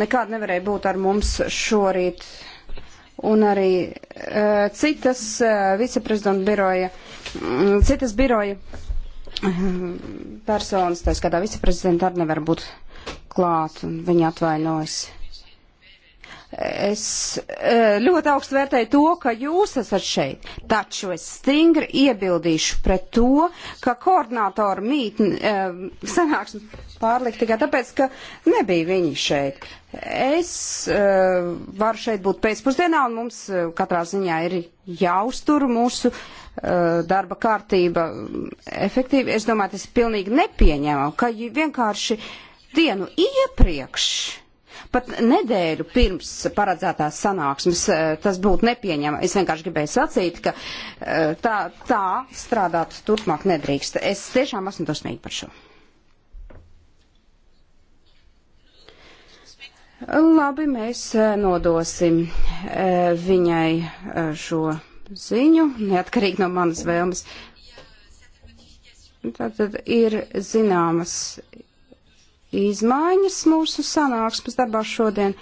nekādi nevarēja būt ar mums šorīt. Un arī uh, citas uh, viceprezidenta biroja, um, citas biroja um, personas, tā skatā viceprezidenta arī nevar būt klāt, un viņa atvainojas. Es e, ļoti augstu vērtēju to, ka jūs esat šeit, taču es stingri iebildīšu pret to, ka koordinātori mītni e, sanāksmes pārlikt tikai tāpēc, ka nebija viņi šeit. Es e, varu šeit būt pēcpusdienā un mums katrā ziņā ir jāuztur mūsu darba kārtība efektīvi. Es domāju, tas ir pilnīgi nepieņemam, ka vienkārši dienu iepriekš pat nedēļu pirms paredzētās sanāksmes. Eh, tas būtu nepieņemami. Es vienkārši gribēju sacīt, ka eh, tā, tā strādāt turpmāk nedrīkst. Es tiešām esmu dosmīgi par šo. Labi, mēs eh, nodosim viņai šo ziņu, neatkarīgi no manas vēlmes. Tātad ir zināmas izmaiņas mūsu sanāksmes darbā šodien.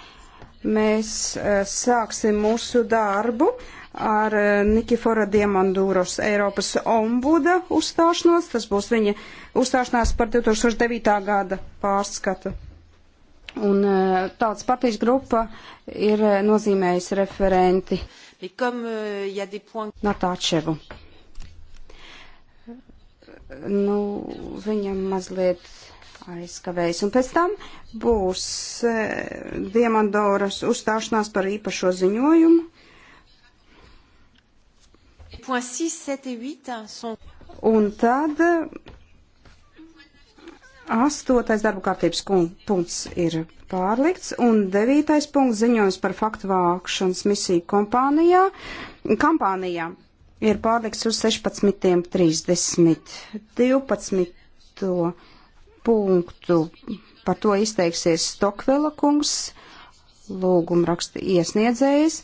Mēs uh, sāksim mūsu darbu ar uh, Nikifora Diemandūros Eiropas ombuda uzstāšanos. Tas būs viņa uzstāšanās par 2009. gada pārskatu. Un uh, tāds partijas grupa ir nozīmējusi referenti euh, Natāčevu. Nu, viņam mazliet aizkavējis. Un pēc tam būs e, Diemandoras uzstāšanās par īpašo ziņojumu. Un tad astotais darba kārtības punkts ir pārlikts, un devītais punkts ziņojums par faktu vākšanas misiju kompānijā. Kampānijā ir pārlikts uz 16.30. 12 punktu par to izteiksies Stokvela kungs, lūguma raksta iesniedzējs.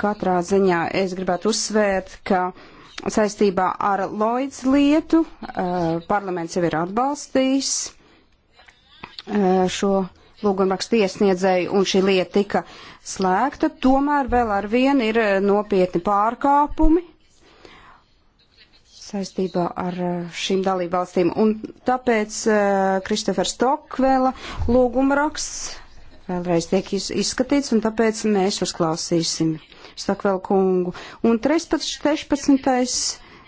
Katrā ziņā es gribētu uzsvērt, ka saistībā ar Lloyds lietu eh, parlaments jau ir atbalstījis eh, šo lūguma raksta iesniedzēju un šī lieta tika slēgta, tomēr vēl ar vienu ir eh, nopietni pārkāpumi saistībā ar eh, šīm dalībvalstīm. Un tāpēc Kristofers eh, uh, Stokvēla lūguma raksts vēlreiz tiek iz, izskatīts, un tāpēc mēs uzklausīsim Stokvēla kungu. Un 13. 13.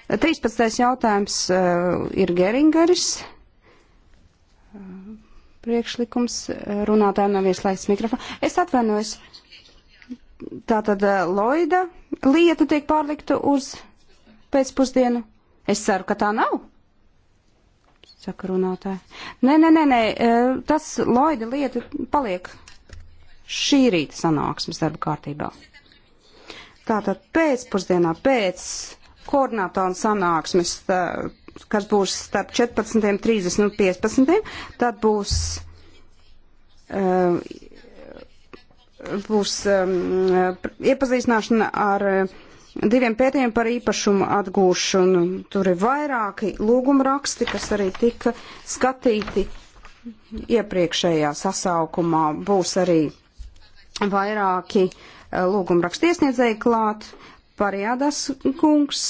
13. jautājums uh, ir Geringeris. Priekšlikums runātājiem nav ieslēgts mikrofons. Es atvainojos. Tātad Loida lieta tiek pārlikta uz pēcpusdienu Es ceru, ka tā nav. Saka runātāji. Nē, nē, nē, nē, e, tas Loida lieta paliek šī rīta sanāksmes darba kārtībā. Tātad pēcpusdienā pēc koordinātora sanāksmes, tā, e, kas būs starp 14, 30 un 15, tad būs, uh, būs um, iepazīstināšana ar uh, diviem pētījumiem par īpašumu atgūšanu. Tur ir vairāki lūguma raksti, kas arī tika skatīti iepriekšējā sasaukumā. Būs arī vairāki eh, lūguma raksti iesniedzēji klāt. Parjādas kungs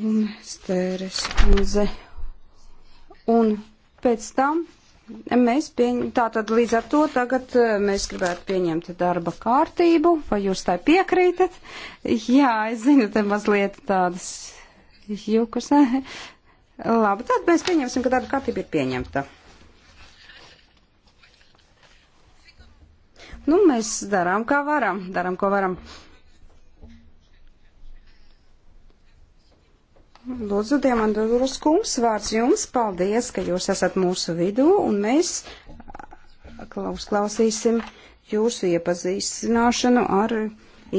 un Stēres kundze. Un pēc tam Mēs pieņem, tātad līdz ar to tagad e, mēs gribētu pieņemt darba kārtību, vai jūs tai piekrītat? Jā, es zinu, te mazliet tādas jūkas. Labi, tad mēs pieņemsim, ka darba kārtība ir pieņemta. Nu, mēs darām, kā varam, darām, ko varam. Lūdzu, Diemanduras kungs, vārds jums, paldies, ka jūs esat mūsu vidū, un mēs klausīsim jūsu iepazīstināšanu ar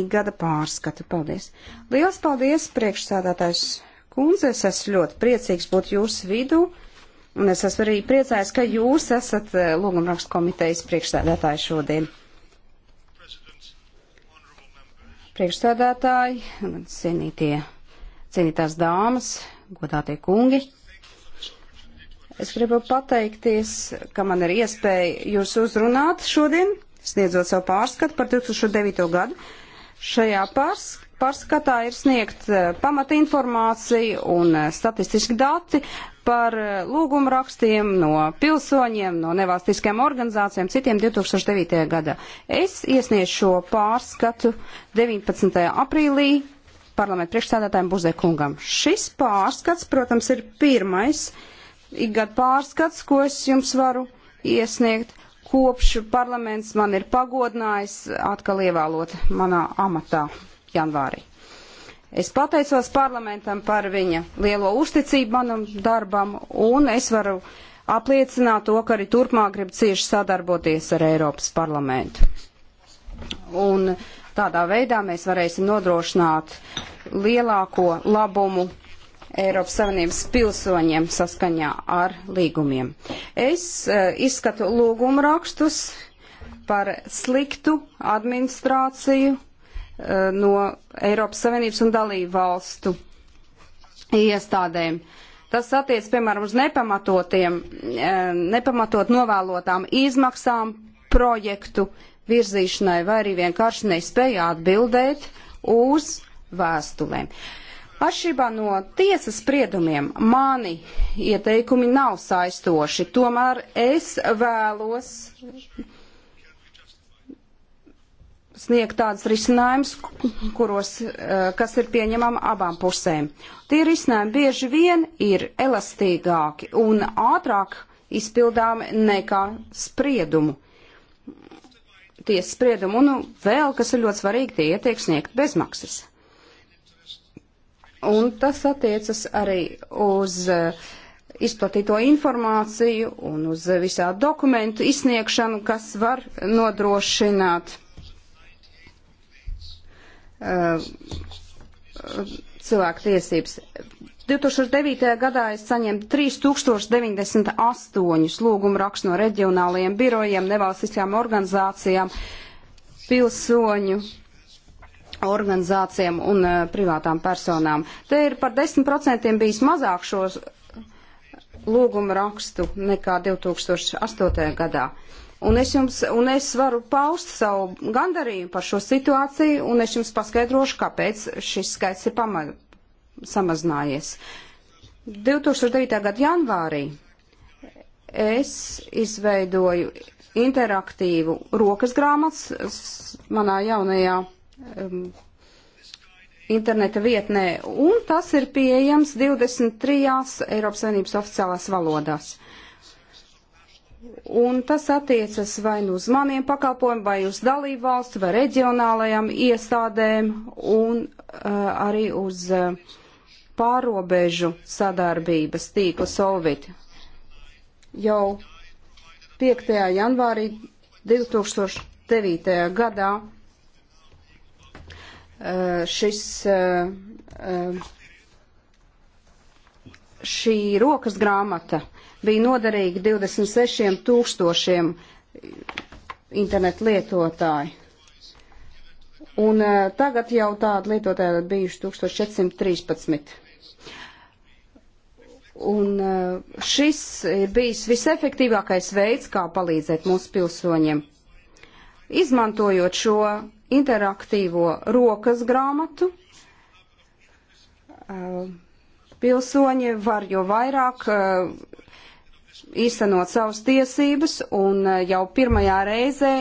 ikgada pārskatu. Paldies! Liels paldies, priekšsādātājs kundze, es esmu ļoti priecīgs būt jūsu vidū, un es esmu arī priecājis, ka jūs esat e, lūgumrakstu komitejas priekšsādātājs šodien. Priekšsādātāji, cienītie cienītās dāmas, godātie kungi. Es gribu pateikties, ka man ir iespēja jūs uzrunāt šodien, sniedzot savu pārskatu par 2009. gadu. Šajā pārskatā ir sniegt eh, pamata informācija un eh, statistiski dati par eh, lūgumu rakstiem no pilsoņiem, no nevalstiskajām organizācijām, citiem 2009. gadā. Es iesniešu šo pārskatu 19. aprīlī parlamentu priekšstādātājiem Buzekungam. Šis pārskats, protams, ir pirmais ikgad pārskats, ko es jums varu iesniegt, kopš parlaments man ir pagodinājis atkal ievēlot manā amatā janvārī. Es pateicos parlamentam par viņa lielo uzticību manam darbam, un es varu apliecināt to, ka arī turpmāk grib cieši sadarboties ar Eiropas parlamentu. Un uh, Tādā veidā mēs varēsim nodrošināt lielāko labumu Eiropas Savienības pilsoņiem saskaņā ar līgumiem. Es uh, izskatu lūgumu rakstus par sliktu administrāciju uh, no Eiropas Savienības un dalību valstu iestādēm. Tas attiec, piemēram, uz nepamatotiem, uh, nepamatot novēlotām izmaksām projektu virzīšanai, vai arī vienkārši nespēja atbildēt uz vēstulēm. Atšķirībā no tiesas spriedumiem, mani ieteikumi nav saistoši, tomēr es vēlos sniegt tādus risinājumus, kuros, eh, kas ir pieņemama abām pusēm. Tie risinājumi bieži vien ir elastīgāki un ātrāk izpildāmi nekā spriedumu tiesas spriedumu, un nu, vēl, kas ir ļoti svarīgi, tie tiek sniegt bezmaksas. Un tas attiecas arī uz eh, izplatīto informāciju un uz eh, visā dokumentu izsniegšanu, kas var nodrošināt uh, cilvēku tiesības. 2009. gadā es saņēmu 3098 lūgumu rakstu no reģionālajiem birojiem, nevalstiskajām organizācijām, pilsoņu organizācijām un uh, privātām personām. Te ir par 10% bijis mazāk šos lūgumu rakstu nekā 2008. gadā. Un es, jums, un es varu paust savu gandarījumu par šo situāciju, un es jums paskaidrošu, kāpēc šis skaits ir pamats samazinājies. 2009. gada janvārī es izveidoju interaktīvu rokas grāmatas manā jaunajā um, interneta vietnē, un tas ir pieejams 23 Eiropas Savienības oficiālās valodās. Un tas attiecas vai nu uz maniem pakalpojumiem, vai uz dalību valstu, vai reģionālajām iestādēm, un uh, arī uz uh, pārobežu sadarbības tīkla Solvit. Jau 5. janvārī 2009. gadā eh, šis, eh, eh, šī rokas grāmata bija noderīga 26 tūkstošiem internetu lietotāju. Un tagad jau tādu lietotāju ir bijuši 1413. Un eh, šis ir bijis visefektīvākais veids, kā palīdzēt mūsu pilsoņiem. Izmantojot šo interaktīvo rokas grāmatu, eh, pilsoņi var jo vairāk eh, īstenot savas tiesības un jau pirmajā reizē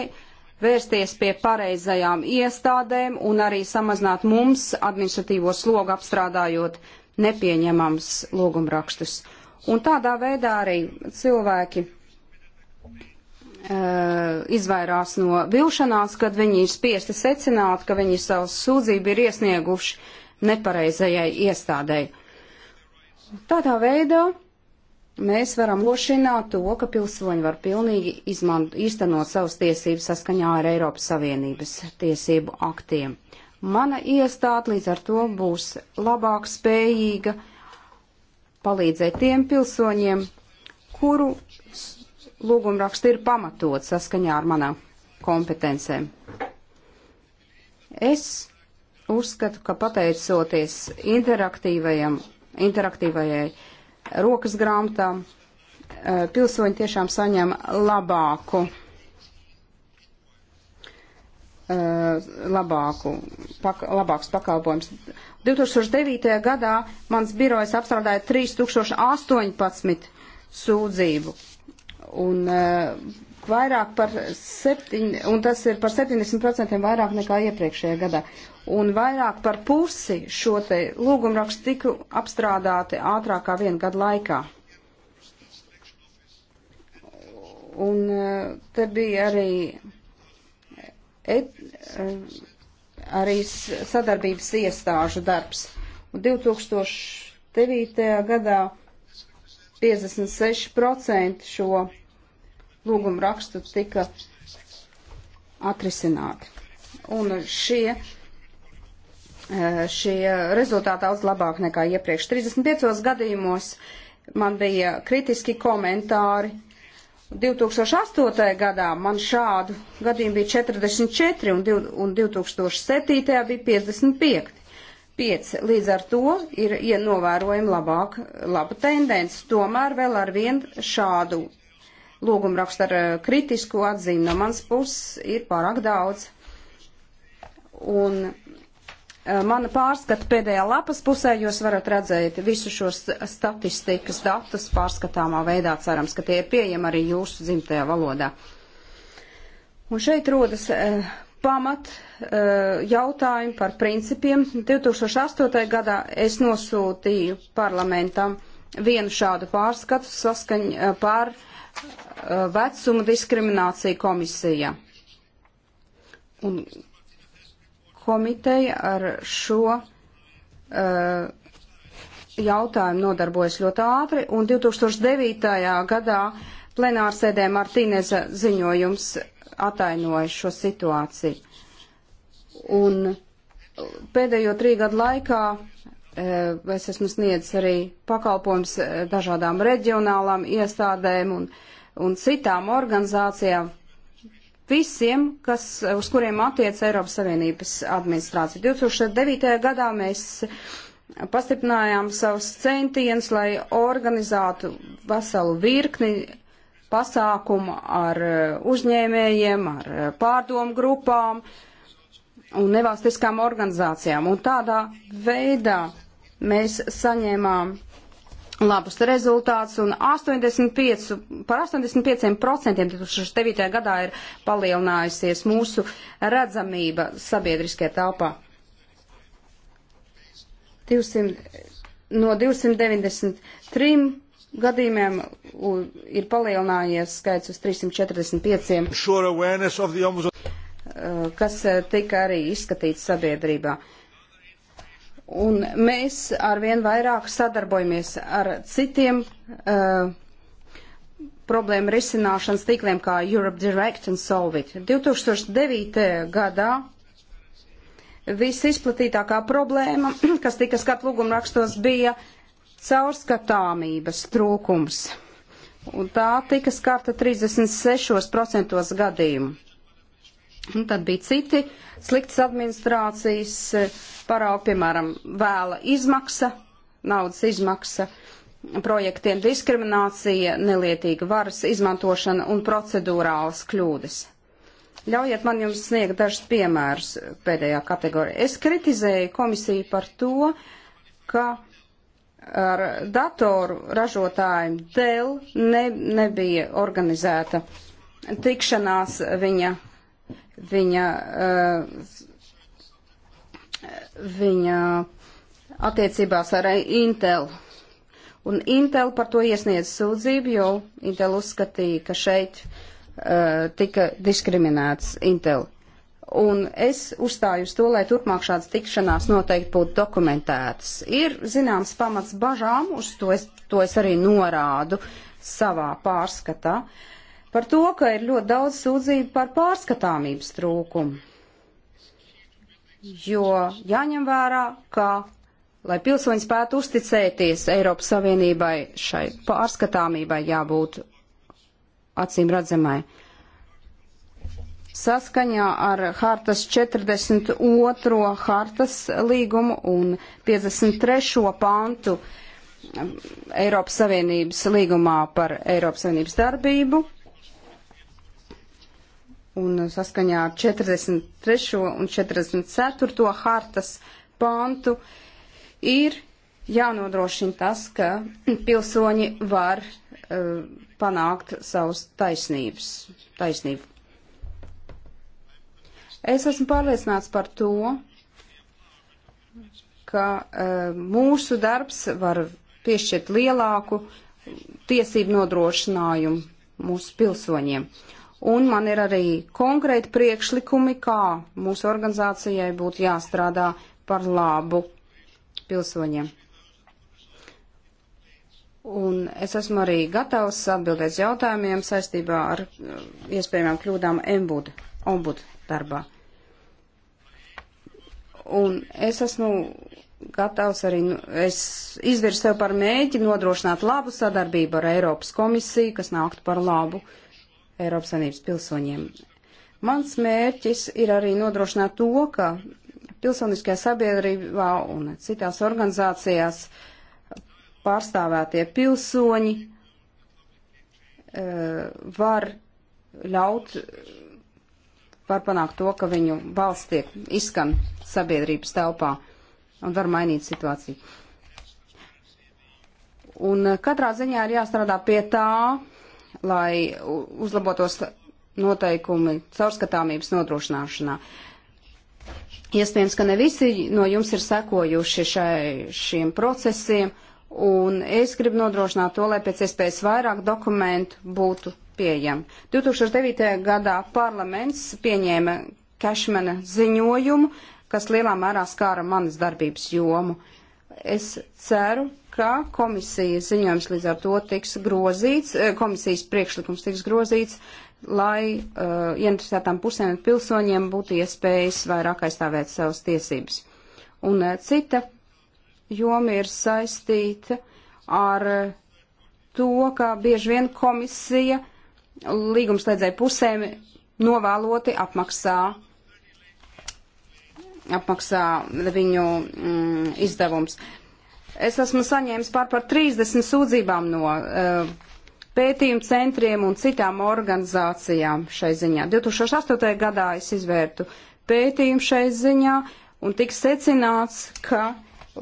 vērsties pie pareizajām iestādēm un arī samazināt mums administratīvo slogu apstrādājot nepieņemams lūgumrakstus. Un tādā veidā arī cilvēki eh, izvairās no vilšanās, kad viņi ir spiesti secināt, ka viņi savu sūdzību ir iesnieguši nepareizajai iestādēji. Tādā veidā mēs varam lošināt to, ka pilsoņi var pilnīgi izmant, iztenot savas tiesības saskaņā ar Eiropas Savienības tiesību aktiem. Mana iestāde līdz ar to būs labāk spējīga palīdzēt tiem pilsoņiem, kuru lūgumraksti ir pamatot saskaņā ar manām kompetencēm. Es uzskatu, ka pateicoties interaktīvajai rokas grāmatām, eh, pilsoņi tiešām saņem labāku Uh, labāku, pak, labāks pakalpojums. 2009. gadā mans birojas apstrādāja 3018 sūdzību. Un, uh, vairāk par septiņ, un tas ir par 70% vairāk nekā iepriekšējā gadā. Un vairāk par pusi šo te lūgumrakstu tiku apstrādāti ātrāk kā vienu gadu laikā. Un uh, te bija arī et, eh, arī sadarbības iestāžu darbs. Un 2009. gadā 56% šo lūgumu rakstu tika atrisināti. Un šie, eh, šie rezultāti daudz labāk nekā iepriekš. 35 gadījumos man bija kritiski komentāri 2008. gadā man šādu gadījumu bija 44 un, div, un 2007. bija 55. 5. Līdz ar to ir ja novērojama labāk, laba tendence. Tomēr vēl ar vienu šādu lūgumu rakstu ar eh, kritisku atzīmi no mans puses ir pārāk daudz. Un Eh, mana pārskata pēdējā lapas pusē jūs varat redzēt visu šos statistikas datus pārskatāmā veidā, cerams, ka tie ir pieejami arī jūsu dzimtajā valodā. Un šeit rodas eh, pamat eh, jautājumi par principiem. 2008. gadā es nosūtīju parlamentam vienu šādu pārskatu saskaņu eh, par eh, vecumu diskrimināciju komisijā. Un komiteja ar šo uh, jautājumu nodarbojas ļoti ātri, un 2009. gadā plenārsēdē Martīneza ziņojums atainoja šo situāciju. Un pēdējo trī gadu laikā uh, es esmu sniedzis arī pakalpojums uh, dažādām reģionālām iestādēm un, un citām organizācijām, visiem, kas, uz kuriem attiec Eiropas Savienības administrācija. 2009. gadā mēs pastiprinājām savus centienus, lai organizētu veselu virkni pasākumu ar uh, uzņēmējiem, ar uh, pārdomu grupām un nevalstiskām organizācijām. Un tādā veidā mēs saņēmām labus rezultātus, un 85, par 85% 2009. gadā ir palielinājusies mūsu redzamība sabiedriskajā telpā. 200, no 293 gadījumiem ir palielinājies skaits uz 345, uh, kas uh, tika arī izskatīts sabiedrībā. Uh, Un mēs arvien vairāk sadarbojamies ar citiem uh, problēmu risināšanas tīkliem kā Europe Direct un Solvit. 2009. gadā visizplatītākā problēma, kas tika skat lūgumrakstos, bija caurskatāmības trūkums. Un tā tika skarta 36% gadījumu. Un tad bija citi sliktas administrācijas eh, paraugi, piemēram, vēla izmaksa, naudas izmaksa projektiem, diskriminācija, nelietīga varas izmantošana un procedūrāls kļūdas. Ļaujiet man jums sniegt dažus piemērus pēdējā kategorijā. Es kritizēju komisiju par to, ka ar datoru ražotājiem Dell ne, nebija organizēta tikšanās viņa viņa, eh, viņa attiecībās ar Intelu. Un Intel par to iesniedz sūdzību, jo Intel uzskatīja, ka šeit uh, tika diskriminēts Intel. Un es uzstāju uz to, lai turpmāk šādas tikšanās noteikti būtu dokumentētas. Ir zināms pamats bažām, uz to es, to es arī norādu savā pārskatā. Uh, par to, ka ir ļoti daudz sūdzību par pārskatāmības trūkumu. Jo jāņem vērā, ka, lai pilsoņi spētu uzticēties Eiropas Savienībai, šai pārskatāmībai jābūt acīm redzamai. Saskaņā ar hartas 42. hartas līgumu un 53. pantu um, Eiropas Savienības līgumā par Eiropas Savienības darbību un saskaņā ar 43. un 44. hartas pantu ir jānodrošina tas, ka pilsoņi var uh, panākt savus taisnības, taisnību. Es esmu pārliecināts par to, ka uh, mūsu darbs var piešķirt lielāku tiesību nodrošinājumu mūsu pilsoņiem un man ir arī konkrēti priekšlikumi, kā mūsu organizācijai būtu jāstrādā par labu pilsoņiem. Un es esmu arī gatavs atbildēt jautājumiem saistībā ar uh, iespējamām kļūdām embud, ombud darbā. Un es esmu gatavs arī, nu, es izvirsu sev par mēģi nodrošināt labu sadarbību ar Eiropas komisiju, kas nāktu par labu uh, Eiropas Savienības pilsoņiem. Mans mērķis ir arī nodrošināt to, ka pilsoniskajā sabiedrībā un citās organizācijās pārstāvētie pilsoņi eh, var ļaut, var panākt to, ka viņu balsts tiek izskan sabiedrības telpā un var mainīt situāciju. Un eh, katrā ziņā ir jāstrādā pie tā, lai uzlabotos noteikumi caurskatāmības nodrošināšanā. Iespējams, ka ne visi no jums ir sekojuši šai, šiem procesiem, un es gribu nodrošināt to, lai pēc iespējas vairāk dokumentu būtu pieejami. 2009. gadā parlaments pieņēma Kešmena ziņojumu, kas lielā mērā skāra manas darbības jomu. Es ceru, ka komisijas ziņojums līdz ar to tiks grozīts, eh, komisijas priekšlikums tiks grozīts, lai uh, interesētām pusēm un pilsoņiem būtu iespējas vairāk aizstāvēt savas tiesības. Un uh, cita joma ir saistīta ar uh, to, ka bieži vien komisija līgumslēdzēju pusēm novēloti apmaksā apmaksā viņu mm, izdevums. Es esmu saņēmis pār par 30 sūdzībām no uh, pētījumu centriem un citām organizācijām šai ziņā. 2008. gadā es izvērtu pētījumu šai ziņā un tik secināts, ka,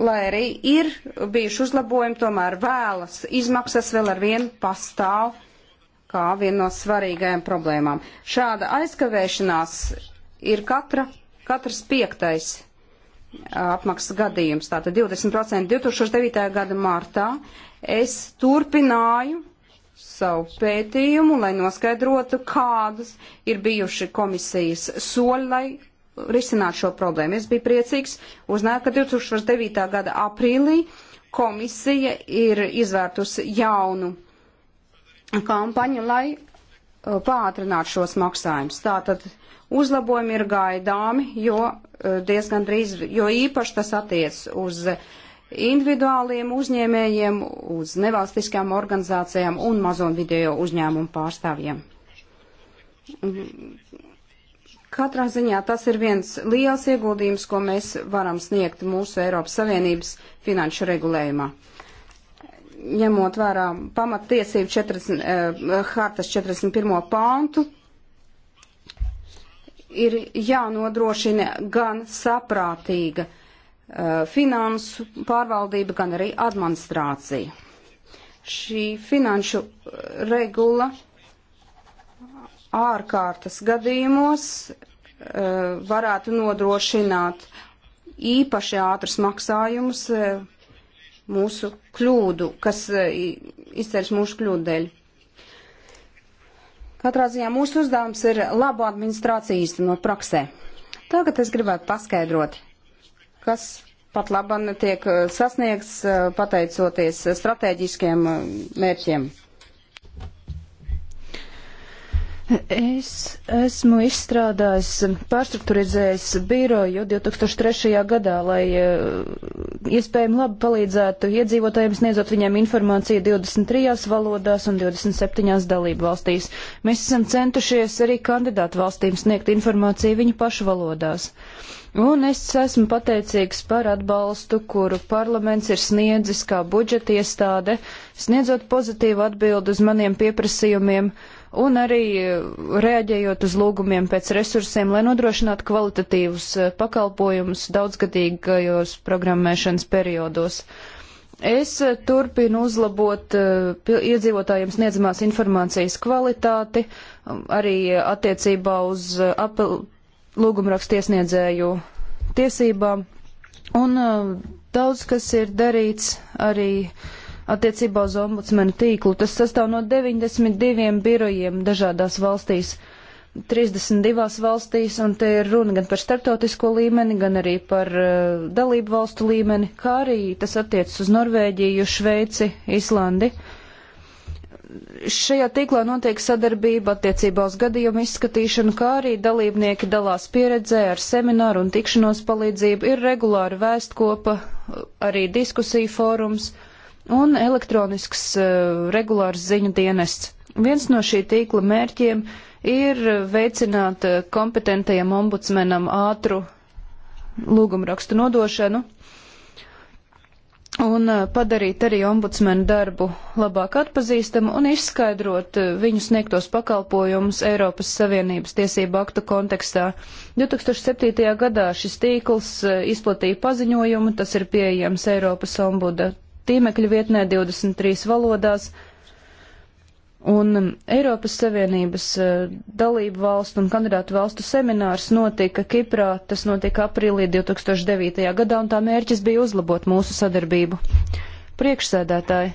lai arī ir bijuši uzlabojumi, tomēr vēlas izmaksas vēl ar vienu pastāv kā viena no svarīgajām problēmām. Šāda aizkavēšanās ir katra, katrs piektais apmaksas gadījums. Tātad 20% 2009. gada martā es turpināju savu pētījumu, lai noskaidrotu, kādas ir bijuši komisijas soļi, lai risinātu šo problēmu. Es biju priecīgs uzzināt, ka 2009. gada aprīlī komisija ir izvērtusi jaunu kampaņu, lai uh, pātrinātu šos maksājumus. Tātad Uzlabojumi ir gaidāmi, jo eh, diezgan drīz, jo īpaši tas attiec uz individuāliem uzņēmējiem, uz nevalstiskām organizācijām un mazo un video uzņēmumu pārstāvjiem. Katrā ziņā tas ir viens liels ieguldījums, ko mēs varam sniegt mūsu Eiropas Savienības finanšu regulējumā. Ņemot vērā pamattiesību 40, eh, hartas 41. pāntu, ir jānodrošina gan saprātīga uh, finansu pārvaldība, gan arī administrācija. Šī finanšu regula ārkārtas gadījumos uh, varētu nodrošināt īpaši ātrus maksājumus uh, mūsu kļūdu, kas uh, izceļas mūsu kļūdu dēļ. Katrā ziņā mūsu uzdevums ir labu administrāciju īstenot praksē. Tagad es gribētu paskaidrot, kas pat labam tiek eh, sasniegts eh, pateicoties eh, strateģiskiem mērķiem. Es esmu izstrādājis, pārstruktūrizējis biroju 2003. gadā, lai eh, iespējami labi palīdzētu iedzīvotājiem, sniedzot viņiem informāciju 23 valodās un 27 dalību valstīs. Mēs esam centušies arī kandidātu valstīm sniegt informāciju viņu pašu valodās. Un es esmu pateicīgs par atbalstu, kuru parlaments ir sniedzis kā budžeta iestāde, sniedzot pozitīvu atbildi uz maniem pieprasījumiem. Uh, un arī eh, reaģējot uz lūgumiem pēc resursiem, lai nodrošinātu kvalitatīvus eh, pakalpojumus daudzgadīgajos programmēšanas periodos. Es eh, turpinu uzlabot iedzīvotājiem sniedzamās informācijas kvalitāti, um, arī attiecībā uz lūgumrakstu iesniedzēju tiesībām, un daudz kas ir darīts arī uh, attiecībā uz ombudsmenu tīklu. Tas sastāv no 92 birojiem dažādās valstīs, 32 valstīs, un te ir runa gan par starptautisko līmeni, gan arī par uh, dalību valstu līmeni, kā arī tas attiecas uz Norvēģiju, Šveici, Islandi. Šajā tīklā notiek sadarbība attiecībā uz gadījumu izskatīšanu, kā arī dalībnieki dalās pieredzē ar semināru un tikšanos palīdzību, ir regulāra vēstkopa, uh, arī diskusija fórums, un elektronisks uh, regulārs ziņu dienests. Viens no šī tīkla mērķiem ir veicināt eh, kompetentajam ombudsmenam ātru lūgumrakstu nodošanu un eh, padarīt arī ombudsmenu darbu labāk atpazīstamu un izskaidrot viņu sniegtos pakalpojumus Eiropas Savienības tiesību aktu kontekstā. 2007. gadā šis tīkls izplatīja paziņojumu, tas ir pieejams Eiropas ombuda tīmekļa vietnē 23 valodās. Un Eiropas Savienības eh, dalību valstu un kandidātu valstu seminārs notika Kiprā, tas notika aprīlī 2009. gadā, un tā mērķis bija uzlabot mūsu sadarbību. Priekšsēdētāji,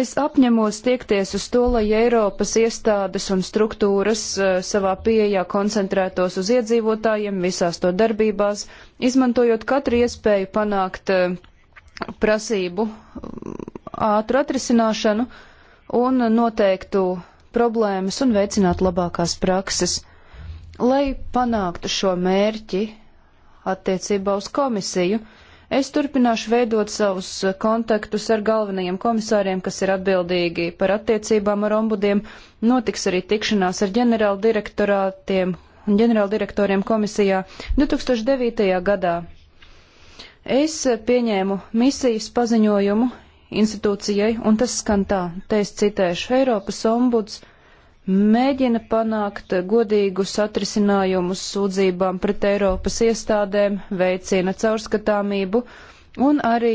es apņemos tiekties uz to, lai Eiropas iestādes un struktūras eh, savā pieejā koncentrētos uz iedzīvotājiem visās to darbībās, izmantojot katru iespēju panākt uh, prasību um, ātru atrisināšanu un noteiktu problēmas un veicinātu labākās prakses. Lai panāktu šo mērķi attiecībā uz komisiju, es turpināšu veidot savus kontaktus ar galvenajiem komisāriem, kas ir atbildīgi par attiecībām ar ombudiem. Notiks arī tikšanās ar ģenerāldirektorātiem un ģenerāldirektoriem komisijā 2009. gadā Es pieņēmu misijas paziņojumu institūcijai, un tas skan tā, te es citēšu, Eiropas ombuds mēģina panākt godīgus atrisinājumus sūdzībām pret Eiropas iestādēm, veicina caurskatāmību un arī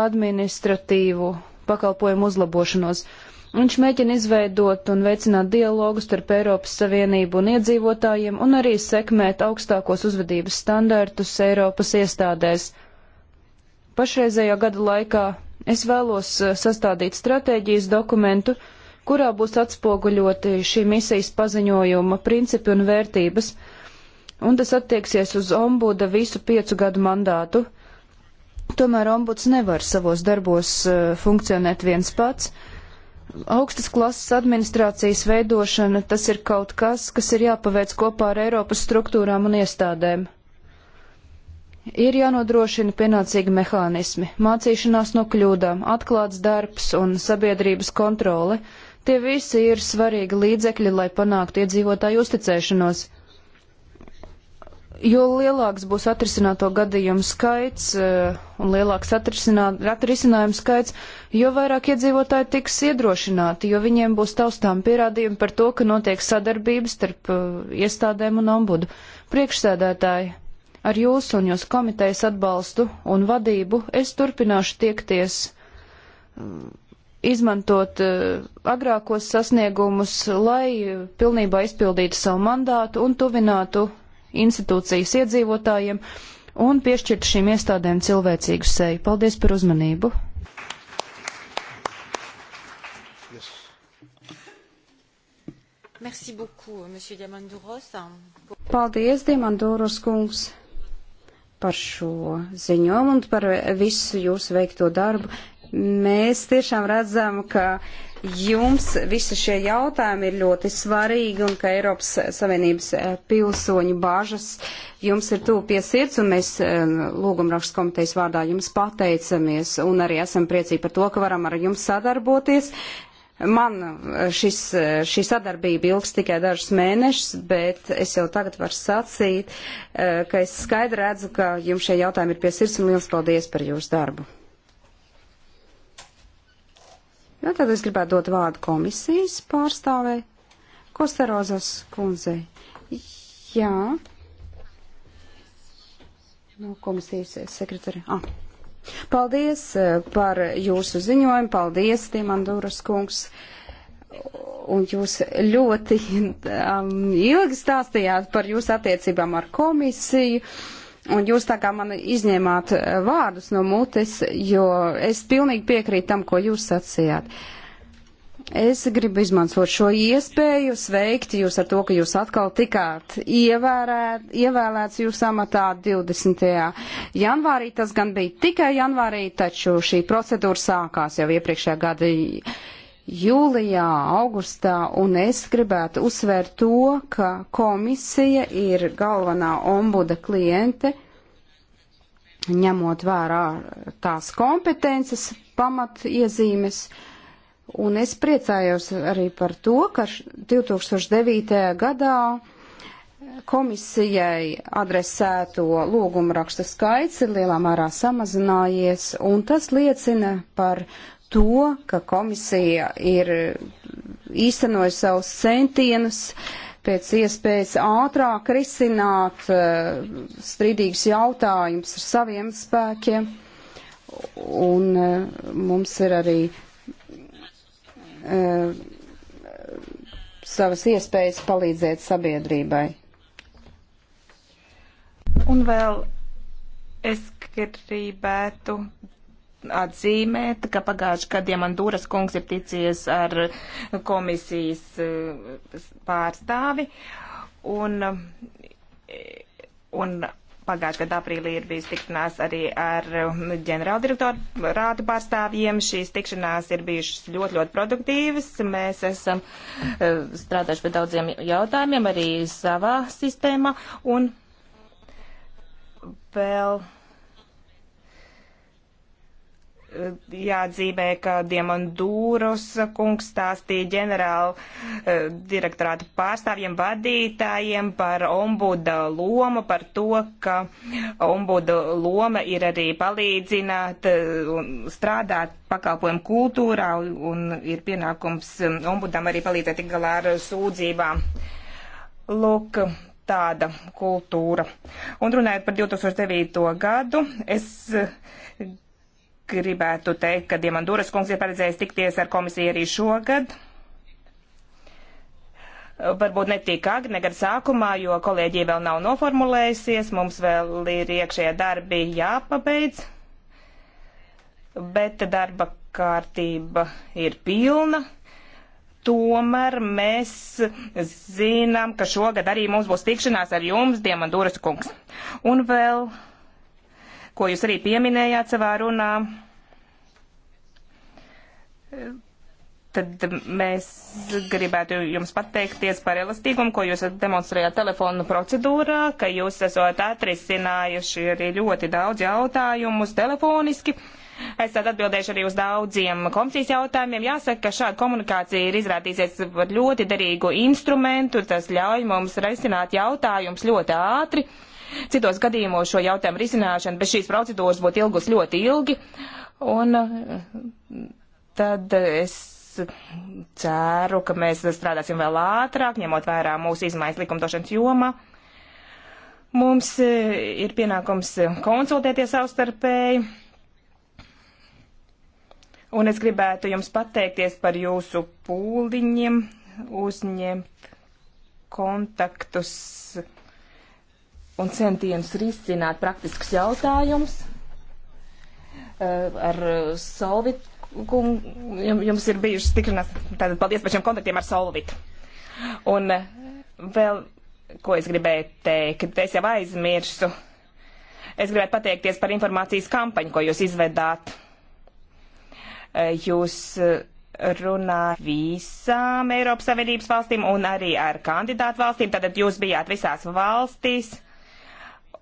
administratīvu pakalpojumu uzlabošanos. Viņš mēģina izveidot un veicināt dialogu starp Eiropas Savienību un iedzīvotājiem un arī sekmēt augstākos uzvedības standartus Eiropas iestādēs. Pašreizējā gada laikā es vēlos eh, sastādīt stratēģijas dokumentu, kurā būs atspoguļoti šī misijas paziņojuma principi un vērtības, un tas attieksies uz ombuda visu piecu gadu mandātu. Tomēr ombuds nevar savos darbos eh, funkcionēt viens pats. Augstas klases administrācijas veidošana tas ir kaut kas, kas ir jāpaveic kopā ar Eiropas struktūrām un iestādēm. Ir jānodrošina pienācīgi mehānismi, mācīšanās no kļūdām, atklāts darbs un sabiedrības kontrole. Tie visi ir svarīgi līdzekļi, lai panāktu iedzīvotāju uzticēšanos jo lielāks būs atrisināto gadījumu skaits eh, un lielāks atrisinājumu skaits, jo vairāk iedzīvotāji tiks iedrošināti, jo viņiem būs taustām pierādījumi par to, ka notiek sadarbības starp eh, iestādēm un ombudu. Priekšsēdētāji, ar jūsu un jūsu komitejas atbalstu un vadību es turpināšu tiekties eh, izmantot agrākos sasniegumus, lai pilnībā izpildītu savu mandātu un tuvinātu institūcijas iedzīvotājiem un piešķirt šīm iestādēm cilvēcīgu seju. Paldies par uzmanību! Yes. Merci beaucoup, monsieur Diamandouros. Paldies, Diamandouros kungs, par šo ziņojumu un par visu jūsu veikto darbu. Mēs tiešām redzam, ka jums visi šie jautājumi ir ļoti svarīgi un ka Eiropas Savienības eh, pilsoņu bāžas jums ir tuvu pie sirds un mēs eh, lūgumrakstu komitejas vārdā jums pateicamies un arī esam priecīgi par to, ka varam ar jums sadarboties. Man eh, šis, šī sadarbība ilgs tikai dažus mēnešus, bet es jau tagad varu sacīt, ka es skaidri redzu, ka jums šie jautājumi ir pie sirds un liels paldies par jūsu darbu. Nu, tad es gribētu dot vārdu komisijas pārstāvē Kosterozas kundzei. Jā. No nu, komisijas sekretari. Ah. Paldies eh, par jūsu ziņojumu. Paldies, Timanduras kungs. Un jūs ļoti um, ilgi stāstījāt par jūsu attiecībām ar komisiju. Uh, Un jūs tā kā man izņēmāt eh, vārdus no mutes, jo es pilnīgi piekrītu tam, ko jūs sacījāt. Es gribu izmantot šo iespēju, sveikt jūs ar to, ka jūs atkal tikāt ievērēt, ievēlēts jūs amatā 20. janvārī. Tas gan bija tikai janvārī, taču šī procedūra sākās jau iepriekšējā gada jūlijā, augustā, un es gribētu uzsvērt to, ka komisija ir galvenā ombuda kliente, ņemot vērā tās kompetences pamat iezīmes. Un es priecājos arī par to, ka 2009. gadā komisijai adresēto lūgumu rakstu skaits ir lielā mērā samazinājies, un tas liecina par to, ka komisija ir īstenojusi savus centienus pēc iespējas ātrāk risināt uh, strīdīgus jautājumus ar saviem spēkiem. Un uh, mums ir arī uh, savas iespējas palīdzēt sabiedrībai. Un vēl es gribētu atzīmēt, ka pagājuši gadu Diamandūras kungs ir ticies ar komisijas eh, pārstāvi, un, eh, un pagājušajā gadā aprīlī ir bijis tikšanās arī ar ģenerāldirektoru rādu pārstāvjiem. Šīs tikšanās ir bijušas ļoti, ļoti produktīvas. Mēs esam eh, strādājuši pie daudziem jautājumiem arī savā sistēmā, un vēl. Well, jāatzīmē, ka Diemondūros kungs stāstīja ģenerāla eh, direktorāta pārstāvjiem, vadītājiem par ombuda lomu, par to, ka ombuda loma ir arī palīdzināt eh, un strādāt pakalpojumu kultūrā un ir pienākums eh, ombudam arī palīdzēt tik galā ar sūdzībām. Lūk, tāda kultūra. Un runājot par 2009. gadu, es gribētu teikt, ka Diemanduras kungs ir paredzējis tikties ar komisiju arī šogad. Varbūt ne tik agri, ne gada sākumā, jo kolēģija vēl nav noformulējusies, mums vēl ir iekšējā darbi jāpabeidz, bet darba kārtība ir pilna. Tomēr mēs zinām, ka šogad arī mums būs tikšanās ar jums, Diemanduras kungs. Un vēl ko jūs arī pieminējāt savā runā. Tad mēs gribētu jums pateikties par elastīgumu, ko jūs demonstrējāt telefonu procedūrā, ka jūs esat atrisinājuši arī ļoti daudz jautājumus telefoniski. Es tad atbildēšu arī uz daudziem komisijas jautājumiem. Jāsaka, ka šāda komunikācija ir izrādīsies par ļoti derīgu instrumentu. Tas ļauj mums risināt jautājumus ļoti ātri. Uh, Citos gadījumos šo jautājumu risināšana bez šīs procedūras būtu ilgus ļoti ilgi, un eh, tad es ceru, ka mēs strādāsim vēl ātrāk, ņemot vērā mūsu izmaiņas likumdošanas jomā. Mums eh, ir pienākums konsultēties savstarpēji. Un es gribētu jums pateikties par jūsu pūliņiem uzņemt kontaktus un centienus risināt praktiskus jautājumus. Ar uh, Solvit jums ir bijušas tikšanās, tātad paldies par šiem kontaktiem ar Solvit. Un uh, vēl, ko es gribēju teikt, es jau aizmirsu. Es gribētu pateikties par informācijas kampaņu, ko jūs izvedāt. Uh, jūs runā visām Eiropas Savienības valstīm un arī ar kandidātu valstīm. Tātad jūs bijāt visās valstīs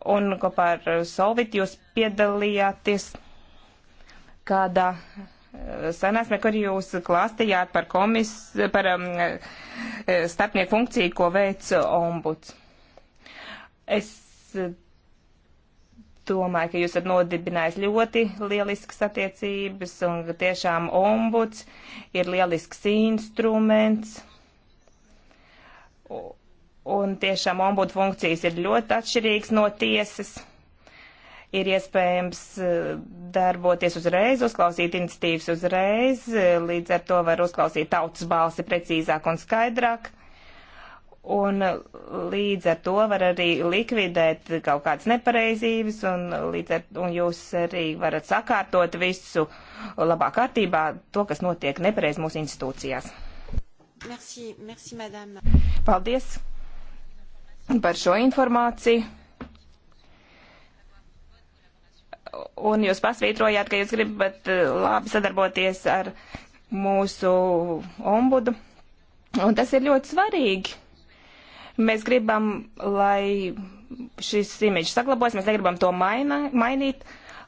un kopā ar Solvit jūs piedalījāties kādā eh, sanāksmē, kur jūs klāstījāt par, komis, par um, eh, starpnieku funkciju, ko veic ombuds. Es eh, domāju, ka jūs esat nodibinājis ļoti lielisks attiecības un tiešām ombuds ir lielisks instruments Un tiešām ombudu funkcijas ir ļoti atšķirīgas no tiesas. Ir iespējams eh, darboties uzreiz, uzklausīt iniciatīvas uzreiz, eh, līdz ar to var uzklausīt tautas balsi precīzāk un skaidrāk. Un eh, līdz ar to var arī likvidēt kaut kādas nepareizības, un, ar, un jūs arī varat sakārtot visu labā kārtībā to, kas notiek nepareiz mūsu institūcijās. Merci, merci, madame. Paldies! par šo informāciju. Un jūs pasvītrojāt, ka jūs gribat eh, labi sadarboties ar mūsu ombudu. Un tas ir ļoti svarīgi. Mēs gribam, lai šis imidžs saglabājas, mēs negribam to maina, mainīt,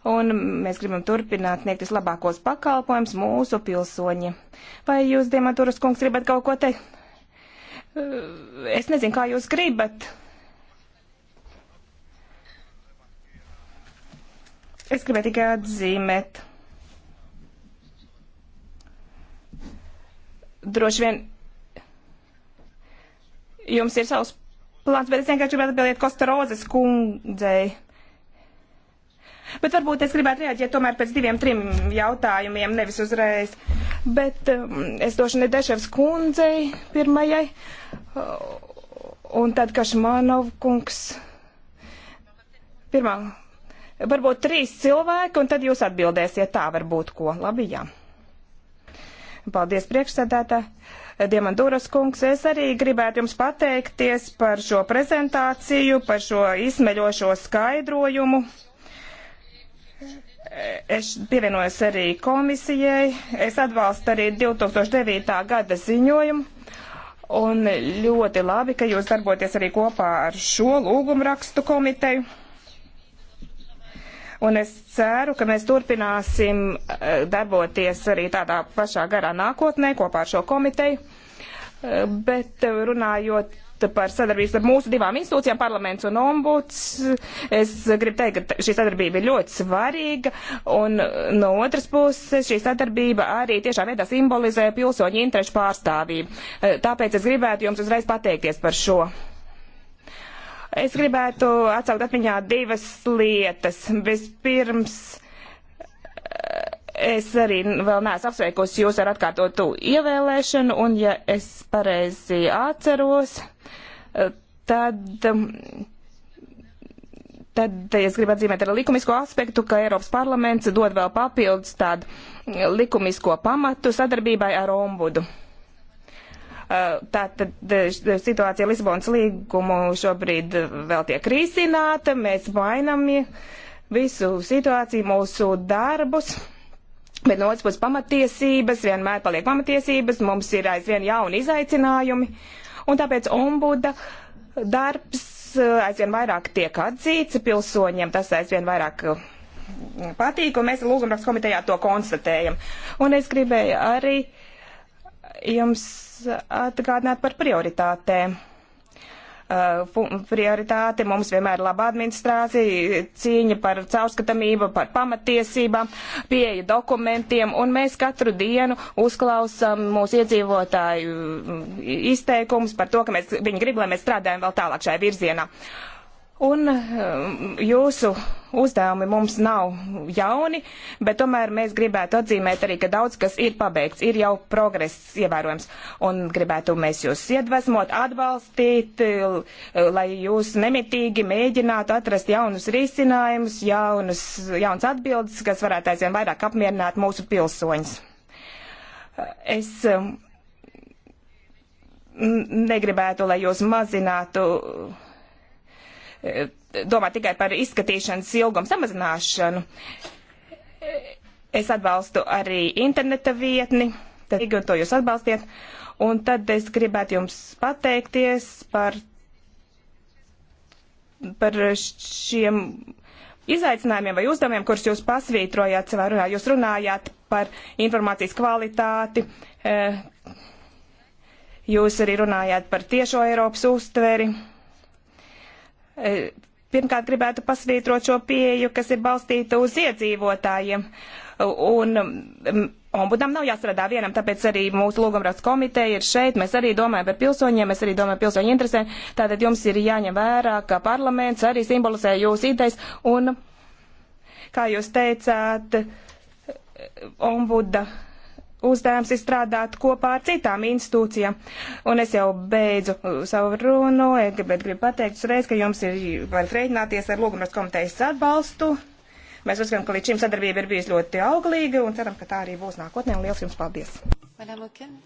un mēs gribam turpināt sniegt vislabākos pakalpojumus mūsu pilsoņi. Vai jūs, Diematuras kungs, gribat kaut ko teikt? Es nezinu, kā jūs gribat. Es gribēju tikai atzīmēt. Droši vien jums ir savs plāns, bet es vienkārši gribētu atbildēt Kosta Rozes kundzei. Bet varbūt es gribētu reaģēt tomēr pēc diviem, trim jautājumiem, nevis uzreiz. Uh, bet um, es došu Nedeševs kundzei pirmajai, uh, un tad Kašmanov kungs. Pirmā, varbūt trīs cilvēki, un tad jūs atbildēsiet tā, varbūt ko. Labi, jā. Paldies, priekšsēdētā. Diemandūras kungs, es arī gribētu jums pateikties par šo prezentāciju, par šo izsmeļošo skaidrojumu. Es pievienojos arī komisijai. Es atbalstu arī 2009. gada ziņojumu. Un ļoti labi, ka jūs darboties arī kopā ar šo lūgumrakstu komiteju. Un es ceru, ka mēs turpināsim eh, darboties arī tādā pašā garā nākotnē kopā ar šo komiteju. Eh, bet eh, runājot par sadarbības ar mūsu divām institūcijām, parlaments un ombuds. Es gribu teikt, ka šī sadarbība ir ļoti svarīga, un no otras puses šī sadarbība arī tiešā veidā simbolizē pilsoņu interešu pārstāvību. Tāpēc es gribētu jums uzreiz pateikties par šo. Es gribētu atsaukt atmiņā divas lietas. Vispirms Es arī vēl neesmu apsveikusi jūs ar atkārtotu ievēlēšanu, un ja es pareizi atceros, eh, tad, mm, tad es gribu atzīmēt ar likumisko aspektu, ka Eiropas parlaments dod vēl papildus tādu mm, likumisko pamatu sadarbībai ar ombudu. Eh, Tātad situācija Lisbonas līgumu šobrīd vēl tiek risināta, mēs mainam visu situāciju, mūsu darbus Bet no otras puses pamatiesības vienmēr paliek pamatiesības, mums ir aizvien jauni izaicinājumi, un tāpēc ombuda darbs eh, aizvien vairāk tiek atzīts, pilsoņiem tas aizvien vairāk eh, patīk, un mēs lūgumrakstu komitejā to konstatējam. Un es gribēju arī jums atgādināt par prioritātēm. Uh, prioritāte. Mums vienmēr ir laba administrācija, cīņa par caurskatamību, par pamatiesībām, pieeja dokumentiem, un mēs katru dienu uzklausām mūsu iedzīvotāju mm, izteikumus par to, ka mēs, viņi grib, lai mēs strādājam vēl tālāk šajā virzienā. Uh, Un eh, jūsu uzdevumi mums nav jauni, bet tomēr mēs gribētu atzīmēt arī, ka daudz kas ir pabeigts, ir jau progress ievērojams. Un gribētu mēs jūs iedvesmot, atbalstīt, eh, lai jūs nemitīgi mēģinātu atrast jaunus risinājumus, jaunus, jauns atbildes, kas varētu aizvien vairāk apmierināt mūsu pilsoņus. Es eh, negribētu, lai jūs mazinātu domā tikai par izskatīšanas ilgumu samazināšanu. Es atbalstu arī interneta vietni, tad un to jūs atbalstiet. Un tad es gribētu jums pateikties par, par šiem izaicinājumiem vai uzdevumiem, kurus jūs pasvītrojāt savā runā. Jūs runājāt par informācijas kvalitāti, eh, jūs arī runājāt par tiešo Eiropas uztveri. E, pirmkārt gribētu pasvītrot šo pieju, kas ir balstīta uz iedzīvotājiem. Un ombudam nav jāstrādā vienam, tāpēc arī mūsu lūgumraksts komiteja ir šeit. Mēs arī domājam par pilsoņiem, mēs arī domājam par pilsoņu interesēm. Tātad jums ir jāņem vērā, ka parlaments arī simbolizē jūsu idejas. Un, kā jūs teicāt, e, ombuda uzdevums ir strādāt kopā ar citām institūcijām. Un es jau beidzu uh, savu runu, bet gribu pateikt uzreiz, ka jums ir varat rēķināties ar Lūgumas komitejas atbalstu. Mēs uzskatām, ka līdz šim sadarbība ir bijusi ļoti auglīga un ceram, ka tā arī būs nākotnē. Un liels jums paldies! Madame Auken.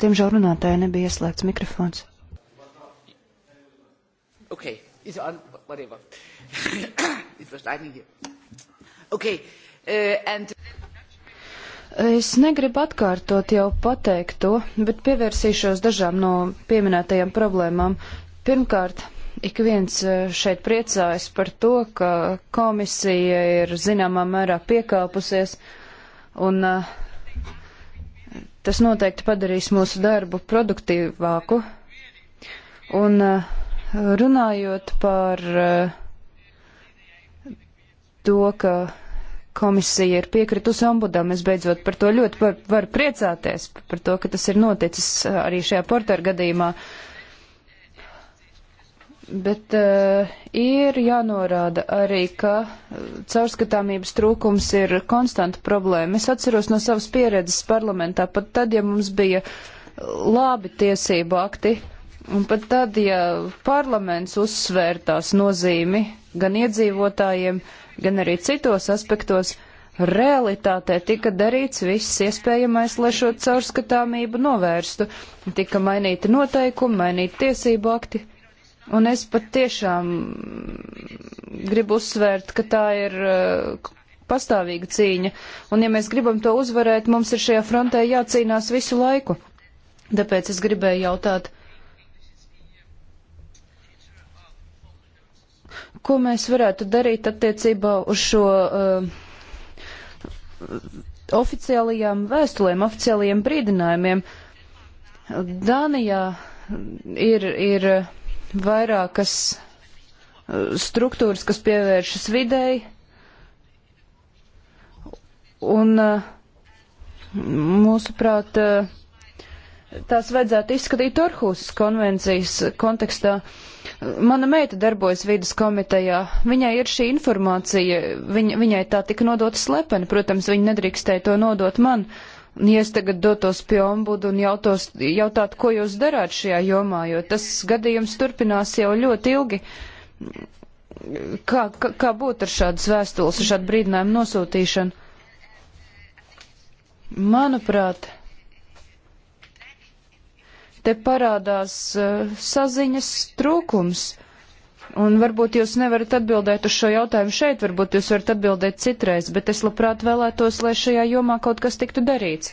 Diemžēl runātāja nebija ieslēgts mikrofons. Okay. Is on, whatever. It was lightning here. Okay. Uh, and... Es negribu atkārtot jau pateikto, bet pievērsīšos dažām no pieminētajām problēmām. Pirmkārt, ik viens uh, šeit priecājas par to, ka komisija ir zināmā mērā piekāpusies un uh, Tas noteikti padarīs mūsu darbu produktīvāku. Un eh, runājot par eh, to, ka komisija ir piekritusi ombudam. Es beidzot par to ļoti varu var priecāties, par to, ka tas ir noticis eh, arī šajā portāra gadījumā. Bet uh, ir jānorāda arī, ka eh, caurskatāmības trūkums ir konstanta problēma. Es atceros no savas pieredzes parlamentā, pat tad, ja mums bija labi tiesību akti, un pat tad, ja parlaments uzsvērtās nozīmi gan iedzīvotājiem, gan arī citos aspektos, realitātē tika darīts viss iespējamais, lai šo caurskatāmību novērstu. Tika mainīti noteikumi, mainīti tiesību akti, Un es pat tiešām gribu uzsvērt, ka tā ir uh, pastāvīga cīņa, un ja mēs gribam to uzvarēt, mums ir šajā frontē jācīnās visu laiku. Tāpēc es gribēju jautāt, ko mēs varētu darīt attiecībā uz šo uh, oficiālajām vēstulēm, oficiālajiem brīdinājumiem. Dānijā ir. ir uh, vairākas eh, struktūras, kas pievēršas videi, un eh, mūsuprāt, eh, tās vajadzētu izskatīt Orhusas konvencijas kontekstā. Mana meita darbojas vidas komitejā, viņai ir šī informācija, viņa, viņai tā tika nodota slepeni, protams, viņa nedrīkstēja to nodot man. Uh, Un, ja es tagad dotos pie ombudu un jautos, jautāt, ko jūs darāt šajā jomā, jo tas gadījums turpinās jau ļoti ilgi, kā, kā, kā būtu ar šādas vēstules, ar šādu brīdinājumu nosūtīšanu? Manuprāt, te parādās uh, saziņas trūkums. Uh, Un varbūt jūs nevarat atbildēt uz šo jautājumu šeit, varbūt jūs varat atbildēt citreiz, bet es labprāt vēlētos, lai šajā jomā kaut kas tiktu darīts.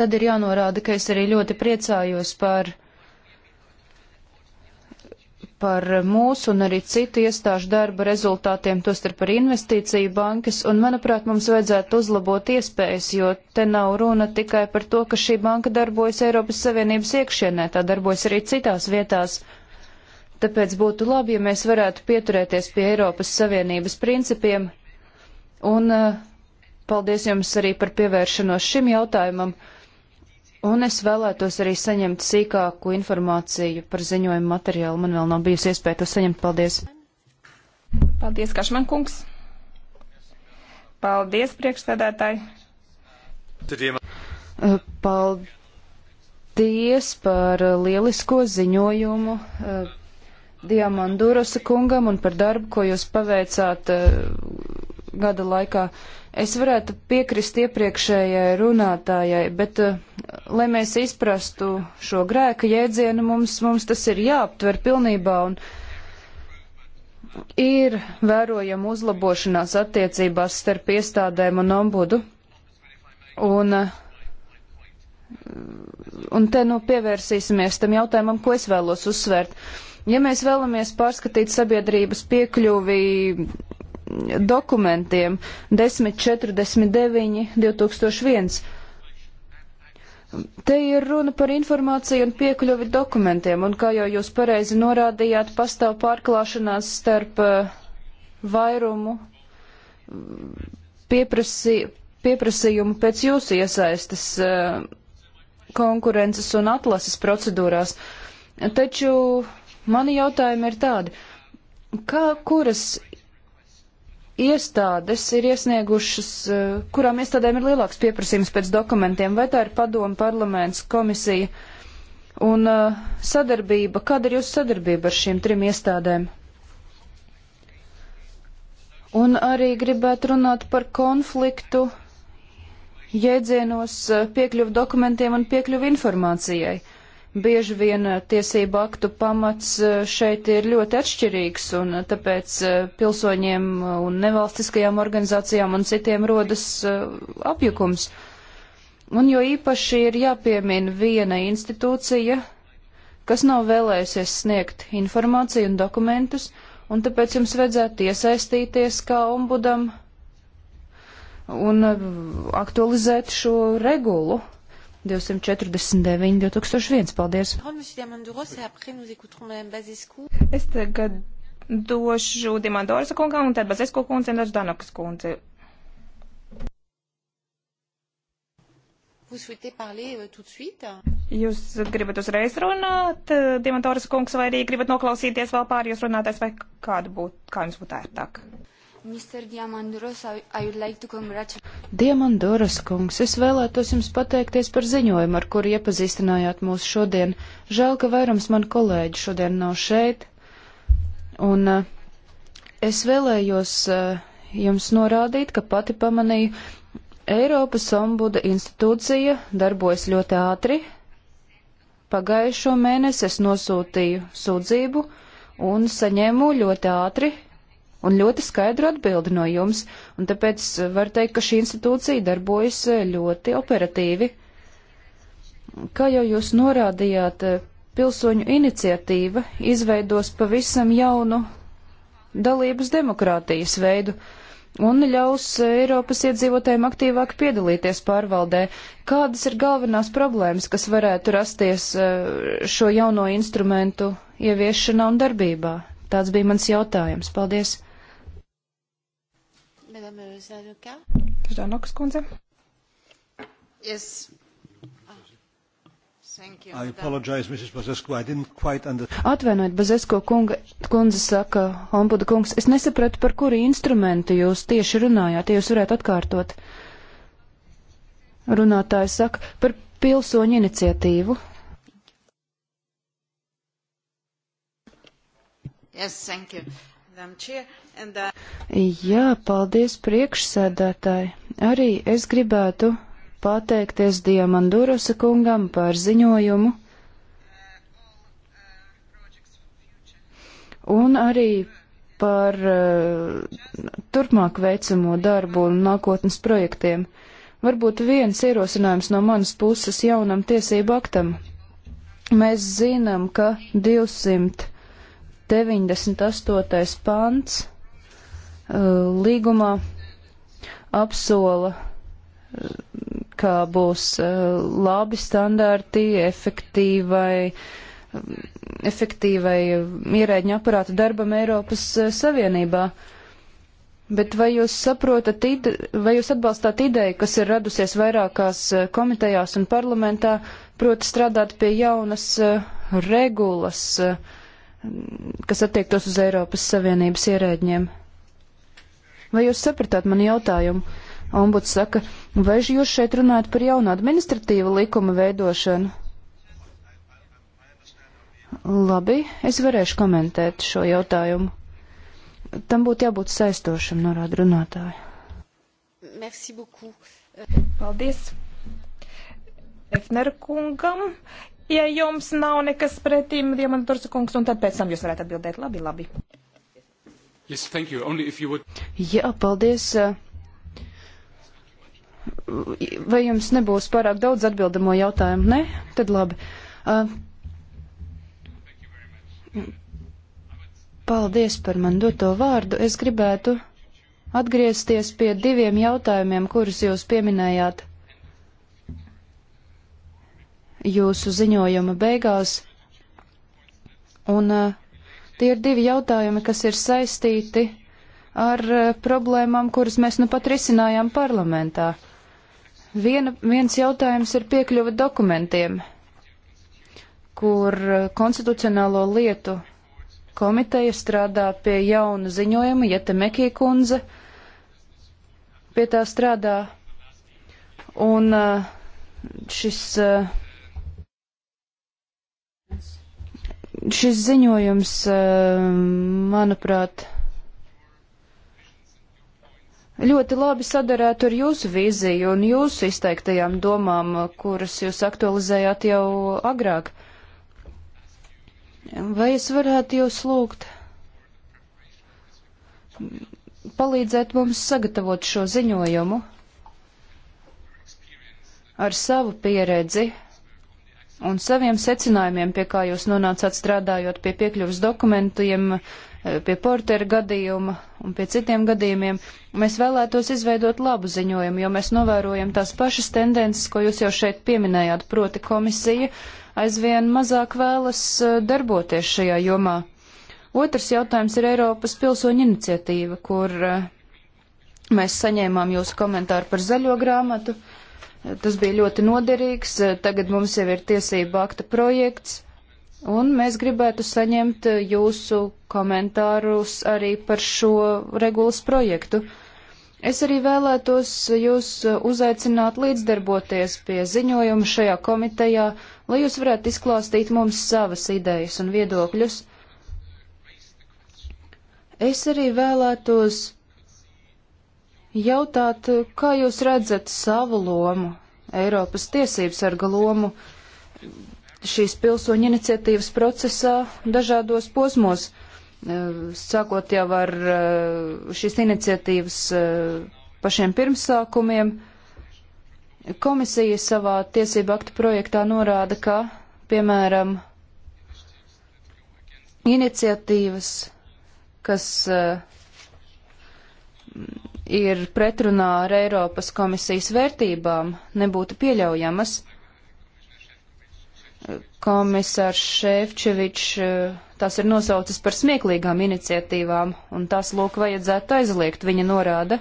Tad ir jānorāda, ka es arī ļoti priecājos par par mūsu un arī citu iestāžu darba rezultātiem, tostarp par investīciju bankas, un manuprāt, mums vajadzētu uzlabot iespējas, jo te nav runa tikai par to, ka šī banka darbojas Eiropas Savienības iekšienē, tā darbojas arī citās vietās, Tāpēc būtu labi, ja mēs varētu pieturēties pie Eiropas Savienības principiem. Un eh, paldies jums arī par pievēršanos šim jautājumam. Un es vēlētos arī saņemt sīkāku informāciju par ziņojumu materiālu. Man vēl nav bijusi iespēja to saņemt. Paldies! Paldies, Kašman kungs! Paldies, priekšstādātāji! Eh, paldies par lielisko ziņojumu. Uh, Diamanduras kungam un par darbu, ko jūs paveicāt eh, gada laikā. Es varētu piekrist iepriekšējai runātājai, bet, eh, lai mēs izprastu šo grēka jēdzienu, mums, mums tas ir jāaptver pilnībā un ir vērojama uzlabošanās attiecībās starp iestādēm un ombudu. Un, eh, un te nu pievērsīsimies tam jautājumam, ko es vēlos uzsvērt. Uh, Ja mēs vēlamies pārskatīt sabiedrības piekļuvi dokumentiem 1049 2001, Te ir runa par informāciju un piekļuvi dokumentiem, un kā jau jūs pareizi norādījāt, pastāv pārklāšanās starp eh, vairumu mm, pieprasī, pieprasījumu pēc jūsu iesaistas eh, konkurences un atlases procedūrās. Taču Mani jautājumi ir tādi, kā kuras iestādes ir iesniegušas, eh, kurām iestādēm ir lielāks pieprasījums pēc dokumentiem, vai tā ir padoma, parlaments, komisija un eh, sadarbība? Kāda ir jūsu sadarbība ar šīm trim iestādēm? Un arī gribētu runāt par konfliktu jēdzienos eh, piekļuvu dokumentiem un piekļuvu informācijai. Uh, bieži vien eh, tiesību aktu pamats eh, šeit ir ļoti atšķirīgs, un eh, tāpēc pilsoņiem un nevalstiskajām organizācijām un citiem rodas apjukums. Un jo īpaši ir jāpiemina viena institūcija, kas nav vēlējusies sniegt informāciju un dokumentus, un tāpēc jums vajadzētu iesaistīties kā ombudam un aktualizēt šo regulu 249, 2001. Paldies! Oh, es tagad došu Dimandorsa kungam un tad Bazesko kundze un tad Danokas kundze. Euh, jūs gribat uzreiz runāt, euh, Dimantoras kungs, vai arī gribat noklausīties vēl pāri jūs runātais, vai kādu būtu, kā jums būtu ērtāk? Mr. Diamanduros, I would like to congratulate. Diamanduras kungs, es vēlētos jums pateikties par ziņojumu, ar kuru iepazīstinājāt mūs šodien. Žēl, ka vairums man kolēģi šodien nav šeit. Un uh, es vēlējos uh, jums norādīt, ka pati pamanīju, Eiropas ombuda institūcija darbojas ļoti ātri. Pagājušo mēnesi es nosūtīju sūdzību un saņēmu ļoti ātri un ļoti skaidru atbildi no jums, un tāpēc eh, var teikt, ka šī institūcija darbojas eh, ļoti operatīvi. Kā jau jūs norādījāt, eh, pilsoņu iniciatīva izveidos pavisam jaunu dalības demokrātijas veidu un ļaus Eiropas iedzīvotājiem aktīvāk piedalīties pārvaldē. Kādas ir galvenās problēmas, kas varētu rasties šo jauno instrumentu ieviešanā un darbībā? Tāds bija mans jautājums. Paldies! Madame Zanoka. Ždanoks kundze. Yes. Ah, Atvainojiet, Bazesko kunga, kundze saka, ombuda kungs, es nesapratu, par kuru instrumentu jūs tieši runājāt, ja jūs varētu atkārtot. Runātājs saka, par pilsoņu iniciatīvu. Yes, thank you. Jā, paldies priekšsēdētāji. Arī es gribētu pateikties Diamandurusa kungam par ziņojumu un arī par uh, turpmāk veicamo darbu un nākotnes projektiem. Varbūt viens ierosinājums no manas puses jaunam tiesību aktam. Mēs zinām, ka 200 98. pants uh, līgumā apsola, uh, kā būs uh, labi standarti efektīvai, efektīvai ierēģņu aparāta darbam Eiropas Savienībā. Bet vai jūs saprotat, vai jūs atbalstāt ideju, kas ir radusies vairākās komitejās un parlamentā, proti strādāt pie jaunas regulas, uh, Um, kas attiektos uz Eiropas Savienības ierēģiem. Vai jūs sapratāt mani jautājumu? Ombuds saka, vai jūs šeit runājat par jaunu administratīvu likuma veidošanu? Labi, es varēšu komentēt šo jautājumu. Tam būtu jābūt saistošam, norāda runātāja. Merci beaucoup. Paldies. Efner kungam Ja jums nav nekas pretim, Diamantors kungs, un tad pēc tam jūs varētu atbildēt. Labi, labi. Yes, thank you. Only if you would... Jā, paldies. Vai jums nebūs pārāk daudz atbildamo jautājumu? Nē? Tad labi. Uh, paldies par man doto vārdu. Es gribētu atgriezties pie diviem jautājumiem, kurus jūs pieminējāt jūsu ziņojuma beigās. Un uh, tie ir divi jautājumi, kas ir saistīti ar uh, problēmām, kuras mēs nu pat risinājām parlamentā. Viena, viens jautājums ir piekļuva dokumentiem, kur uh, konstitucionālo lietu komiteja strādā pie jauna ziņojuma, ja te Mekī kundze pie tā strādā. Un šis Šis ziņojums, eh, manuprāt, ļoti labi sadarētu ar jūsu vīziju un jūsu izteiktajām domām, kuras jūs aktualizējāt jau agrāk. Vai es varētu jūs lūgt palīdzēt mums sagatavot šo ziņojumu ar savu pieredzi, un saviem secinājumiem, pie kā jūs nonācāt strādājot pie piekļuvas dokumentiem, eh, pie portera gadījuma un pie citiem gadījumiem, mēs vēlētos izveidot labu ziņojumu, jo mēs novērojam tās pašas tendences, ko jūs jau šeit pieminējāt, proti komisija aizvien mazāk vēlas eh, darboties šajā jomā. Otrs jautājums ir Eiropas pilsoņu iniciatīva, kur eh, mēs saņēmām jūsu komentāru par zaļo grāmatu. Uh, Tas bija ļoti noderīgs. Tagad mums jau ir tiesība akta projekts, un mēs gribētu saņemt jūsu komentārus arī par šo regulas projektu. Es arī vēlētos jūs uzaicināt līdzdarboties pie ziņojuma šajā komitejā, lai jūs varētu izklāstīt mums savas idejas un viedokļus. Es arī vēlētos jautāt, kā jūs redzat savu lomu, Eiropas tiesību sarga lomu šīs pilsoņu iniciatīvas procesā dažādos posmos, eh, sākot jau ar eh, šīs iniciatīvas eh, pašiem pirmsākumiem. Komisija savā tiesību aktu projektā norāda, ka, piemēram, iniciatīvas, kas ir pretrunā ar Eiropas komisijas vērtībām, nebūtu pieļaujamas. Komisārs Šefčevičs eh, tās ir nosaucis par smieklīgām iniciatīvām, un tās lūk vajadzētu aizliegt, viņa norāda.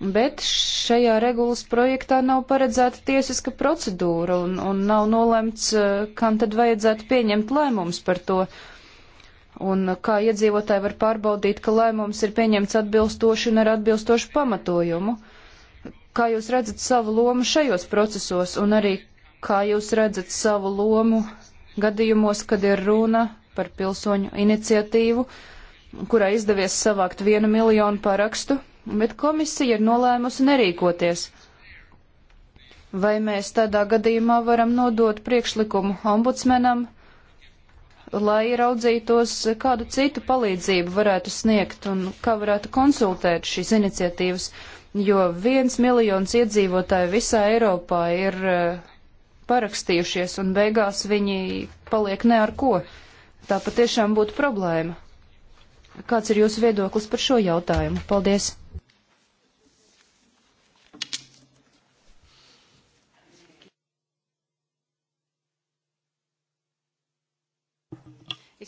Bet šajā regulas projektā nav paredzēta tiesiska procedūra, un, un nav nolemts, eh, kam tad vajadzētu pieņemt lēmums par to. Uh, un kā iedzīvotāji var pārbaudīt, ka lēmums ir pieņemts atbilstoši un ar atbilstošu pamatojumu. Kā jūs redzat savu lomu šajos procesos un arī kā jūs redzat savu lomu gadījumos, kad ir runa par pilsoņu iniciatīvu, kurā izdevies savākt vienu miljonu parakstu, bet komisija ir nolēmusi nerīkoties. Vai mēs tādā gadījumā varam nodot priekšlikumu ombudsmenam? lai raudzītos, kādu citu palīdzību varētu sniegt un kā varētu konsultēt šīs iniciatīvas, jo viens miljons iedzīvotāju visā Eiropā ir e, parakstījušies un beigās viņi paliek ne ar ko. Tā patiešām būtu problēma. Kāds ir jūsu viedoklis par šo jautājumu? Paldies!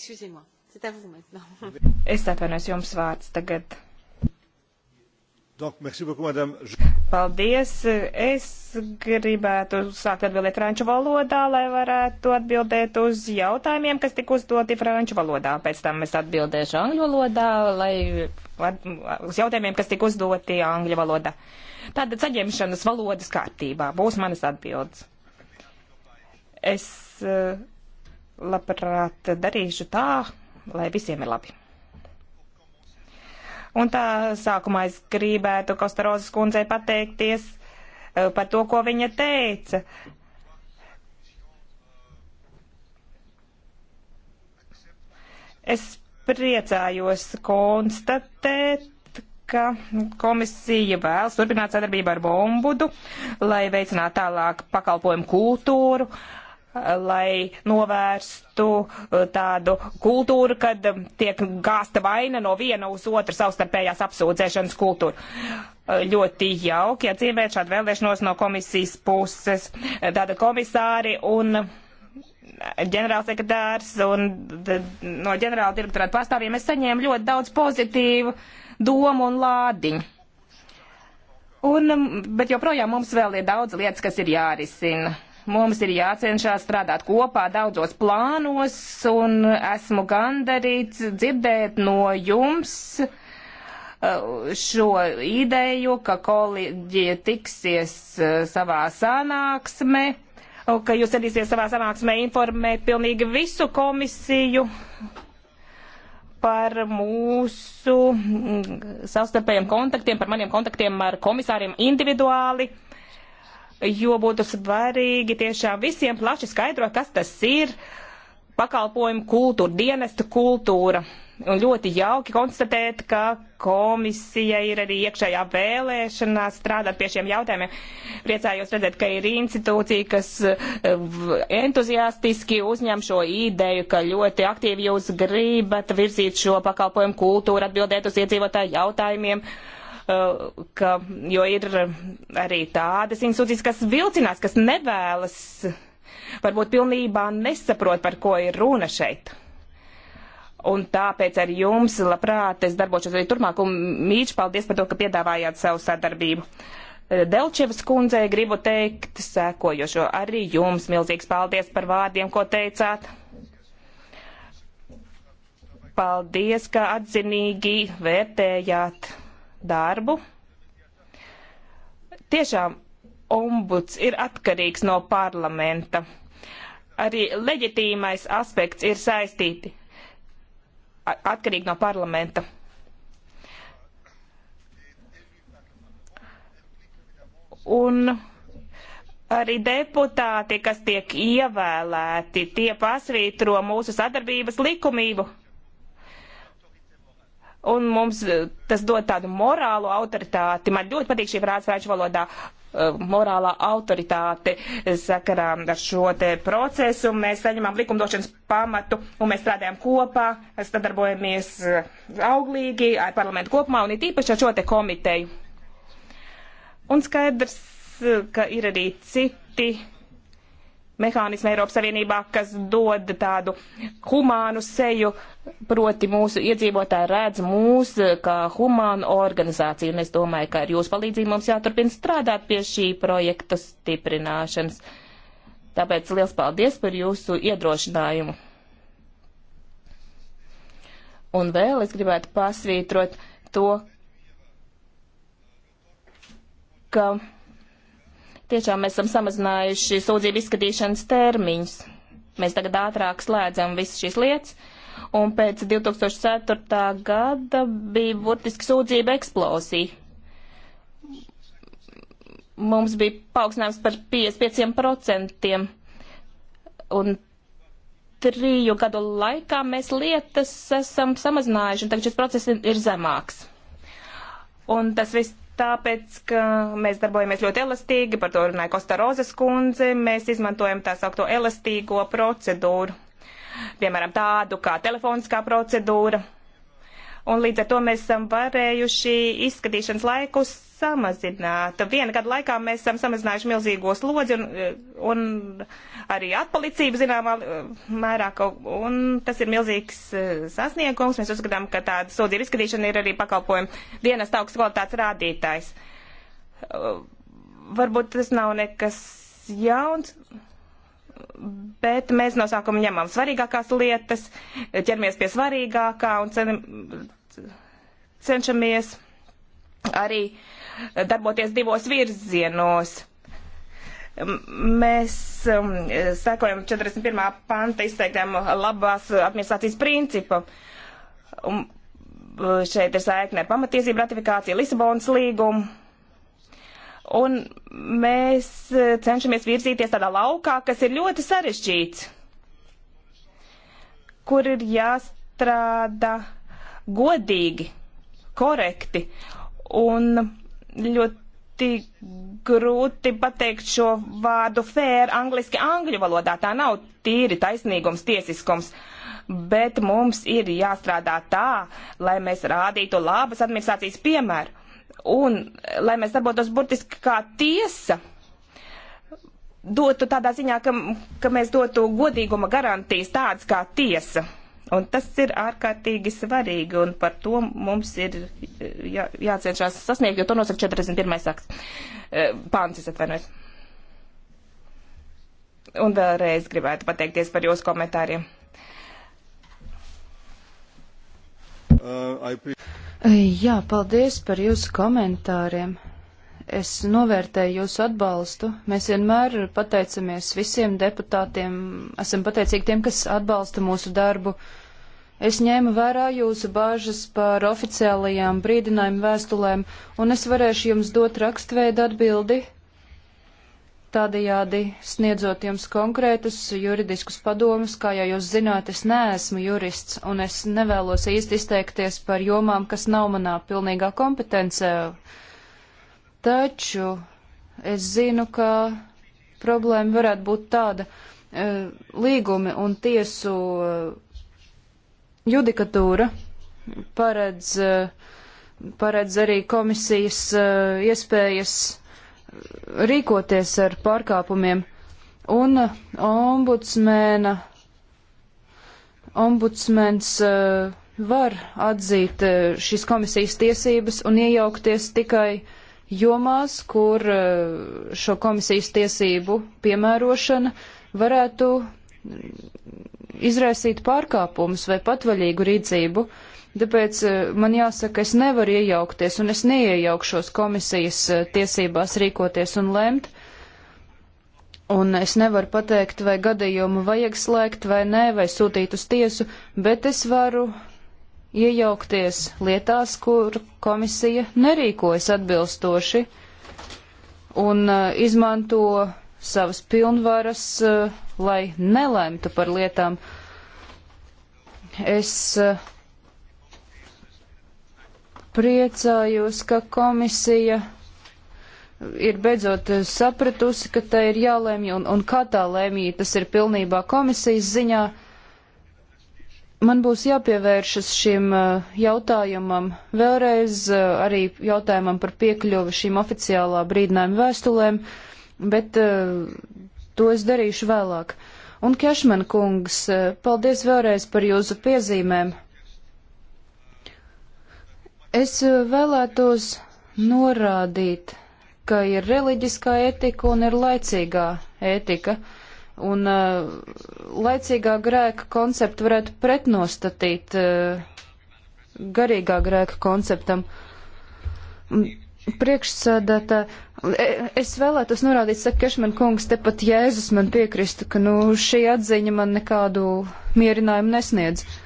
Excusez-moi. C'est à vous maintenant. es atvainojos jums vārds tagad. Donc, merci beaucoup, madame. Paldies. Es gribētu sākt atbildēt franču valodā, lai varētu atbildēt uz jautājumiem, kas tika uzdoti franču valodā. Pēc tam es atbildēšu angļu valodā, lai uz jautājumiem, kas tika uzdoti angļu valodā. Tātad saņemšanas valodas kārtībā būs manas atbildes. Es uh, labprāt darīšu tā, lai visiem ir labi. Un tā sākumā es gribētu Kostarozes kundzei pateikties eh, par to, ko viņa teica. Es priecājos konstatēt, ka komisija vēlas turpināt sadarbību ar Bombudu, lai veicinātu tālāk pakalpojumu kultūru. Uh, lai novērstu uh, tādu kultūru, kad tiek gāsta vaina no viena uz otru savstarpējās apsūdzēšanas kultūru. Uh, ļoti jauki atzīmēt šādu vēlēšanos no komisijas puses. Tāda komisāri un ģenerālsekretārs un no ģenerāla direktorāta pārstāvjiem es saņēmu ļoti daudz pozitīvu domu un lādiņu. Un, um, bet joprojām mums vēl ir daudz lietas, kas ir jārisina Mums ir jācenšas strādāt kopā daudzos plānos, un esmu gandarīts dzirdēt no jums uh, šo ideju, ka kolēģi tiksies uh, savā sanāksmē ka jūs centīsieties savā sanāksmē informēt pilnīgi visu komisiju par mūsu mm, savstarpējiem kontaktiem, par maniem kontaktiem ar komisāriem individuāli. Uh, jo būtu svarīgi tiešām visiem plaši skaidrot, kas tas ir pakalpojumu kultūra, dienesta kultūra. Un ļoti jauki konstatēt, ka komisija ir arī iekšējā vēlēšanā strādāt pie šiem jautājumiem. Priecājos redzēt, ka ir institūcija, kas eh, entuziastiski uzņem šo ideju, ka ļoti aktīvi jūs gribat virzīt šo pakalpojumu kultūru, atbildēt uz iedzīvotāju jautājumiem. Uh, Eh, ka, jo ir arī tādas institūcijas, kas vilcinās, kas nevēlas, varbūt pilnībā nesaprot, par ko ir runa šeit. Un tāpēc ar jums labprāt es darbošos arī turpmāk. Un mīļš, paldies par to, ka piedāvājāt savu sadarbību. Eh, Delčevas kundzei gribu teikt sēkojošo. Arī jums milzīgs paldies par vārdiem, ko teicāt. Paldies, ka atzinīgi vērtējāt darbu. Tiešām ombuds ir atkarīgs no parlamenta. Arī leģitīmais aspekts ir saistīti atkarīgi no parlamenta. Un arī deputāti, kas tiek ievēlēti, tie pasvītro mūsu sadarbības likumību un mums eh, tas dod tādu morālu autoritāti. Man ļoti patīk šī frāze franču valodā eh, morālā autoritāte sakarā ar šo te procesu. Mēs saņemam likumdošanas pamatu un mēs strādājam kopā, sadarbojamies eh, auglīgi ar parlamentu kopumā un it īpaši ar šo te komiteju. Un skaidrs, ka ir arī citi mehānismu Eiropas Savienībā, kas dod tādu humānu seju, proti mūsu iedzīvotāji redz mūs kā humānu organizāciju, un es domāju, ka ar jūsu palīdzību mums jāturpina strādāt pie šī projekta stiprināšanas. Tāpēc liels paldies par jūsu iedrošinājumu. Un vēl es gribētu pasvītrot to, ka tiešām mēs esam samazinājuši sūdzību izskatīšanas termiņus. Mēs tagad ātrāk slēdzam visas šīs lietas, un pēc 2004. gada bija burtiski sūdzība eksplozija. Mums bija paaugstinājums par 55%, un triju gadu laikā mēs lietas esam samazinājuši, un tagad šis process ir zemāks. Un tas viss tāpēc, ka mēs darbojamies ļoti elastīgi, par to runāja Kosta Rozes kundze, mēs izmantojam tā saukto elastīgo procedūru, piemēram, tādu kā telefoniskā procedūra, un līdz ar to mēs esam varējuši izskatīšanas laiku samazināt. Viena gada laikā mēs esam samazinājuši milzīgo slodzi un, un arī atpalicību zināmā mērā, un tas ir milzīgs eh, sasniegums. Mēs uzskatām, ka tāda sodzība izskatīšana ir arī pakalpojuma dienas augsts kvalitātes rādītājs. Eh, varbūt tas nav nekas jauns bet mēs no sākuma ņemam svarīgākās lietas, ķeramies pie svarīgākā un cenam, cenšamies arī darboties divos virzienos. Mēs um, sekojam 41. panta izteiktajam labās administrācijas principam. Um, un šeit ir saikne pamatiesība ratifikācija Lisabonas līguma Un mēs eh, cenšamies virzīties tādā laukā, kas ir ļoti sarežģīts, kur ir jāstrādā godīgi, korekti un ļoti grūti pateikt šo vārdu fair angliski angļu valodā. Tā nav tīri taisnīgums, tiesiskums. Bet mums ir jāstrādā tā, lai mēs rādītu labas administrācijas piemēru un lai mēs darbotos burtiski kā tiesa, dotu tādā ziņā, ka, ka mēs dotu godīguma garantijas tādas kā tiesa. Un tas ir ārkārtīgi svarīgi, un par to mums ir jā, jācenšas sasniegt, jo to nosaka 41. saks. E, Pāncis atvainojas. Un vēlreiz gribētu pateikties par jūsu komentāriem. Uh, I... Jā, paldies par jūsu komentāriem. Es novērtēju jūsu atbalstu. Mēs vienmēr pateicamies visiem deputātiem, esam pateicīgi tiem, kas atbalsta mūsu darbu. Es ņēmu vērā jūsu bāžas par oficiālajām brīdinājumu vēstulēm, un es varēšu jums dot rakstvēdu atbildi Tādējādi sniedzot jums konkrētus juridiskus padomus, kā jau jūs zināt, es neesmu jurists un es nevēlos īsti izteikties par jomām, kas nav manā pilnīgā kompetencē. Taču es zinu, ka problēma varētu būt tāda e, līgumi un tiesu e, judikatūra paredz, e, paredz arī komisijas iespējas rīkoties ar pārkāpumiem. Un uh, ombudsmēna, ombudsmēns uh, var atzīt uh, šīs komisijas tiesības un iejaukties tikai jomās, kur uh, šo komisijas tiesību piemērošana varētu izraisīt pārkāpumus vai patvaļīgu rīcību. Uh, Tāpēc eh, man jāsaka, es nevaru iejaukties un es neiejaukšos komisijas eh, tiesībās rīkoties un lemt. Un es nevaru pateikt, vai gadījumu vajag slēgt vai nē, vai sūtīt uz tiesu, bet es varu iejaukties lietās, kur komisija nerīkojas atbilstoši un uh, izmanto savas pilnvaras, uh, lai nelemtu par lietām. Es uh, Priecājos, ka komisija ir beidzot sapratusi, ka te ir jālēmj un, un kā tā lēmīja, tas ir pilnībā komisijas ziņā. Man būs jāpievēršas šim uh, jautājumam vēlreiz, uh, arī jautājumam par piekļuvi šīm oficiālā brīdinājuma vēstulēm, bet uh, to es darīšu vēlāk. Un Kešman kungs, paldies vēlreiz par jūsu piezīmēm. Es eh, vēlētos norādīt, ka ir reliģiskā etika un ir laicīgā etika. Un uh, laicīgā grēka konceptu varētu pretnostatīt uh, garīgā grēka konceptam. Priekšsēdētā, e, es vēlētos norādīt, saka Kešman kungs, tepat Jēzus man piekristu, ka nu, šī atziņa man nekādu mierinājumu nesniedz. Uh,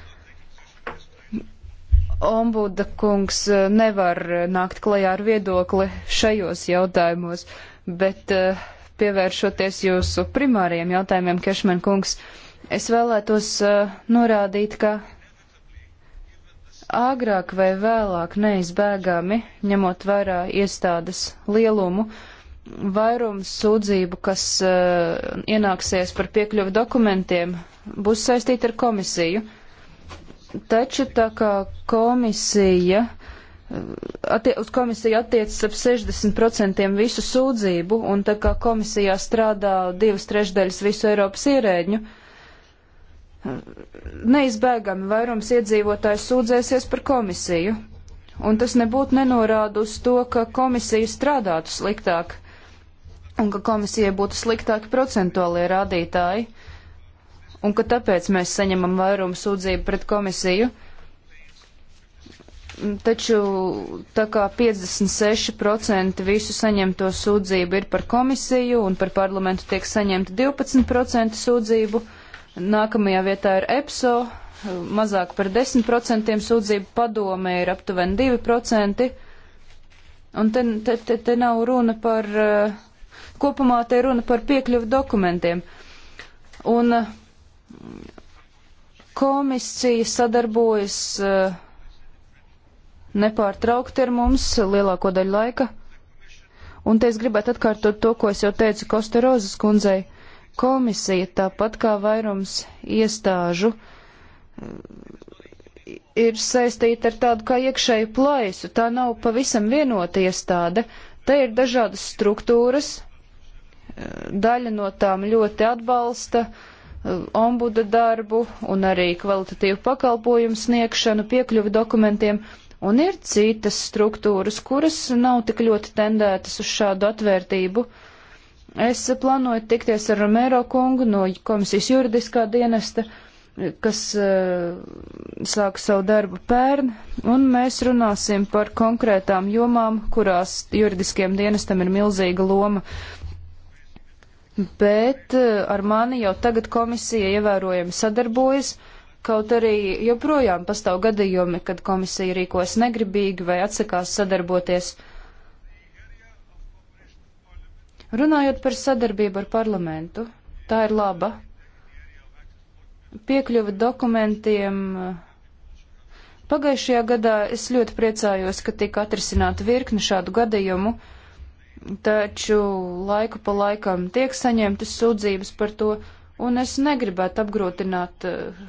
ombuda kungs eh, nevar eh, nākt klajā ar viedokli šajos jautājumos, bet eh, pievēršoties jūsu primāriem jautājumiem, Kešmen kungs, es vēlētos norādīt, ka agrāk vai vēlāk neizbēgami, ņemot vērā iestādes lielumu, vairums sūdzību, kas uh, ienāksies par piekļuvi dokumentiem, būs saistīta ar komisiju. Uh, Taču tā kā komisija, attie, uz komisiju attiecas ap 60% visu sūdzību, un tā kā komisijā strādā divas trešdaļas visu Eiropas ierēģņu, neizbēgami vairums iedzīvotāju sūdzēsies par komisiju. Un tas nebūtu nenorāda uz to, ka komisija strādātu sliktāk un ka komisijai būtu sliktāki procentuālie rādītāji. Uh, un ka tāpēc mēs saņemam vairumu sūdzību pret komisiju. Taču tā kā 56% visu saņemto sūdzību ir par komisiju un par parlamentu tiek saņemta 12% sūdzību, nākamajā vietā ir EPSO, mazāk par 10% sūdzību padome ir aptuveni 2%. Un te, te, te, te nav runa par, eh, kopumā te runa par piekļuvu dokumentiem. Un eh, Komisija sadarbojas eh, nepārtraukti ar mums lielāko daļu laika. Un te es gribētu atkārtot to, ko es jau teicu Kosterozes kundzei. Komisija, tāpat kā vairums iestāžu, eh, ir saistīta ar tādu kā iekšēju plaisu. Tā nav pavisam vienota iestāde. Te ir dažādas struktūras, eh, daļa no tām ļoti atbalsta uh, ombuda darbu un arī kvalitatīvu pakalpojumu sniegšanu, piekļuvi dokumentiem, un ir citas struktūras, kuras nav tik ļoti tendētas uz šādu atvērtību. Es plānoju tikties ar Romero kungu no komisijas juridiskā dienesta, kas eh, sāk savu darbu pērn, un mēs runāsim par konkrētām jomām, kurās juridiskiem dienestam ir milzīga loma bet eh, ar mani jau tagad komisija ievērojami sadarbojas, kaut arī joprojām pastāv gadījumi, kad komisija rīkojas negribīgi vai atsakās sadarboties. Runājot par sadarbību ar parlamentu, tā ir laba. Piekļuva dokumentiem. Eh, pagājušajā gadā es ļoti priecājos, ka tika atrisināta virkne šādu gadījumu, uh, taču laiku pa laikam tiek saņemtas sūdzības par to, un es negribētu apgrotināt eh,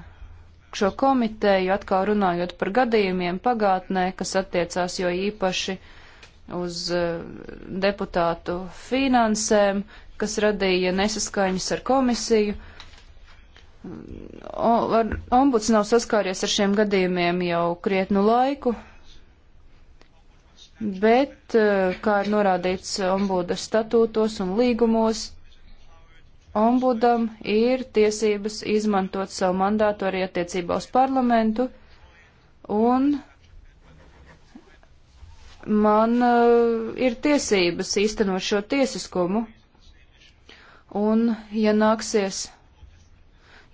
šo komiteju, atkal runājot par gadījumiem pagātnē, kas attiecās jo īpaši uz eh, deputātu finansēm, kas radīja nesaskaņas ar komisiju. O, ar, ombuds nav saskāries ar šiem gadījumiem jau krietnu laiku, bet, eh, kā ir norādīts ombuda statūtos un līgumos, ombudam ir tiesības izmantot savu mandātu arī attiecībā uz parlamentu, un man uh, ir tiesības īstenot šo tiesiskumu, un ja nāksies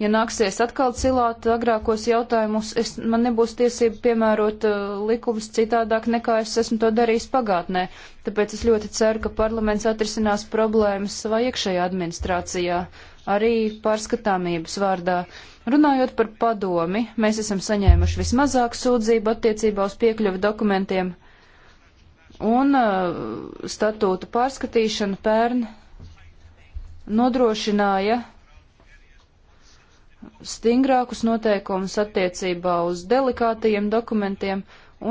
Ja nāksies atkal cilāt agrākos jautājumus, es, man nebūs tiesība piemērot uh, likumus citādāk, nekā es esmu to darījis pagātnē. Tāpēc es ļoti ceru, ka parlaments atrisinās problēmas savā iekšējā administrācijā, arī pārskatāmības vārdā. Runājot par padomi, mēs esam saņēmuši vismazāk sūdzību attiecībā uz piekļuvi dokumentiem, un uh, statūta pārskatīšana pērn nodrošināja stingrākus noteikumus attiecībā uz delikātajiem dokumentiem,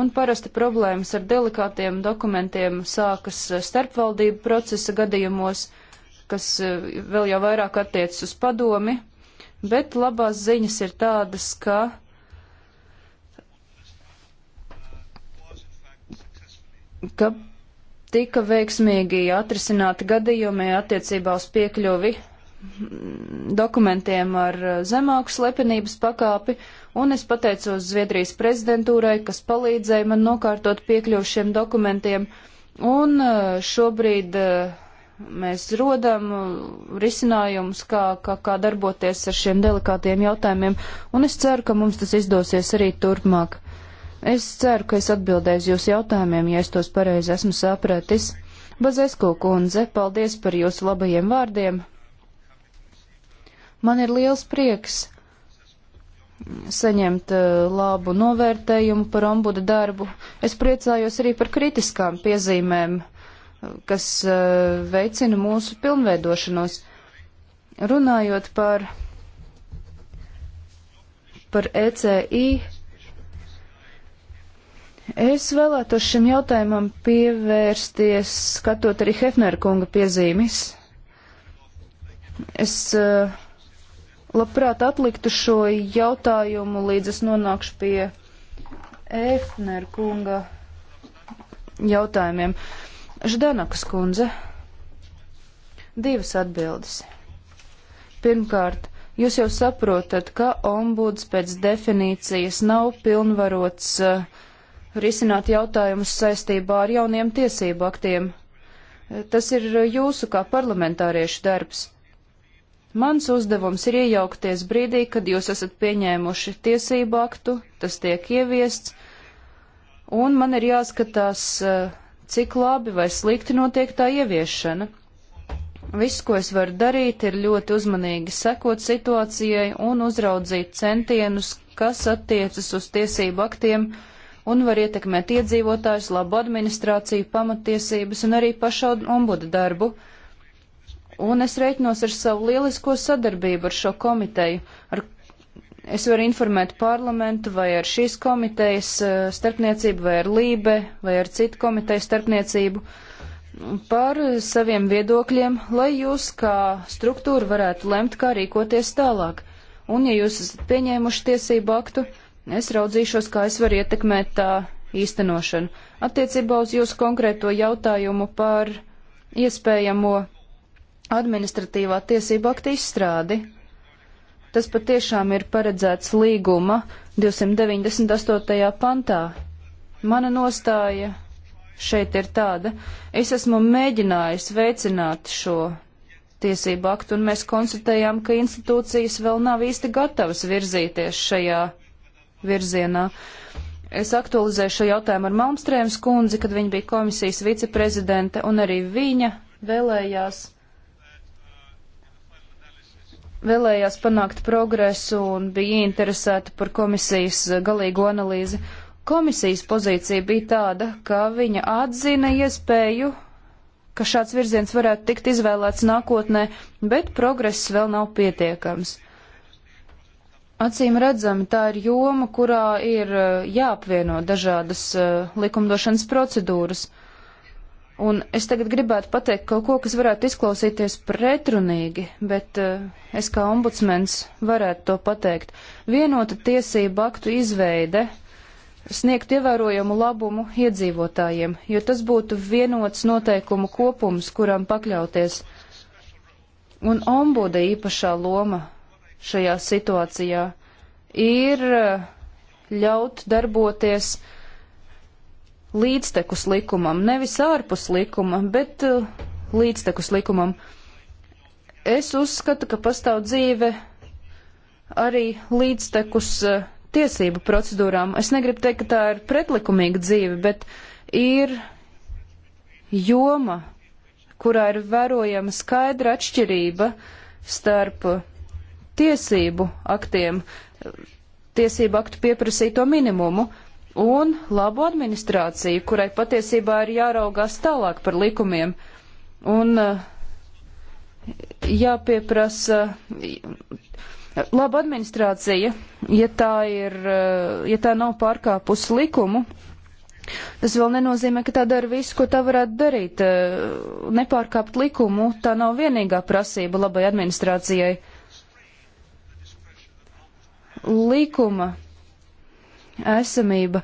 un parasti problēmas ar delikātiem dokumentiem sākas eh, starpvaldību procesa gadījumos, kas eh, vēl jau vairāk attiecas uz padomi, bet labās ziņas ir tādas, ka ka tika veiksmīgi atrisināti gadījumi attiecībā uz piekļuvi dokumentiem ar eh, zemāku slepenības pakāpi, un es pateicos Zviedrijas prezidentūrai, kas palīdzēja man nokārtot piekļuvu šiem dokumentiem, un eh, šobrīd eh, mēs rodam risinājumus, kā, kā, kā darboties ar šiem delikātiem jautājumiem, un es ceru, ka mums tas izdosies arī turpmāk. Es ceru, ka es atbildēšu jūsu jautājumiem, ja es tos pareizi esmu sapratis. Bazesko kundze, paldies par jūsu labajiem vārdiem! Man ir liels prieks saņemt uh, labu novērtējumu par ombuda darbu. Es priecājos arī par kritiskām piezīmēm, kas uh, veicina mūsu pilnveidošanos. Runājot par, par ECI, es vēlētos šim jautājumam pievērsties, skatot arī Hefner kunga piezīmes. Es uh, labprāt atliktu šo jautājumu, līdz es nonākšu pie Efner kunga jautājumiem. Ždanakas kundze, divas atbildes. Pirmkārt, jūs jau saprotat, ka ombuds pēc definīcijas nav pilnvarots uh, risināt jautājumus saistībā ar jauniem tiesību aktiem. Tas ir jūsu kā parlamentāriešu darbs. Mans uzdevums ir iejaukties brīdī, kad jūs esat pieņēmuši tiesību aktu, tas tiek ieviests, un man ir jāskatās, eh, cik labi vai slikti notiek tā ieviešana. Viss, ko es varu darīt, ir ļoti uzmanīgi sekot situācijai un uzraudzīt centienus, kas attiecas uz tiesību aktiem un var ietekmēt iedzīvotājus, labu administrāciju, pamatiesības un arī pašu ombuda darbu un es reiķinos ar savu lielisko sadarbību ar šo komiteju. Ar es varu informēt parlamentu vai ar šīs komitejas eh, starpniecību, vai ar Lībe, vai ar citu komiteju starpniecību par saviem viedokļiem, lai jūs kā struktūra varētu lemt, kā rīkoties tālāk. Un, ja jūs esat pieņēmuši tiesību aktu, es raudzīšos, kā es varu ietekmēt tā īstenošanu. Attiecībā uz jūsu konkrēto jautājumu par iespējamo administratīvā tiesība akta izstrādi. Tas patiešām ir paredzēts līguma 298. pantā. Mana nostāja šeit ir tāda. Es esmu mēģinājis veicināt šo tiesību aktu, un mēs konstatējām, ka institūcijas vēl nav īsti gatavas virzīties šajā virzienā. Es aktualizēju šo jautājumu ar Malmstrēmas kundzi, kad viņa bija komisijas viceprezidente, un arī viņa vēlējās vēlējās panākt progresu un bija interesēta par komisijas galīgo analīzi. Komisijas pozīcija bija tāda, ka viņa atzina iespēju, ka šāds virziens varētu tikt izvēlēts nākotnē, bet progress vēl nav pietiekams. Acīm redzami, tā ir joma, kurā ir uh, jāapvieno dažādas uh, likumdošanas procedūras. Uh, Un es tagad gribētu pateikt kaut ko, kas varētu izklausīties pretrunīgi, bet uh, es kā ombudsmens varētu to pateikt. Vienota tiesība aktu izveide sniegt ievērojumu labumu iedzīvotājiem, jo tas būtu vienots noteikumu kopums, kuram pakļauties. Un ombuda īpašā loma šajā situācijā ir eh, ļaut darboties uh, līdztekus likumam, nevis ārpus likuma, bet uh, līdztekus likumam. Es uzskatu, ka pastāv dzīve arī līdztekus uh, tiesību procedūrām. Es negribu teikt, ka tā ir pretlikumīga dzīve, bet ir joma, kurā ir vērojama skaidra atšķirība starp tiesību aktiem, tiesību aktu pieprasīto minimumu un labu administrāciju, kurai patiesībā ir jāraugās tālāk par likumiem un eh, jāpieprasa eh, laba administrācija, ja tā, ir, eh, ja tā nav pārkāpus likumu. Tas vēl nenozīmē, ka tā dara visu, ko tā varētu darīt. Nepārkāpt likumu, tā nav vienīgā prasība labai administrācijai. Likuma esamība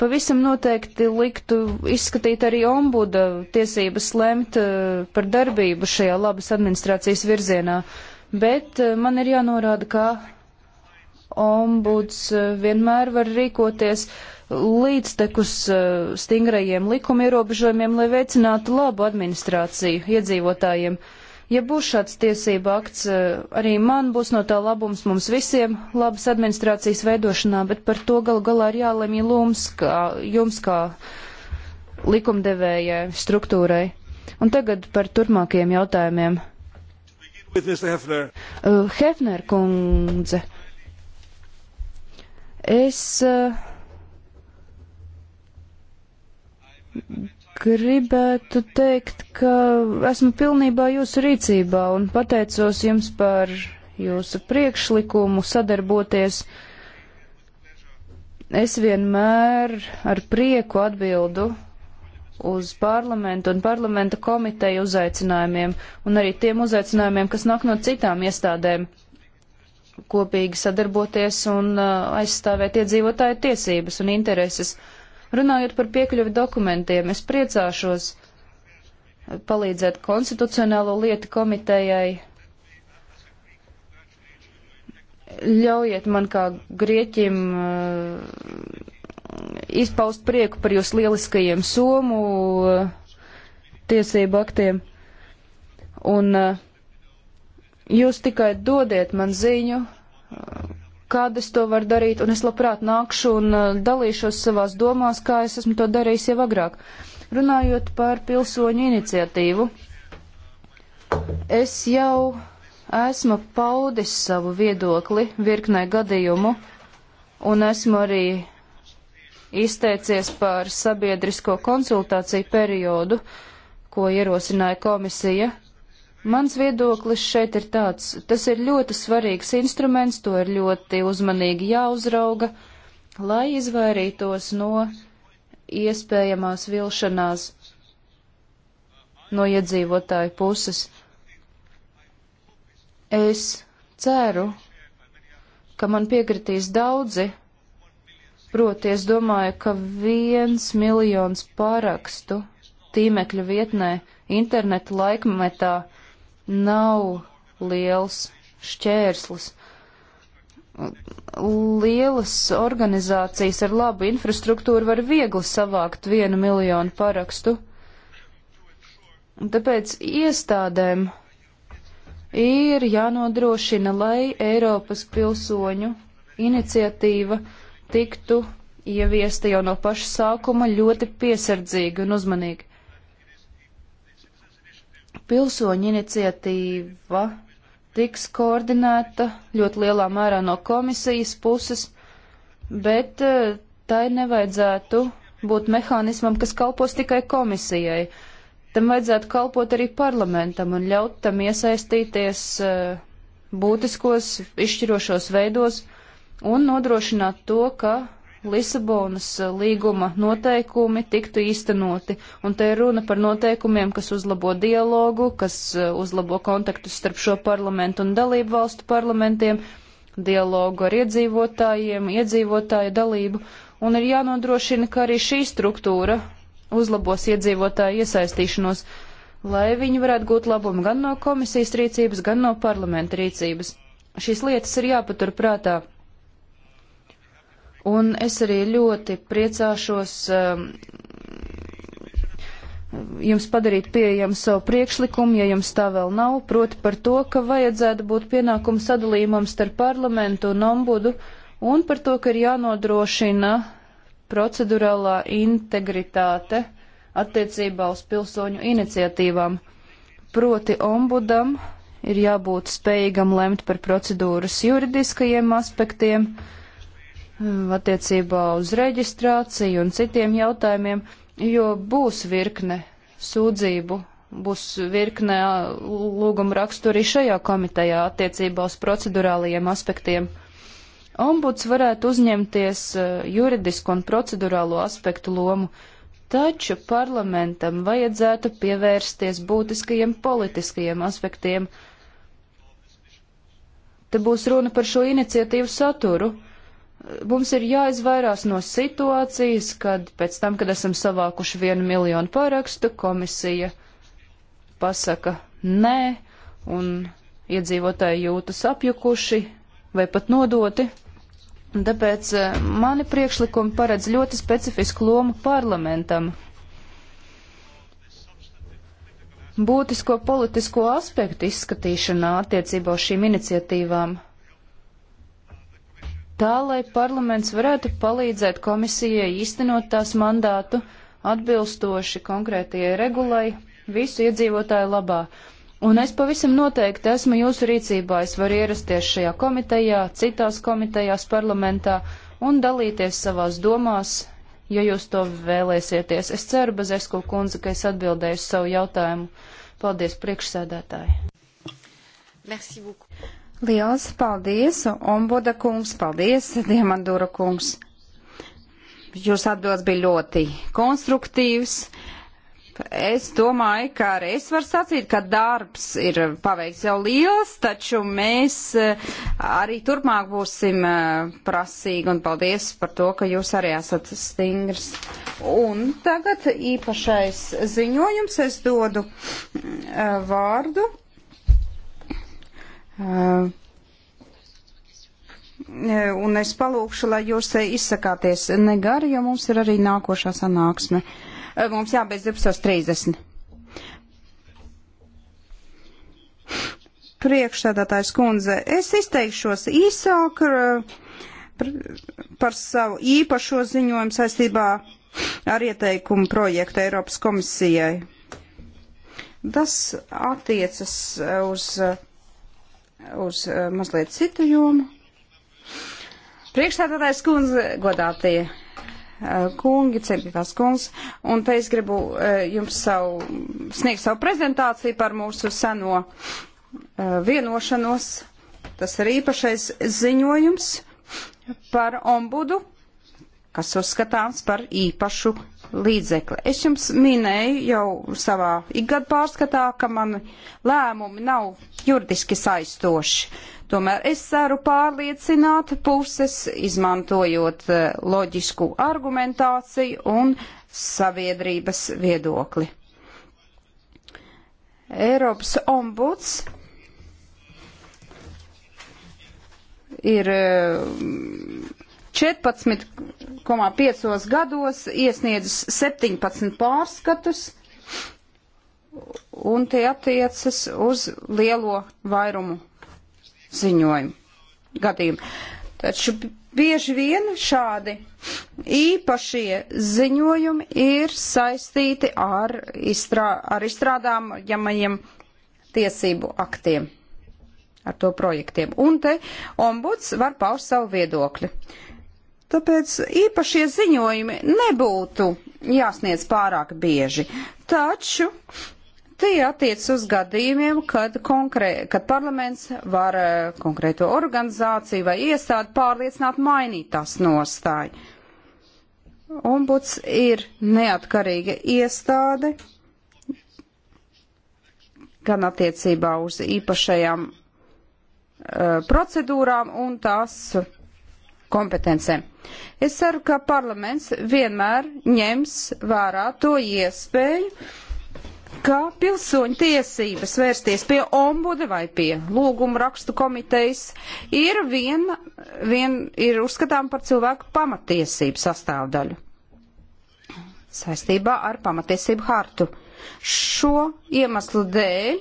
pavisam noteikti liktu izskatīt arī ombuda tiesības lemt eh, par darbību šajā labas administrācijas virzienā, bet eh, man ir jānorāda, ka ombuds eh, vienmēr var rīkoties līdztekus stingrajiem likuma ierobežojumiem, lai veicinātu labu administrāciju iedzīvotājiem. Uh, Ja būs šāds tiesība akts, eh, arī man būs no tā labums mums visiem labas administrācijas veidošanā, bet par to galu galā ir jālemj lums, kā, jums kā likumdevējai struktūrai. Un tagad par turpmākajiem jautājumiem. Hefner. Uh, Hefner kundze, es uh, Gribētu teikt, ka esmu pilnībā jūsu rīcībā un pateicos jums par jūsu priekšlikumu sadarboties. Es vienmēr ar prieku atbildu uz parlamentu un parlamenta komiteju uzaicinājumiem un arī tiem uzaicinājumiem, kas nāk no citām iestādēm kopīgi sadarboties un uh, aizstāvēt iedzīvotāju tiesības un intereses. Uh, Runājot par piekļuvi dokumentiem, es priecāšos palīdzēt konstitucionālo lietu komitejai. Ļaujiet man kā grieķim eh, izpaust prieku par jūs lieliskajiem somu eh, tiesību aktiem. Un eh, jūs tikai dodiet man ziņu, kad es to varu darīt, un es labprāt nākšu un uh, dalīšos savās domās, kā es esmu to darījis jau agrāk. Runājot par pilsoņu iniciatīvu, es jau esmu paudis savu viedokli virknē gadījumu, un esmu arī izteicies par sabiedrisko konsultāciju periodu, ko ierosināja komisija. Mans viedoklis šeit ir tāds, tas ir ļoti svarīgs instruments, to ir ļoti uzmanīgi jāuzrauga, lai izvairītos no iespējamās vilšanās no iedzīvotāju puses. Es ceru, ka man piekritīs daudzi, proti es domāju, ka viens miljons pārakstu tīmekļa vietnē interneta laikmetā nav liels šķērslis. Lielas organizācijas ar labu infrastruktūru var viegli savākt vienu miljonu parakstu. Un tāpēc iestādēm ir jānodrošina, lai Eiropas pilsoņu iniciatīva tiktu ieviesta jau no paša sākuma ļoti piesardzīgi un uzmanīgi pilsoņu iniciatīva tiks koordinēta ļoti lielā mērā no komisijas puses, bet eh, tai nevajadzētu būt mehānismam, kas kalpos tikai komisijai. Tam vajadzētu kalpot arī parlamentam un ļaut tam iesaistīties eh, būtiskos, izšķirošos veidos un nodrošināt to, ka Lisabonas eh, līguma noteikumi tiktu īstenoti. Un te ir runa par noteikumiem, kas uzlabo dialogu, kas eh, uzlabo kontaktus starp šo parlamentu un dalību valstu parlamentiem, dialogu ar iedzīvotājiem, iedzīvotāju dalību. Un ir jānodrošina, ka arī šī struktūra uzlabos iedzīvotāju iesaistīšanos, lai viņi varētu gūt labumu gan no komisijas rīcības, gan no parlamenta rīcības. Šīs lietas ir jāpatur prātā Un es arī ļoti priecāšos um, jums padarīt pieejamu savu priekšlikumu, ja jums tā vēl nav, proti par to, ka vajadzētu būt pienākumu sadalījumam starp parlamentu un ombudu, un par to, ka ir jānodrošina procedurālā integritāte attiecībā uz pilsoņu iniciatīvām. Proti ombudam ir jābūt spējīgam lemt par procedūras juridiskajiem aspektiem, uh, Mm, attiecībā uz reģistrāciju un citiem jautājumiem, jo būs virkne sūdzību, būs virkne uh, lūguma rakstu arī šajā komitejā attiecībā uz procedurālajiem aspektiem. Ombuds varētu uzņemties uh, juridisku un procedurālo aspektu lomu, taču parlamentam vajadzētu pievērsties būtiskajiem politiskajiem aspektiem. Te būs runa par šo iniciatīvu saturu mums ir jāizvairās no situācijas, kad pēc tam, kad esam savākuši vienu miljonu parakstu, komisija pasaka nē, un iedzīvotāji jūtas apjukuši vai pat nodoti. Tāpēc eh, mani priekšlikumi paredz ļoti specifisku lomu parlamentam. Būtisko politisko aspektu izskatīšanā attiecībā uz šīm iniciatīvām tā lai parlaments varētu palīdzēt komisijai īstenot tās mandātu atbilstoši konkrētajai regulai visu iedzīvotāju labā. Un es pavisam noteikti esmu jūsu rīcībā. Es varu ierasties šajā komitejā, citās komitejās parlamentā un dalīties savās domās, ja jūs to vēlēsieties. Es ceru, Bazesko kundze, ka es atbildēju uz savu jautājumu. Paldies, priekšsēdētāji! Merci beaucoup. Liels paldies, Ombuda kungs, paldies, Diemandura kungs. Jūs atbildes bija ļoti konstruktīvs. Es domāju, ka arī es varu sacīt, ka darbs ir paveikts jau liels, taču mēs eh, arī turpmāk būsim eh, prasīgi un paldies par to, ka jūs arī esat stingrs. Un tagad īpašais ziņojums es dodu eh, vārdu Un es palūkšu, lai jūs izsakāties negari, jo mums ir arī nākošā sanāksme. Mums jābeidz 12.30. Priekšsēdētājs kundze, es izteikšos īsāk par savu īpašo ziņojumu saistībā ar ieteikumu projektu Eiropas komisijai. Tas attiecas uz uz eh, mazliet citu jomu. Priekšstādātājs kundze, godātie eh, kungi, cienītās kungs, un te es gribu eh, jums savu, sniegt savu prezentāciju par mūsu seno vienošanos. Tas ir īpašais ziņojums par ombudu kas uzskatāms par īpašu līdzekli. Es jums minēju jau savā ikgad pārskatā, ka man lēmumi nav juridiski saistoši. Tomēr es ceru pārliecināt puses, izmantojot e, loģisku argumentāciju un sabiedrības viedokli. Eiropas ombuds ir e, 14,5 gados iesniedzis 17 pārskatus, un tie attiecas uz lielo vairumu ziņojumu gadījumu. Taču bieži vien šādi īpašie ziņojumi ir saistīti ar, izstrā, ar izstrādājumajiem tiesību aktiem, ar to projektiem. Un te ombuds var paust savu viedokli. Tāpēc īpašie ziņojumi nebūtu jāsniedz pārāk bieži. Taču tie attiec uz gadījumiem, kad, konkrē, kad parlaments var eh, konkrēto organizāciju vai iestādi pārliecināt mainīt tās nostāju. Ombuds ir neatkarīga iestāde gan attiecībā uz īpašajām uh, procedūrām un tās kompetencēm. Es ceru, ka parlaments vienmēr ņems vērā to iespēju, ka pilsoņu tiesības vērsties pie ombuda vai pie lūguma rakstu komitejas ir, vien, vien, ir uzskatām par cilvēku pamatiesību sastāvdaļu saistībā ar pamatiesību hartu. Šo iemeslu dēļ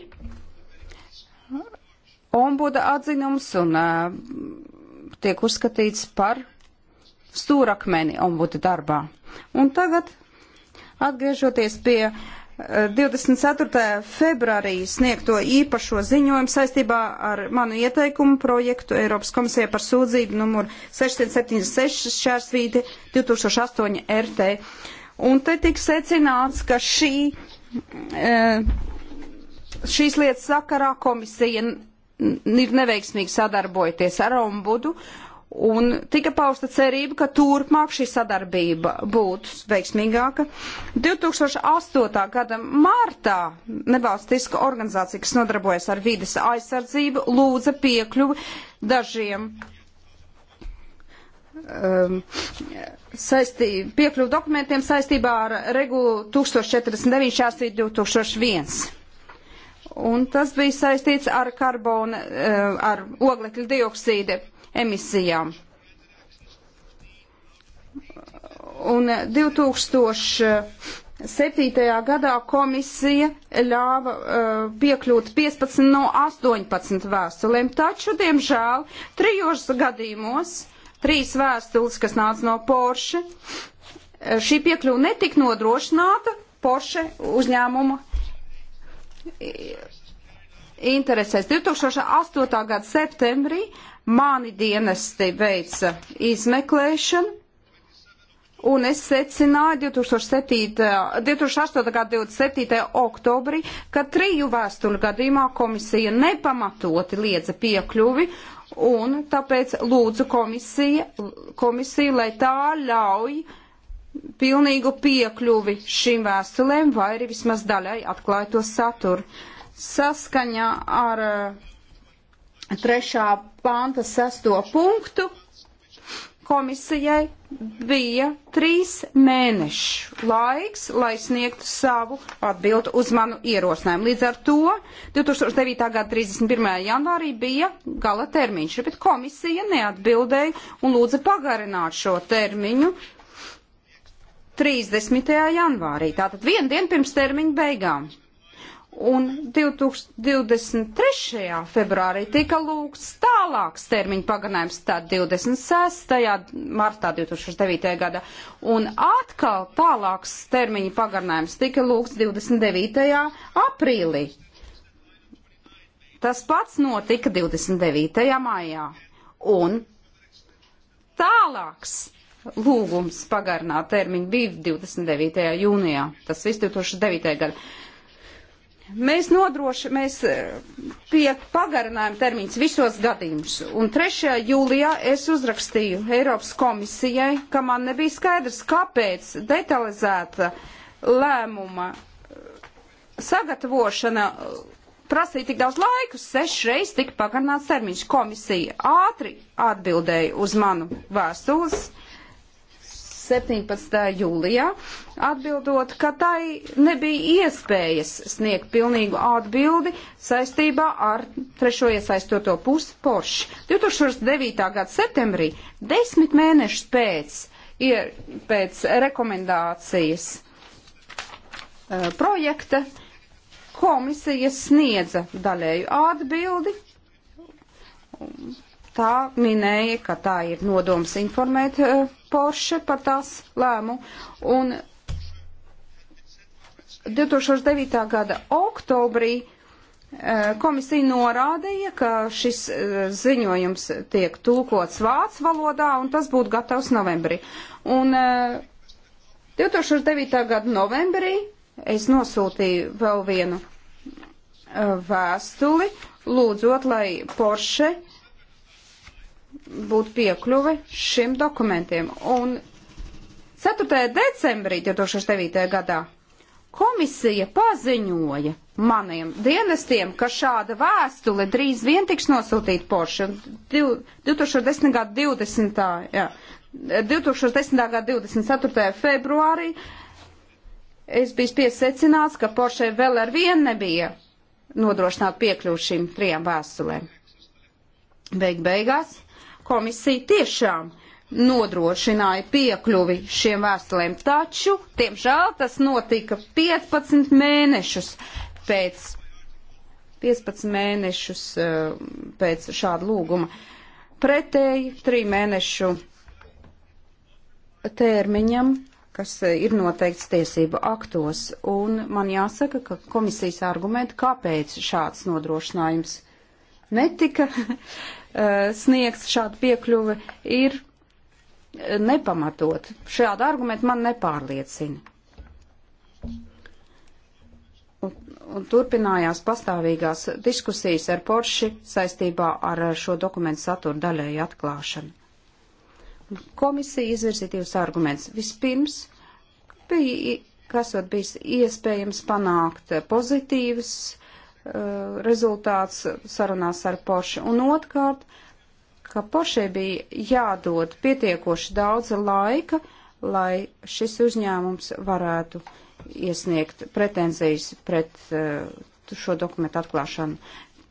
ombuda atzinums un uh, tiek uzskatīts par stūrakmeni ombudu darbā. Un tagad, atgriežoties pie 24. Eh, februārī sniegto īpašo ziņojumu saistībā ar manu ieteikumu projektu Eiropas komisijai par sūdzību numuru 676 šķērsvīti 2008 RT. Un te tika secināts, ka šī, eh, šīs lietas sakarā komisija ir neveiksmīgi sadarbojoties ar ombudu, un tika pausta cerība, ka turpmāk šī sadarbība būtu veiksmīgāka. 2008. gada martā nevalstiska organizācija, kas nodarbojas ar vides aizsardzību, lūdza piekļuvi dažiem um, saistī, piekļuvu dokumentiem saistībā ar regulu 1049 šāsīt 2001 un tas bija saistīts ar karbona, eh, ar oglekļa dioksīda emisijām. Un 2007. gadā komisija ļāva uh, piekļūt 15 no 18 vēstulēm, taču, diemžēl, trijos gadījumos, trīs vēstules, kas nāca no Porsche, eh, šī piekļuva netika nodrošināta Porsche uzņēmuma interesēs. 2008. gada septembrī mani dienesti veica izmeklēšanu, un es secināju 2007, 2008. gada 27. oktobrī, ka triju vēstuļu gadījumā komisija nepamatoti liedza piekļuvi, un tāpēc lūdzu komisija, komisiju, lai tā ļauj uh, pilnīgu piekļuvi šīm vēstulēm vai arī vismaz daļai atklāja to saturu. Saskaņā ar eh, trešā panta sesto punktu komisijai bija trīs mēnešu laiks, lai sniegtu savu atbildu uz manu ierosinājumu. Līdz ar to 2009. gada 31. janvārī bija gala termiņš, bet komisija neatbildēja un lūdza pagarināt šo termiņu 30. janvārī, tātad vienu dienu pirms termiņa beigām. Un 2023. februārī tika lūgts tālāks termiņu pagarinājums, tad 26. martā 2009. gada. Un atkal tālāks termiņu pagarinājums tika lūgts 29. aprīlī. Tas pats notika 29. maijā. Un tālāks lūgums pagarināt termiņu bija 29. jūnijā. Tas viss 2009. gadā. Mēs nodroši, mēs eh, pie pagarinājuma termiņus visos gadījumus. Un 3. jūlijā es uzrakstīju Eiropas komisijai, ka man nebija skaidrs, kāpēc detalizēta lēmuma eh, sagatavošana eh, prasīja tik daudz laiku, sešreiz tika pagarināts termiņš. Komisija ātri atbildēja uz manu vēstules 17. jūlijā, atbildot, ka tai nebija iespējas sniegt pilnīgu atbildi saistībā ar trešo iesaistoto pusi Porsche. 2009. gada septembrī, desmit mēnešus pēc, ir, pēc rekomendācijas uh, projekta, komisija sniedza daļēju atbildi. Tā minēja, ka tā ir nodoms informēt uh, Porsche par tās lēmu. Un 2009. gada oktobrī eh, komisija norādīja, ka šis eh, ziņojums tiek tulkots vācu valodā un tas būtu gatavs novembrī. Un 2009. Eh, gada novembrī es nosūtīju vēl vienu vēstuli, lūdzot, lai Porsche būtu piekļuve šiem dokumentiem. Un 4. decembrī 2009. gadā komisija paziņoja maniem dienestiem, ka šāda vēstule drīz vien tiks nosūtīta Porsche 2010. gada 20. Jā, 2010. gada 24. februārī. Es biju piesecināts, ka Porsche vēl ar vienu nebija nodrošināt piekļuvu šīm trijām vēstulēm. Beig beigās komisija tiešām nodrošināja piekļuvi šiem vēstulēm, taču, tiemžēl, tas notika 15 mēnešus pēc, 15 mēnešus eh, pēc šāda lūguma. Pretēji 3 mēnešu termiņam, kas eh, ir noteikts tiesību aktos, un man jāsaka, ka komisijas argumenti, kāpēc šāds nodrošinājums netika Eh, sniegs šādu piekļuvi, ir eh, nepamatot. Šādu argumentu man nepārliecina. Un, un turpinājās pastāvīgās diskusijas ar Porši saistībā ar eh, šo dokumentu saturu daļēju atklāšanu. Komisija izvirzīja divus argumentus. Vispirms bija, kas var bijis iespējams panākt pozitīvas Eh, rezultāts sarunās ar Porsche. Un otrkārt, ka Porsche bija jādod pietiekoši daudz laika, lai šis uzņēmums varētu iesniegt pretenzijas pret uh, šo dokumentu atklāšanu.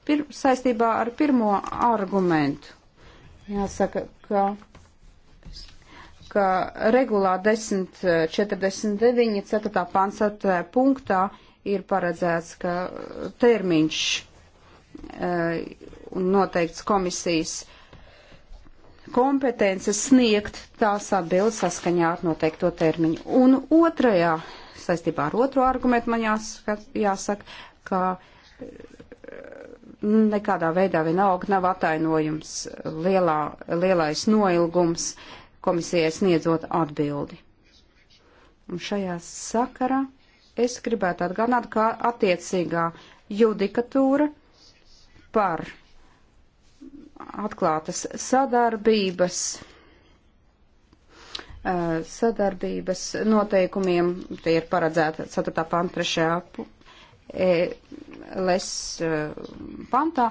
Pir, saistībā ar pirmo argumentu jāsaka, ka, ka regulā 1049, 4. Eh, pants, 4. punktā ir paredzēts, ka uh, termiņš uh, un noteikts komisijas kompetences sniegt tās atbildes saskaņā ar noteikto termiņu. Un otrajā, saistībā ar otro argumentu man jāsaka, jāsaka ka uh, nekādā veidā vienalga nav atainojums lielā, lielais noilgums komisijai sniedzot atbildi. Un šajā sakarā Es gribētu atgādināt, ka attiecīgā judikatūra par atklātas sadarbības eh, sadarbības noteikumiem, tie ir paredzēta 4. panta 3. E, les eh, pantā.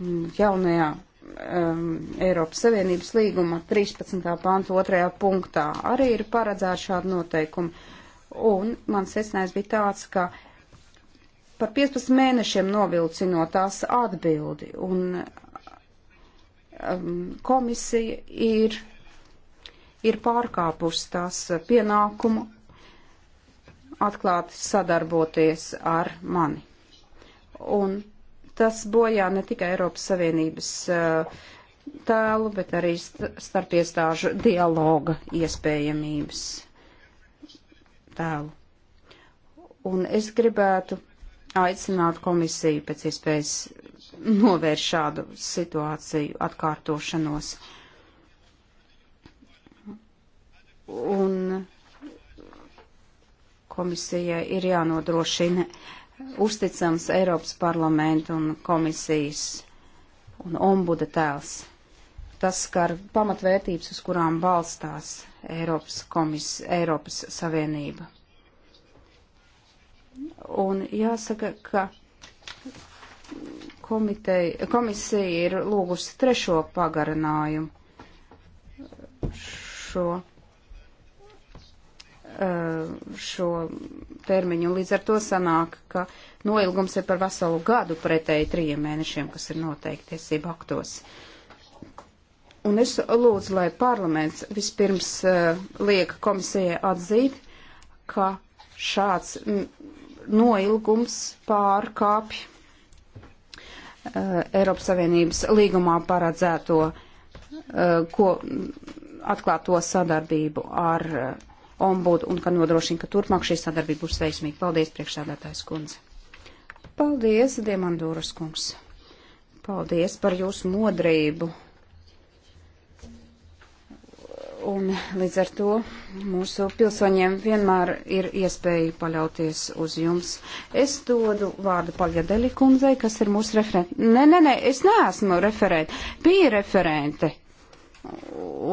Mm, jaunajā um, Eiropas Savienības līguma 13. pantu otrajā punktā arī ir paredzēta šāda noteikuma. Un mans secinājums bija tāds, ka par 15 mēnešiem novilcinot tās atbildi, un um, komisija ir, ir pārkāpusi tās pienākumu atklāti sadarboties ar mani. Un tas bojā ne tikai Eiropas Savienības uh, tēlu, bet arī starp iestāžu dialoga iespējamības tēlu. Un es gribētu aicināt komisiju pēc iespējas novērst šādu situāciju atkārtošanos. Un komisijai ir jānodrošina uh, uzticams Eiropas parlamenta un komisijas un ombuda tēls. Tas skar pamatvērtības, uz kurām balstās Eiropas, komis, Eiropas Savienība. Un jāsaka, ka komitei, komisija ir lūgusi trešo pagarinājumu šo Uh, šo termiņu. Līdz ar to sanāk, ka noilgums ir par veselu gadu pretēji trījiem mēnešiem, kas ir noteikti tiesību aktos. Un es lūdzu, lai parlaments vispirms uh, liek komisijai atzīt, ka šāds noilgums pārkāpj uh, Eiropas Savienības līgumā paredzēto, uh, ko atklāto sadarbību ar uh, ombudu un ka nodrošina, ka turpmāk šī sadarbība būs veiksmīga. Paldies, priekšsēdētājs kundze. Paldies, Diemandūras kungs. Paldies par jūsu modrību. Un līdz ar to mūsu pilsoņiem vienmēr ir iespēja paļauties uz jums. Es dodu vārdu Paļadeli kundzei, kas ir mūsu referente. Nē, nē, nē, es neesmu referente. Bija referente.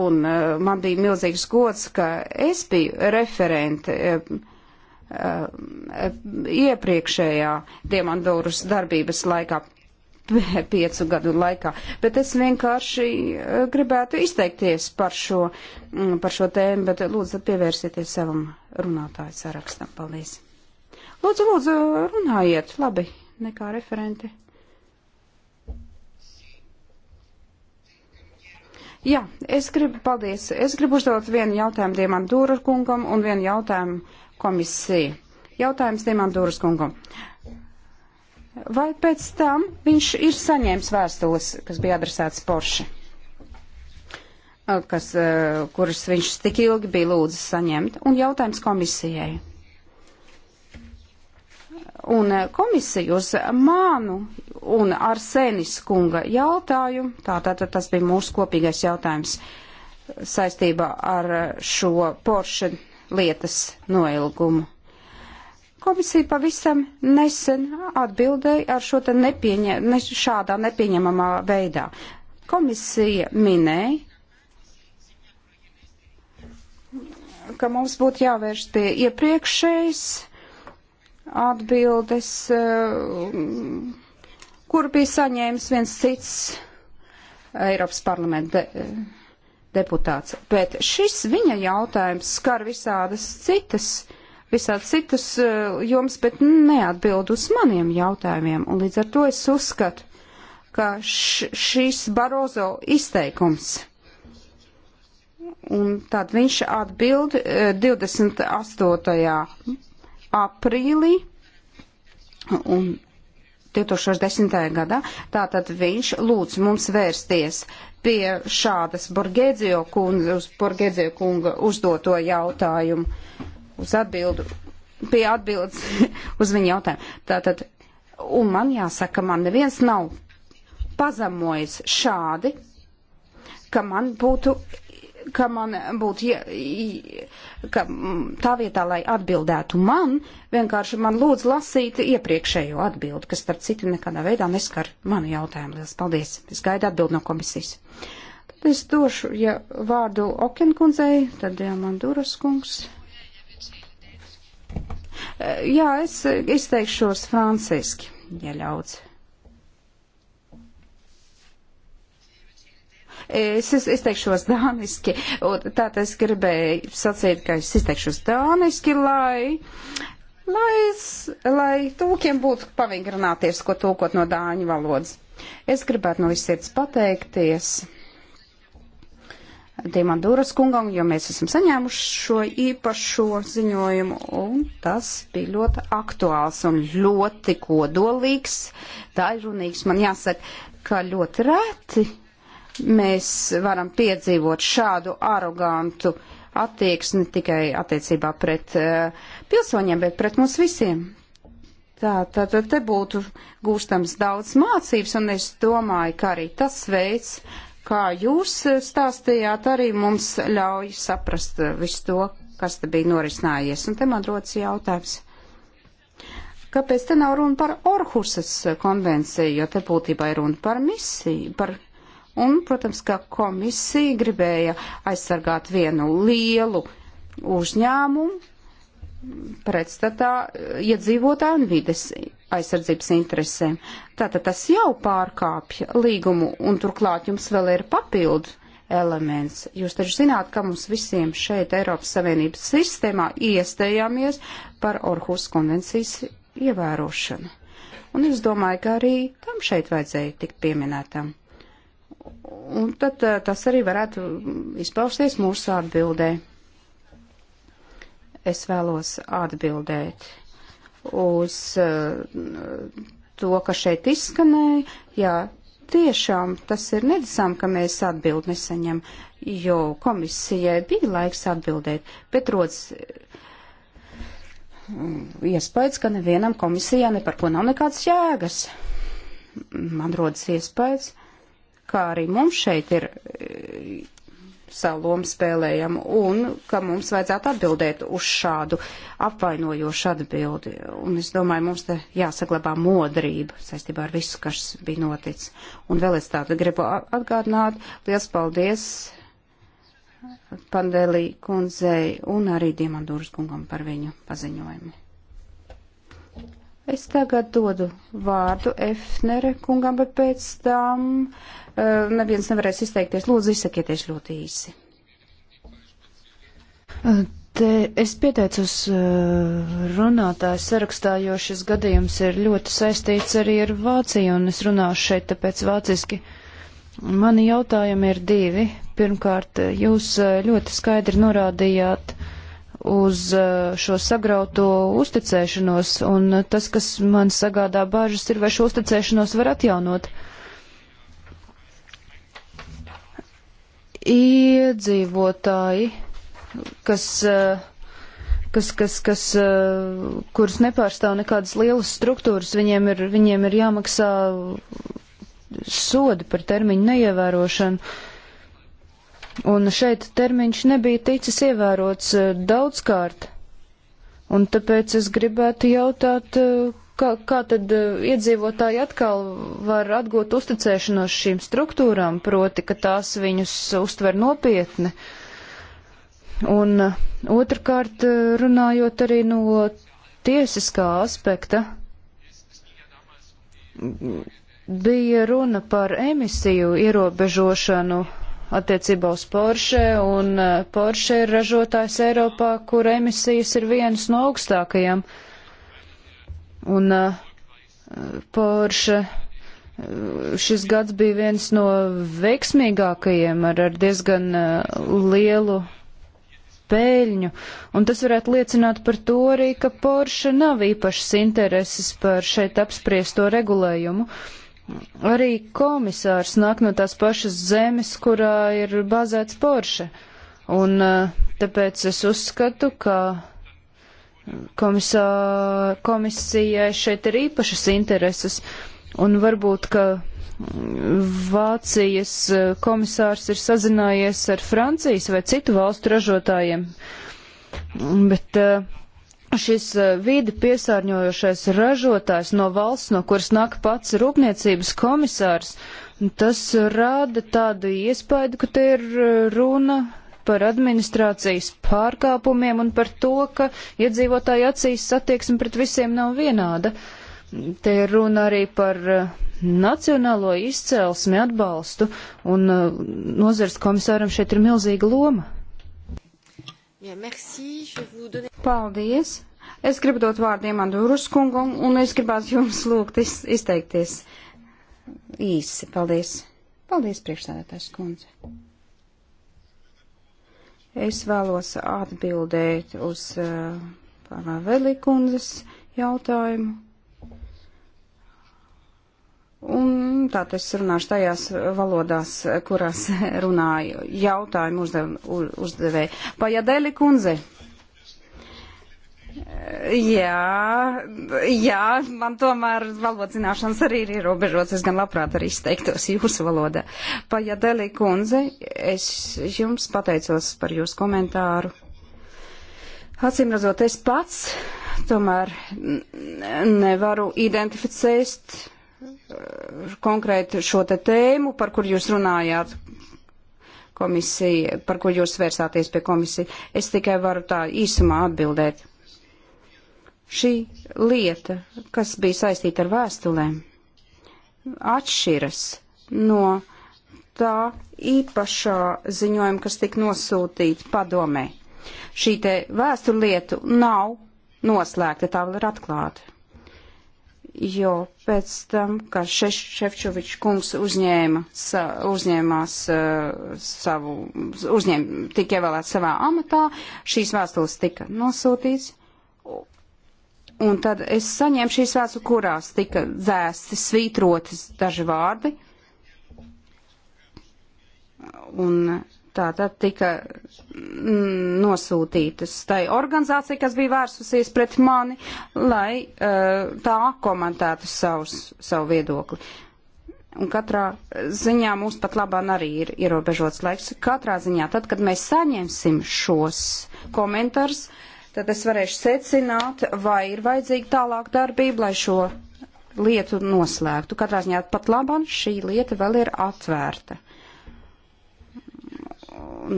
Un eh, man bija milzīgs gods, ka es biju referente eh, eh, iepriekšējā Diemandūras darbības laikā, piecu gadu laikā. Bet es vienkārši gribētu izteikties par šo, mm, par šo tēmu, bet lūdzu pievērsieties savam runātāju sarakstam. Paldies. Lūdzu, lūdzu, runājiet labi nekā referenti. Jā, es gribu, paldies. Es gribu uzdot vienu jautājumu Dievam Dūras kungam un vienu jautājumu komisiju. Jautājums Dievam Dūras kungam. Vai pēc tam viņš ir saņēmis vēstules, kas bija adresētas Porši? Kas, eh, kuras viņš tik ilgi bija lūdzis saņemt, un jautājums komisijai un eh, komisiju uz mānu un ar sēnis kunga jautājumu. Tātad tā, tas bija mūsu kopīgais jautājums saistībā ar šo Porsche lietas noilgumu. Komisija pavisam nesen atbildēja ar šo te nepieņē, ne šādā nepieņemamā veidā. Komisija minēja, ka mums būtu jāvērst pie iepriekšējas atbildes, eh, kur bija saņēmis viens cits eh, Eiropas parlamenta de eh, deputāts. Bet šis viņa jautājums skar visādas citas, visādas citas jums, bet neatbild uz maniem jautājumiem. Un līdz ar to es uzskatu, ka š, šis Barozo izteikums. Un tad viņš atbild 28 aprīlī un 2010. gadā. Tātad viņš lūdz mums vērsties pie šādas Borgēdzio kunga, uz Borgēdzio kunga uzdoto jautājumu, uz atbildu, pie atbildes uz viņa jautājumu. Tātad, un man jāsaka, man neviens nav pazemojis šādi, ka man būtu ka man būtu, ja, ka tā vietā, lai atbildētu man, vienkārši man lūdzu lasīt iepriekšējo atbildi, kas, starp citu, nekādā veidā neskar manu jautājumu. Lielas paldies! Es gaidu atbildi no komisijas. Tad es došu, ja vārdu Okenkundzei, tad Jāmanduras kungs. Jā, es izteikšos franciski, ja ļauts. Es, es izteikšos dāniski, un tātad es gribēju sacīt, ka es izteikšos dāniski, lai. Lai, es, lai tūkiem būtu pavingrināties, ko tūkot no dāņu valodas. Es gribētu no visirds pateikties Dimanduras kungam, jo mēs esam saņēmuši šo īpašo ziņojumu, un tas bija ļoti aktuāls un ļoti kodolīgs, daļrunīgs. Man jāsaka, ka ļoti reti Mēs varam piedzīvot šādu arogantu attieksmi ne tikai attiecībā pret uh, pilsoņiem, bet pret mums visiem. Tā tad te būtu gūstams daudz mācības, un es domāju, ka arī tas veids, kā jūs stāstījāt, arī mums ļauj saprast eh, visu to, kas te bija norisinājies. Un te man rodas jautājums. Kāpēc te nav runa par Orhusas konvenciju, jo te būtībā ir runa par misiju, par Un, protams, ka komisija gribēja aizsargāt vienu lielu uzņēmumu pretstatā iedzīvotāju ja un vides aizsardzības interesēm. Tātad tas jau pārkāpja līgumu, un turklāt jums vēl ir papildu elements. Jūs taču zināt, ka mums visiem šeit Eiropas Savienības sistēmā iestējāmies par Orhus konvencijas ievērošanu. Un es domāju, ka arī tam šeit vajadzēja tikt pieminētam. Un tad eh, tas arī varētu izpausties mūsu atbildē. Es vēlos atbildēt uz eh, to, kas šeit izskanēja. Jā, tiešām tas ir nedisām, ka mēs atbild nesaņem, jo komisijai bija laiks atbildēt, bet rodas eh, iespējas, ka nevienam komisijā ne par ko nav nekādas jēgas. Man rodas iespējas. Uh, kā arī mums šeit ir e, savu lomu spēlējam un ka mums vajadzētu atbildēt uz šādu apvainojošu atbildi. Un es domāju, mums te jāsaglabā modrība saistībā ar visu, kas bija noticis. Un vēl es tādu gribu atgādināt. Liels paldies Pandēlī kundzei un arī Diemandūras kungam par viņu paziņojumu. Es tagad dodu vārdu Efnere kungam, bet pēc tam. Uh, Eh, neviens nevarēs izteikties. Lūdzu, izsakieties ļoti īsi. Eh, te es pieteicos eh, runātāju sarakstā, jo šis gadījums ir ļoti saistīts arī ar Vāciju, un es runāšu šeit tāpēc vāciski. Mani jautājumi ir divi. Pirmkārt, jūs ļoti skaidri norādījāt, uz šo sagrauto uzticēšanos, un tas, kas man sagādā bāžas, ir, vai šo uzticēšanos var atjaunot. iedzīvotāji, eh, kas, kas, kas, kas, eh, kurus nepārstāv nekādas lielas struktūras, viņiem ir, viņiem ir jāmaksā sodi par termiņu neievērošanu. Un šeit termiņš nebija ticis ievērots eh, daudzkārt. Un tāpēc es gribētu jautāt, kā, kā tad e, iedzīvotāji atkal var atgūt uzticēšanos šīm struktūrām, proti, ka tās viņus uztver nopietni. Un e, otrkārt, e, runājot arī no tiesiskā aspekta, bija runa par emisiju ierobežošanu attiecībā uz Porsche, un Porsche ir ražotājs Eiropā, kur emisijas ir vienas no augstākajām. Uh, Un uh, Porsche uh, šis gads bija viens no veiksmīgākajiem ar, ar diezgan uh, lielu pēļņu, un tas varētu liecināt par to arī, ka Porsche nav īpašas intereses par šeit apspriesto regulējumu. Arī komisārs nāk no tās pašas zemes, kurā ir bazēts Porsche, un uh, tāpēc es uzskatu, ka komisā, komisijai šeit ir īpašas intereses, un varbūt, ka Vācijas e, komisārs ir sazinājies ar Francijas vai citu valstu ražotājiem, bet e, šis e, vīdi piesārņojošais ražotājs no valsts, no kuras nāk pats rūpniecības komisārs, tas rāda tādu iespēju, ka te ir runa par administrācijas pārkāpumiem un par to, ka iedzīvotāju acīs satieksme pret visiem nav vienāda. Te ir runa arī par eh, nacionālo izcelsmi atbalstu, un eh, nozars komisāram šeit ir milzīga loma. Paldies! Es gribu dot vārdiem Andurus kungam, un es gribētu jums lūgt iz, izteikties īsi. Paldies! Paldies, priekšsēdētājs kundze! Es vēlos atbildēt uz uh, eh, pana Velikundzes jautājumu. Un tātad es runāšu tajās valodās, kurās runāju jautājumu uzdevēju. Pajadeli kundze. Jā, jā, man tomēr valodas zināšanas arī ir ierobežotas. Es gan labprāt arī izteiktos jūsu valodā. Pajadeli kundze, es jums pateicos par jūsu komentāru. Acīmredzot, es pats tomēr nevaru identificēt uh, konkrēti šo te tēmu, par kur jūs runājāt, komisija, par ko jūs vērsāties pie komisija. Es tikai varu tā īsumā atbildēt. Šī lieta, kas bija saistīta ar vēstulēm, atšķiras no tā īpašā ziņojuma, kas tika nosūtīta padomē. Šī te vēsturu lietu nav noslēgta, tā vēl ir atklāta. Jo pēc tam, kā Šefčovičs kungs uzņēma, sa, uzņēmās uh, savu, uzņēm, tika ievēlēts savā amatā, šīs vēstules tika nosūtīts, Un tad es saņēmu šīs vēstu, kurās tika dzēsti, svītrotas daži vārdi. Un tā tad tika mm, nosūtītas tai organizācija, kas bija vērsusies pret mani, lai uh, tā komentētu savus, savu viedokli. Un katrā ziņā mums pat labāk arī ir ierobežots laiks. Katrā ziņā, tad, kad mēs saņemsim šos komentārus, uh, tad es varēšu secināt, vai ir vajadzīga tālāk darbība, lai šo lietu noslēgtu. Katrā ziņā pat labam šī lieta vēl ir atvērta.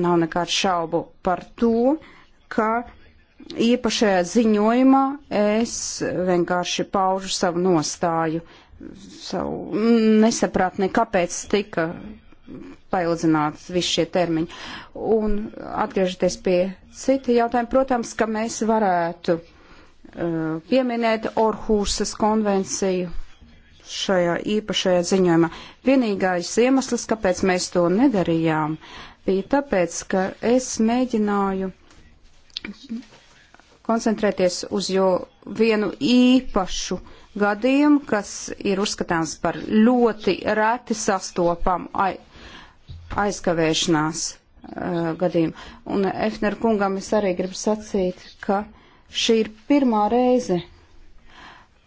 Nav nekādu šaubu par to, ka iepašajā ziņojumā es vienkārši paužu savu nostāju, savu nesapratni, kāpēc tika paildzināts visi šie termiņi. Un atgriežoties pie cita jautājuma, protams, ka mēs varētu uh, pieminēt Orhūsas konvenciju šajā īpašajā ziņojumā. Vienīgais iemesls, kāpēc mēs to nedarījām, bija tāpēc, ka es mēģināju koncentrēties uz jo vienu īpašu gadījumu, kas ir uzskatāms par ļoti reti sastopamu aizkavēšanās uh, gadījumu. Un Efner kungam es arī gribu sacīt, ka šī ir pirmā reize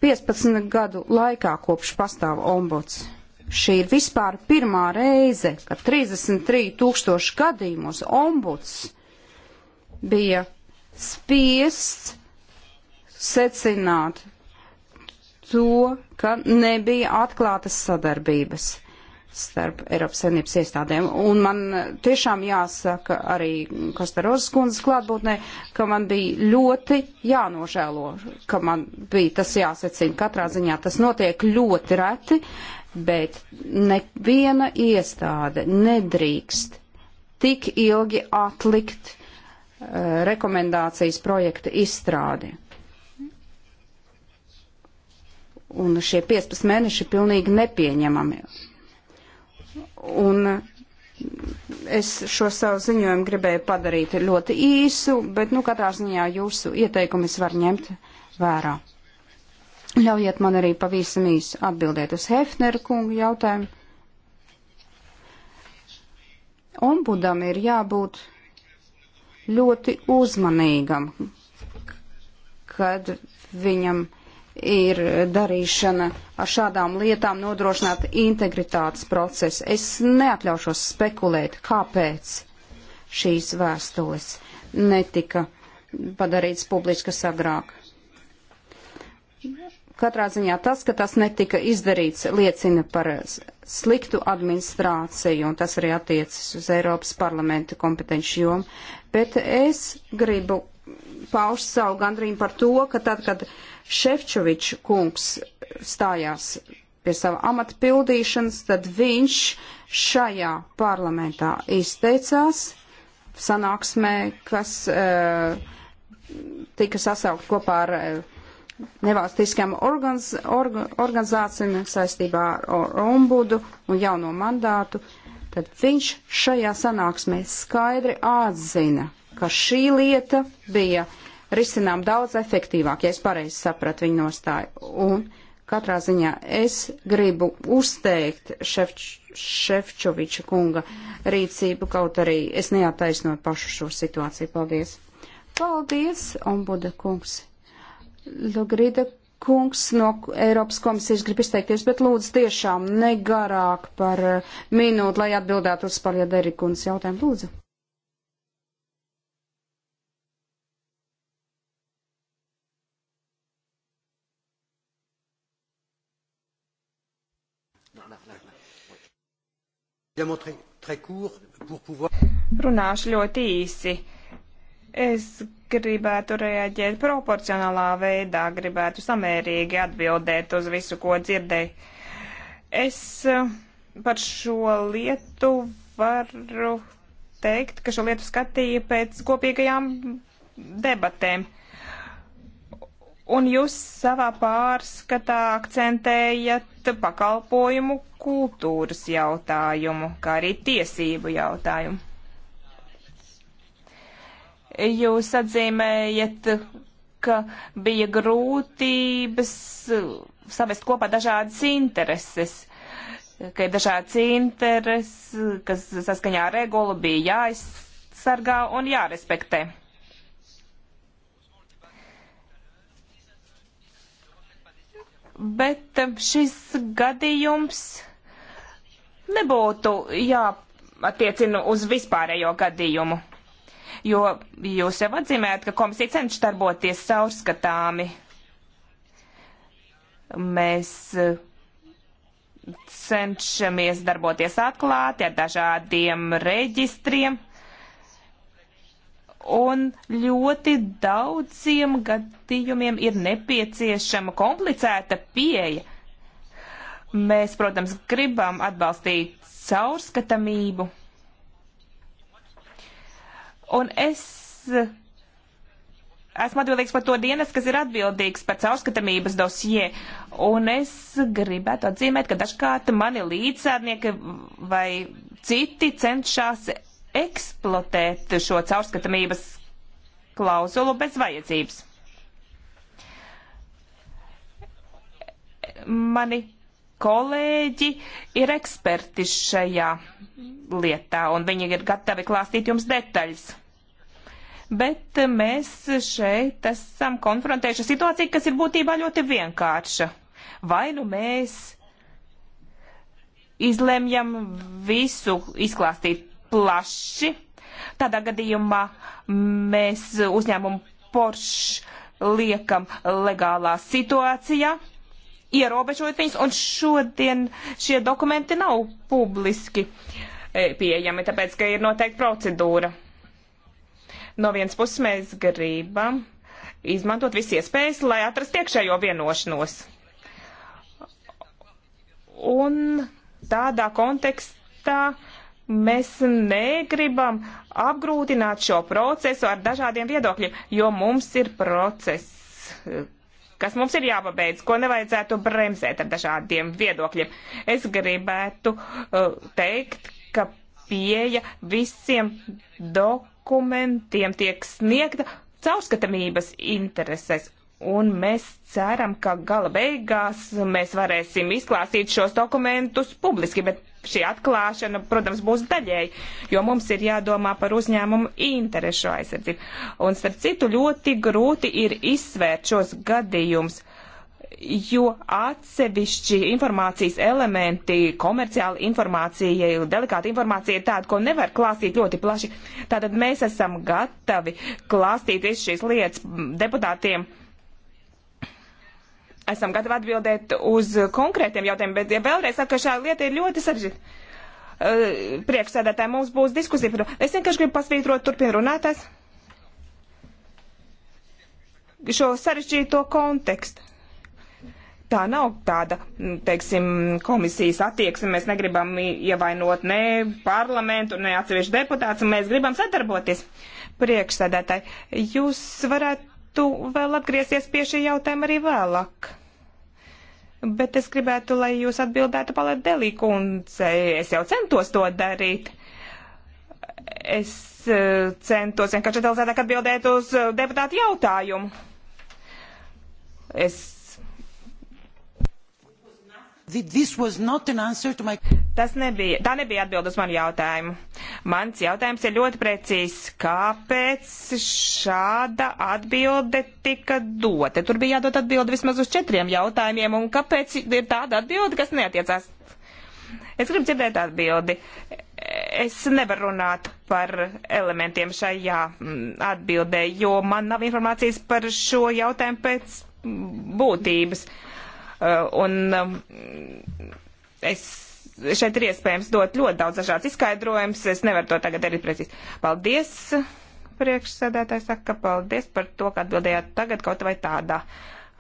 15 gadu laikā kopš pastāv ombuds. Šī ir vispār pirmā reize, kad 33 tūkstoši gadījumos ombuds bija spiests secināt to, ka nebija atklātas sadarbības starp Eiropas Savienības iestādēm. Un man tiešām jāsaka arī Kostarozes kundzes klātbūtnē, ka man bija ļoti jānožēlo, ka man bija tas jāsacina. Katrā ziņā tas notiek ļoti reti, bet neviena iestāde nedrīkst tik ilgi atlikt uh, rekomendācijas projekta izstrādi. Un šie 15 mēneši ir pilnīgi nepieņemami Un es šo savu ziņojumu gribēju padarīt ļoti īsu, bet, nu, katrā ziņā jūsu ieteikumus var ņemt vērā. Ļaujiet man arī pavisam īsi atbildēt uz Hefneru kungu jautājumu. Ombudam ir jābūt ļoti uzmanīgam, kad viņam ir darīšana ar šādām lietām nodrošināt integritātes procesu. Es neatļaušos spekulēt, kāpēc šīs vēstules netika padarīts publiskas agrāk. Katrā ziņā tas, ka tas netika izdarīts, liecina par sliktu administrāciju, un tas arī attiecas uz Eiropas parlamenta kompetenci jomu. Bet es gribu pauž savu gandrību par to, ka tad, kad Šefčovičs kungs stājās pie sava amata pildīšanas, tad viņš šajā parlamentā izteicās sanāksmē, kas uh, tika sasaukt kopā ar uh, eh, nevalstiskām organs, orga, organizācijām saistībā ar ombudu un jauno mandātu, tad viņš šajā sanāksmē skaidri atzina, ka šī lieta bija risinām daudz efektīvāk, ja es pareizi sapratu viņu nostāju. Un katrā ziņā es gribu uzteikt Šefč, Šefčoviča kunga rīcību, kaut arī es neataisnot pašu šo situāciju. Paldies! Paldies, Ombuda kungs! Logrida kungs no Eiropas komisijas grib izteikties, bet lūdzu tiešām negarāk par minūti, lai atbildētu uz Paljaderi kundas jautājumu. Lūdzu! Runāšu ļoti īsi. Es gribētu reaģēt proporcionālā veidā, gribētu samērīgi atbildēt uz visu, ko dzirdēju. Es eh, par šo lietu varu teikt, ka šo lietu skatīju pēc kopīgajām debatēm. Uh, un jūs savā pārskatā akcentējat pakalpojumu kultūras jautājumu, kā arī tiesību jautājumu. Jūs atzīmējat, ka bija grūtības savest kopā dažādas intereses, ka ir dažādas intereses, kas saskaņā regulu bija jāizsargā un jārespektē. bet eh, šis gadījums nebūtu jāattiecina uz vispārējo gadījumu, jo jūs jau atzīmējat, ka komisija cenšas darboties caurskatāmi. Mēs eh, cenšamies darboties atklāti ar dažādiem reģistriem un ļoti daudziem gadījumiem ir nepieciešama komplicēta pieeja. Mēs, protams, gribam atbalstīt caurskatamību. Un es esmu atbildīgs par to dienas, kas ir atbildīgs par caurskatamības dosie. Un es gribētu atzīmēt, ka dažkārt mani līdzsādnieki vai citi cenšas eksploatēt šo caurskatāmības klauzulu bez vajadzības. Mani kolēģi ir eksperti šajā lietā, un viņi ir gatavi klāstīt jums detaļas. Bet mēs šeit esam konfrontējuši situāciju, kas ir būtībā ļoti vienkārša. Vai nu mēs izlemjam visu izklāstīt plaši. Tādā gadījumā mēs uzņēmumu Porsche liekam legālā situācijā, ierobežojot viņus, un šodien šie dokumenti nav publiski e, pieejami, tāpēc, ka ir noteikti procedūra. No vienas puses mēs gribam izmantot visu iespējas, lai atrast iekšējo vienošanos. Un tādā kontekstā Mēs negribam apgrūtināt šo procesu ar dažādiem viedokļiem, jo mums ir process, kas mums ir jāpabeidz, ko nevajadzētu bremzēt ar dažādiem viedokļiem. Es gribētu uh, teikt, ka pieeja visiem dokumentiem tiek sniegta caurskatāmības interesēs. Un mēs ceram, ka gala beigās mēs varēsim izklāstīt šos dokumentus publiski, bet šī atklāšana, protams, būs daļēji, jo mums ir jādomā par uzņēmumu interešu aizsardzību. Un, starp citu, ļoti grūti ir izsvērt šos gadījumus, jo atsevišķi informācijas elementi, komerciāla informācija, delikāta informācija ir tāda, ko nevar klāstīt ļoti plaši. Tātad mēs esam gatavi klāstīt visu šīs lietas deputātiem esam gatavi atbildēt uz konkrētiem jautājumiem, bet ja vēlreiz saka, ka šā lieta ir ļoti saržģīta. Eh, priekšsēdētāji mums būs diskusija par to. Es vienkārši gribu pasvītrot turpin runātājs šo sarežģīto kontekstu. Tā nav tāda, mm, teiksim, komisijas attieksme. Mēs negribam ievainot ne parlamentu, ne atsevišķu deputātu, mēs gribam sadarboties priekšsēdētāji. Jūs varētu varētu vēl atgriezties pie šī jautājuma arī vēlāk. Bet es gribētu, lai jūs atbildētu Paladelī kundze. Es jau centos to darīt. Es eh, centos vienkārši detalizētāk atbildēt uz eh, deputātu jautājumu. Es This was not an answer to my... Tas nebija, tā nebija atbild uz manu jautājumu. Mans jautājums ir ļoti precīzs. Kāpēc šāda atbilde tika dota? Tur bija jādod atbilde vismaz uz četriem jautājumiem, un kāpēc ir tāda atbilde, kas neatiecās? Es gribu dzirdēt atbildi. Es nevaru runāt par elementiem šajā mm, atbildē, jo man nav informācijas par šo jautājumu pēc būtības. Uh, Eh, un um, es šeit ir iespējams dot ļoti daudz dažādas izskaidrojums. Es nevaru to tagad darīt precīzi. Paldies, priekšsēdētājs saka, paldies par to, ka atbildējāt tagad kaut vai tādā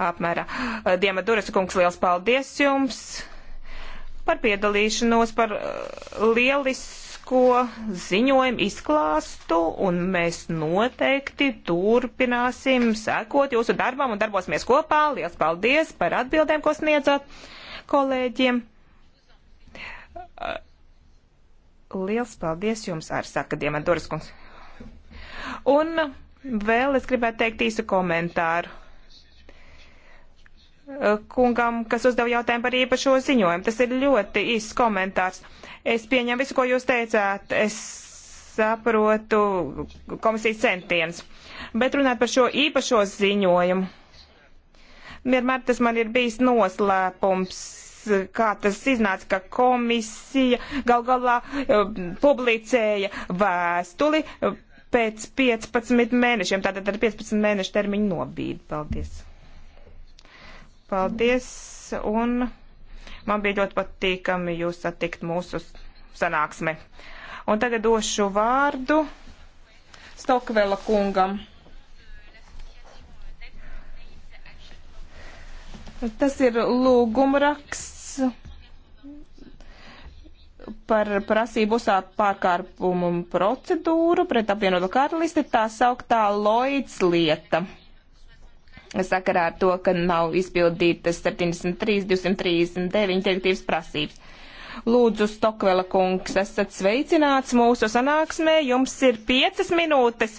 apmērā. Eh, Diema Duras kungs, liels paldies jums par piedalīšanos, par eh, lielisku publisko ziņojumu izklāstu, un mēs noteikti turpināsim sekot jūsu darbam un darbosimies kopā. Lielas paldies par atbildēm, ko sniedzat kolēģiem. Liels paldies jums ar saka Diemandoras kungs. Un vēl es gribētu teikt īsu komentāru eh, kungam, kas uzdeva jautājumu par īpašo ziņojumu. Tas ir ļoti īsts komentārs. Es pieņemu visu, ko jūs teicāt. Es saprotu komisijas centienus. Bet runāt par šo īpašo ziņojumu. Vienmēr tas man ir bijis noslēpums kā tas iznāca, ka komisija gal galā eh, publicēja vēstuli eh, pēc 15 mēnešiem, tātad ar 15 mēnešu termiņu nobīdi. Paldies. Paldies un. Man bija ļoti patīkami jūs satikt mūsu sanāksmē. Un tagad došu vārdu Stokvela kungam. Tas ir lūgumraksts par prasību uzsākt pārkārpumu procedūru pret apvienoto karalisti, tā sauktā Lloyds lieta sakarā ar to, ka nav izpildītas 73, 239 direktīvas prasības. Lūdzu, Stokvela kungs, esat sveicināts mūsu sanāksmē, jums ir piecas minūtes.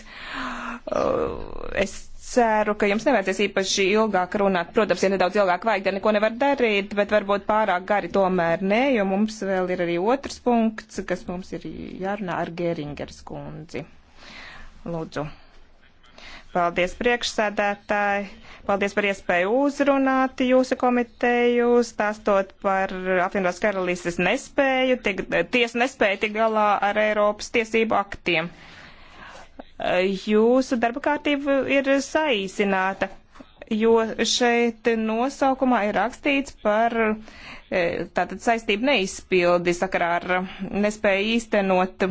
Uh, es ceru, ka jums nevajadzēs īpaši ilgāk runāt. Protams, ja nedaudz ilgāk vajag, tad neko nevar darīt, bet varbūt pārāk gari tomēr nē, jo mums vēl ir arī otrs punkts, kas mums ir jārunā ar Geringers kundzi. Lūdzu. Paldies priekšsēdētāji. Paldies par iespēju uzrunāt jūsu komiteju, stāstot par apvienotās karalīstas nespēju, tik, tiesa nespēju tik galā ar Eiropas tiesību aktiem. Jūsu darba kārtība ir saīsināta jo šeit nosaukumā ir rakstīts par e, tātad saistību neizpildi sakarā ar nespēju īstenot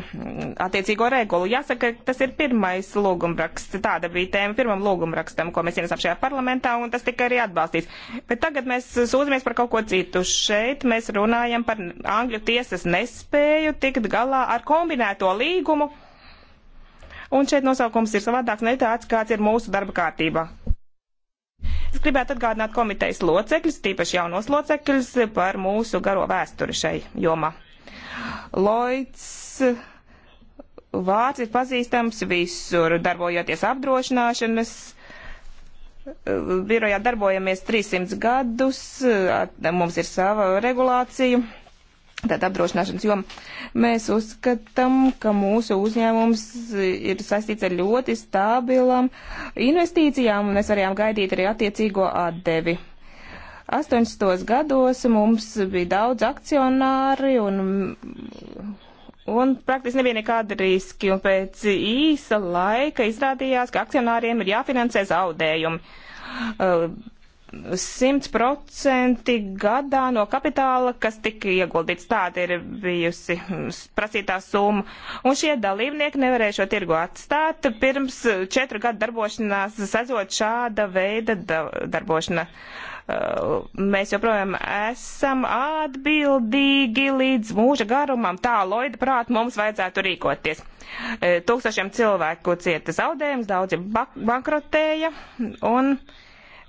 attiecīgo regulu. Jāsaka, tas ir pirmais lūgumraksts. Tāda bija tēma pirmam lūgumrakstam, ko mēs ienesām šajā parlamentā, un tas tika arī atbalstīts. Bet tagad mēs sūdzamies par kaut ko citu. Šeit mēs runājam par Angļu tiesas nespēju tikt galā ar kombinēto līgumu. Un šeit nosaukums ir savādāks ne tāds, kāds ir mūsu darba kārtībā gribētu atgādināt komitejas locekļus, tīpaši jaunos locekļus, par mūsu garo vēsturi šai jomā. Lloyds vārds ir pazīstams visur, darbojoties apdrošināšanas birojā darbojamies 300 gadus, mums ir sava regulācija, Tāda apdrošināšanas joma. Mēs uzskatām, ka mūsu uzņēmums ir saistīts ar ļoti stabilām investīcijām, un mēs varējām gaidīt arī attiecīgo atdevi. 80. gados mums bija daudz akcionāri un, un praktiski nebija nekāda riski, un pēc īsa laika izrādījās, ka akcionāriem ir jāfinansē zaudējumi. Uh, 100% gadā no kapitāla, kas tika ieguldīts. Tāda ir bijusi prasītā summa. Un šie dalībnieki nevarēja šo tirgu atstāt pirms četru gadu darbošanās, sezot šāda veida darbošana. Uh, mēs joprojām esam atbildīgi līdz mūža garumam. Tā, Loida, prāt, mums vajadzētu rīkoties. Uh, tūkstošiem cilvēku cieta zaudējums, daudzi bankrotēja un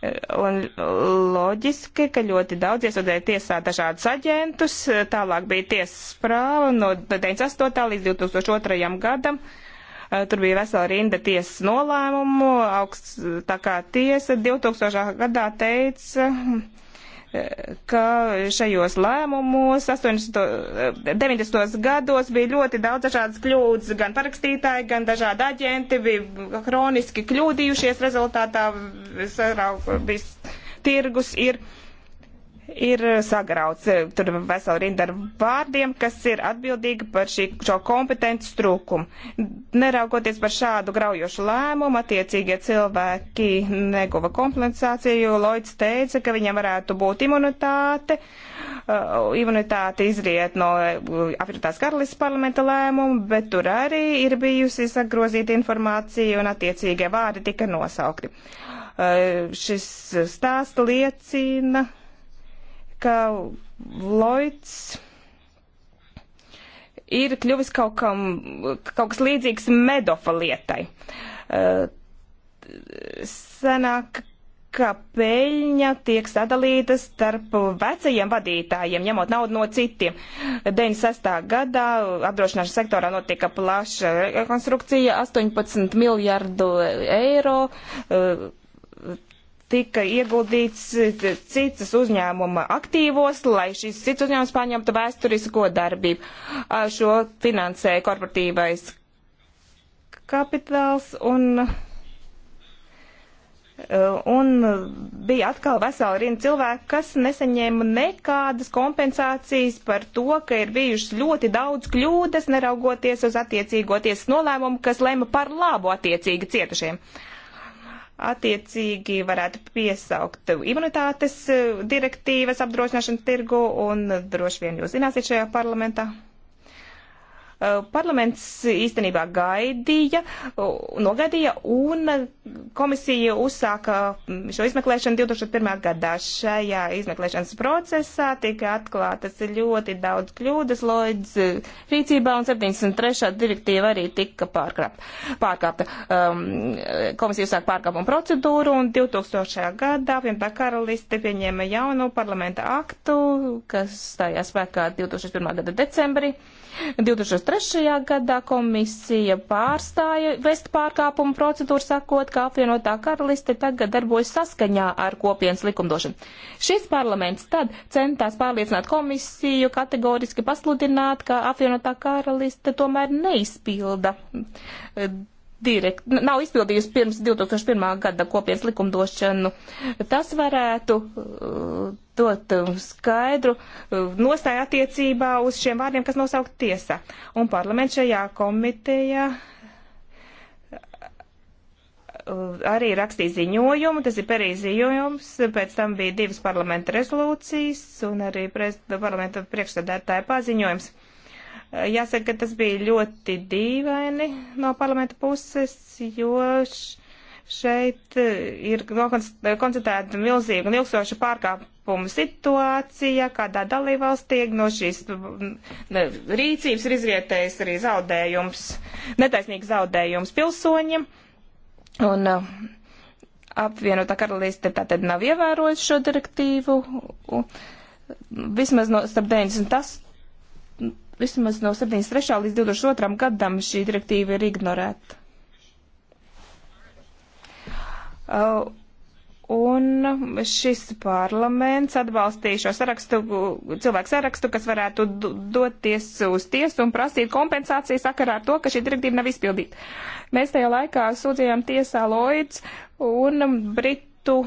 loģiski, ka ļoti daudz iesūdzēja tiesā dažādus aģentus. Tālāk bija tiesas prāva no 98. līdz 2002. gadam. Eh, tur bija vesela rinda tiesas nolēmumu. Augsts, tā kā tiesa 2000. gadā teica, ka šajos lēmumos 80, 90. Eh, gados bija ļoti daudz dažādas kļūdas, gan parakstītāji, gan dažādi aģenti bija hroniski kļūdījušies, rezultātā sarau, tirgus ir ir eh, sagrauts. Eh, tur vesela rinda ar vārdiem, kas ir atbildīgi par šī, šo kompetenci trūkumu. Neraugoties par šādu graujošu lēmumu, attiecīgie cilvēki neguva kompensāciju, jo Lloyds teica, ka viņam varētu būt imunitāte. Uh, imunitāte izriet no Afrikas karalistas parlamenta lēmuma, bet tur arī ir bijusi sagrozīta informācija un attiecīgie vārdi tika nosaukti. Uh, šis stāsts liecina, uh, ka Lloyds ir kļuvis kaut, kam, kaut kas līdzīgs Medofa lietai. Eh, senāk, ka peļņa tiek sadalīta starp vecajiem vadītājiem, ņemot naudu no citiem. 96. gadā apdrošināšanas sektorā notika plaša rekonstrukcija, 18 miljardu eiro eh, tika ieguldīts eh, citas uzņēmuma aktīvos, lai šis cits uzņēmums pārņemtu vēsturisko darbību. Šo finansēja korporatīvais kapitāls un, e, un bija atkal vesela rinda cilvēku, kas nesaņēma nekādas kompensācijas par to, ka ir bijušas ļoti daudz kļūdas, neraugoties uz attiecīgo tiesas nolēmumu, kas lēma par labu attiecīgi cietušiem. Uh, attiecīgi varētu piesaukt imunitātes eh, direktīvas apdrošināšanu tirgu, un droši vien jūs zināsiet šajā parlamentā, Eh, parlaments īstenībā gaidīja, nogaidīja un komisija uzsāka šo izmeklēšanu 2001. gadā. Šajā izmeklēšanas procesā tika atklātas ļoti daudz kļūdas Lloyds eh, rīcībā un 73. direktīva arī tika pārkāpta. Um, komisija uzsāka pārkāpumu procedūru un 2000. gadā apvienotā karaliste pieņēma jaunu parlamenta aktu, kas stājās spēkā 2001. gada decembrī. 2003. gadā komisija pārstāja vest pārkāpumu procedūru, sakot, ka apvienotā karaliste tagad darbojas saskaņā ar kopienas likumdošanu. Šis parlaments tad centās pārliecināt komisiju, kategoriski pasludināt, ka apvienotā karaliste tomēr neizpilda direkt, nav izpildījusi pirms 2001. gada kopienas likumdošanu, tas varētu uh, dot uh, skaidru uh, nostāju attiecībā uz šiem vārdiem, kas nosaukt tiesā. Un parlaments šajā komitejā arī rakstīja ziņojumu, tas ir perī ziņojums, pēc tam bija divas parlamenta rezolūcijas un arī parlamenta priekšsēdētāja paziņojums. Uh, Jāsaka, ka tas bija ļoti dīvaini no parlamenta puses, jo šeit e, ir e, koncentrēta milzīga un ilgstoša pārkāpuma situācija, kādā dalībvalstī no šīs rīcības ir izrietējis arī zaudējums, netaisnīgs zaudējums pilsoņiem. Un, e, apvienotā karalīste tātad nav ievērojusi šo direktīvu. Vismaz no starp 98 vismaz no 73. līdz 22. gadam šī direktīva ir ignorēta. Uh, un šis parlaments atbalstīja šo sarakstu, cilvēku sarakstu, kas varētu doties uz tiesu un prasīt kompensāciju sakarā ar to, ka šī direktīva nav izpildīta. Mēs tajā laikā sūdzījām tiesā Lloyds un Britu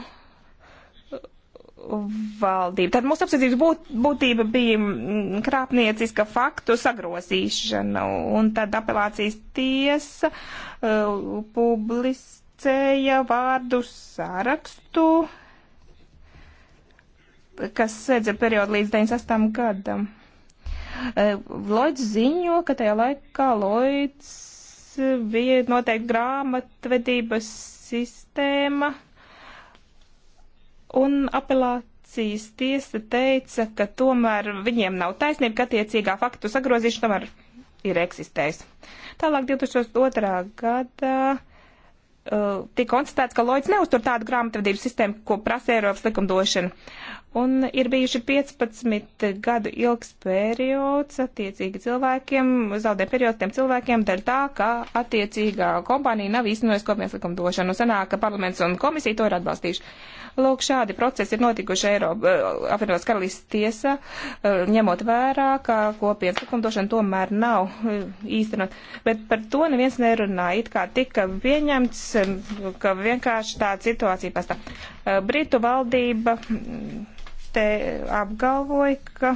valdību. Tad mūsu apsūdzības būt, būtība bija mm, krāpnieciska faktu sagrozīšana, un tad apelācijas tiesa uh, publicēja vārdu sarakstu, kas sēdz ar periodu līdz 98. gadam. Uh, Lloyds ziņo, ka tajā laikā Lloyds bija noteikti grāmatvedības sistēma un apelācijas tiesa teica, ka tomēr viņiem nav taisnība, ka attiecīgā faktu sagrozīšana tomēr ir eksistējis. Tālāk 2002. gadā uh, tika konstatēts, ka Lloyds neuztur tādu grāmatvedības sistēmu, ko prasa Eiropas likumdošana. Un ir bijuši 15 gadu ilgs periods attiecīgi cilvēkiem, zaudē periods tiem cilvēkiem, dēļ tā, ka attiecīgā kompānija nav īstenojusi kopienas likumdošanu. Sanāk, ka parlaments un komisija to ir atbalstījuši. Lūk, šādi procesi ir notikuši Eiropa, eh, apvienotās karalīstas tiesa, eh, ņemot vērā, ka kopienas likumdošana tomēr nav eh, īstenot. Bet par to neviens nerunā. It kā tika pieņemts, ka vienkārši tāda situācija pastāv. Britu valdība te apgalvoja, ka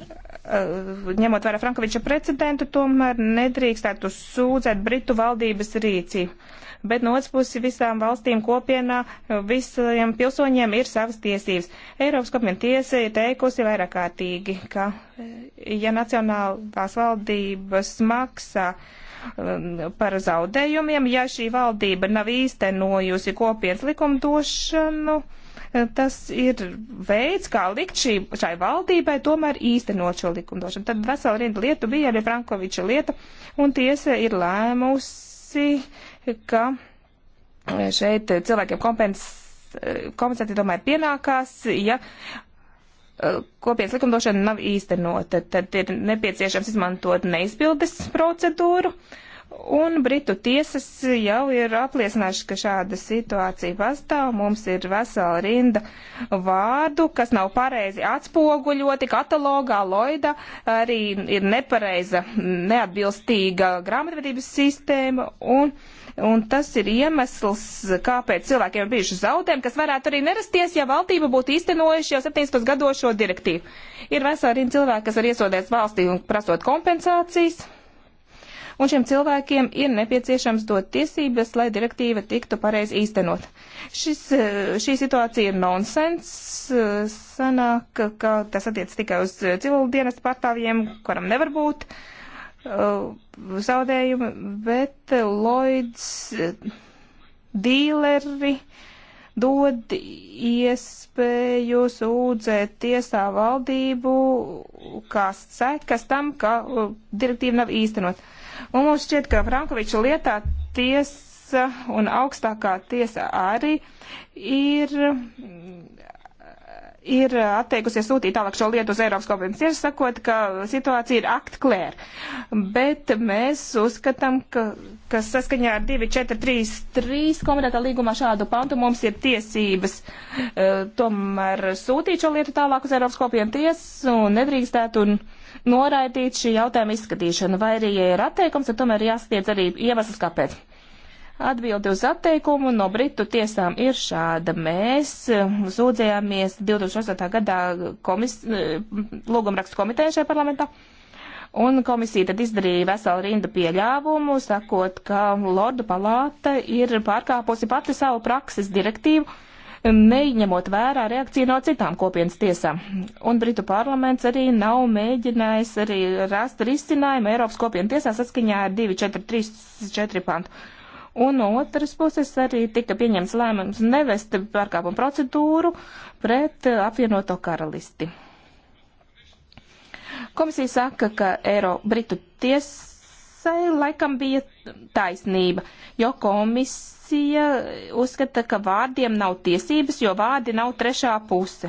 eh, ņemot vērā Frankoviča precedentu, tomēr nedrīkstētu sūdzēt Britu valdības rīcību. Bet no otras puses visām valstīm kopienā visiem pilsoņiem ir savas tiesības. Eiropas kopiena tiesa ir teikusi vairāk kārtīgi, ka eh, ja nacionālās valdības maksā eh, par zaudējumiem, ja šī valdība nav īstenojusi kopienas likumdošanu, nu, Eh, tas ir veids, kā likt šī, šai valdībai tomēr īstenot šo likumdošanu. Tad vesela rinda lietu bija arī Frankoviča lieta, un tiesa ir lēmusi, ka eh, šeit cilvēkiem kompens, eh, kompensēti tomēr pienākās, ja kopienas likumdošana nav īstenota, tad ir nepieciešams izmantot neizpildes procedūru. Uh, Un Britu tiesas jau ir apliecinājuši, ka šāda situācija pastāv. Mums ir vesela rinda vārdu, kas nav pareizi atspoguļoti katalogā, loida, arī ir nepareiza, neatbilstīga grāmatvedības sistēma. Un, un tas ir iemesls, kāpēc cilvēkiem ir bijuši zaudējumi, kas varētu arī nerasties, ja valdība būtu īstenojuši jau 17 gados šo direktīvu. Ir vesela rinda cilvēki, kas ir iesodēts valstī un prasot kompensācijas un šiem cilvēkiem ir nepieciešams dot tiesības, lai direktīva tiktu pareizi īstenot. Šis, eh, šī situācija ir nonsens, eh, sanāk, ka tas attiec tikai uz civilu dienas pārstāvjiem, kuram nevar būt eh, zaudējumi, bet Lloyds dīleri dod iespēju sūdzēt tiesā valdību, kā sekas tam, ka direktīva nav īstenot. Un mums šķiet, ka Frankoviča lietā tiesa un augstākā tiesa arī ir ir atteikusies sūtīt tālāk šo lietu uz Eiropas kopienas tieši sakot, ka situācija ir akt klēr. Bet mēs uzskatām, ka, ka saskaņā ar 2433 komitētā līgumā šādu pantu mums ir tiesības uh, tomēr sūtīt šo lietu tālāk uz Eiropas kopienas tiesu un nedrīkstētu un noraidīt šī jautājuma izskatīšanu, vai arī, ja ir atteikums, tad tomēr jāsniedz arī iemesls, kāpēc. Atbildi uz atteikumu no Britu tiesām ir šāda. Mēs eh, sūdzējāmies 2008. gadā komis, eh, lūgumrakstu komitejai šajā parlamentā. Un komisija tad izdarīja veselu rindu pieļāvumu, sakot, ka Lordu palāta ir pārkāpusi pati savu prakses direktīvu neņemot vērā reakciju no citām kopienas tiesām. Un Britu parlaments arī nav mēģinājis arī rast risinājumu Eiropas kopienu tiesā saskaņā ar 2.4.3.4 pantu. Un no otras puses arī tika pieņemts lēmums nevest pārkāpumu procedūru pret apvienoto karalisti. Komisija saka, ka Eiro Britu tiesai laikam bija taisnība, jo komisija Komisija uzskata, ka vārdiem nav tiesības, jo vārdi nav trešā puse.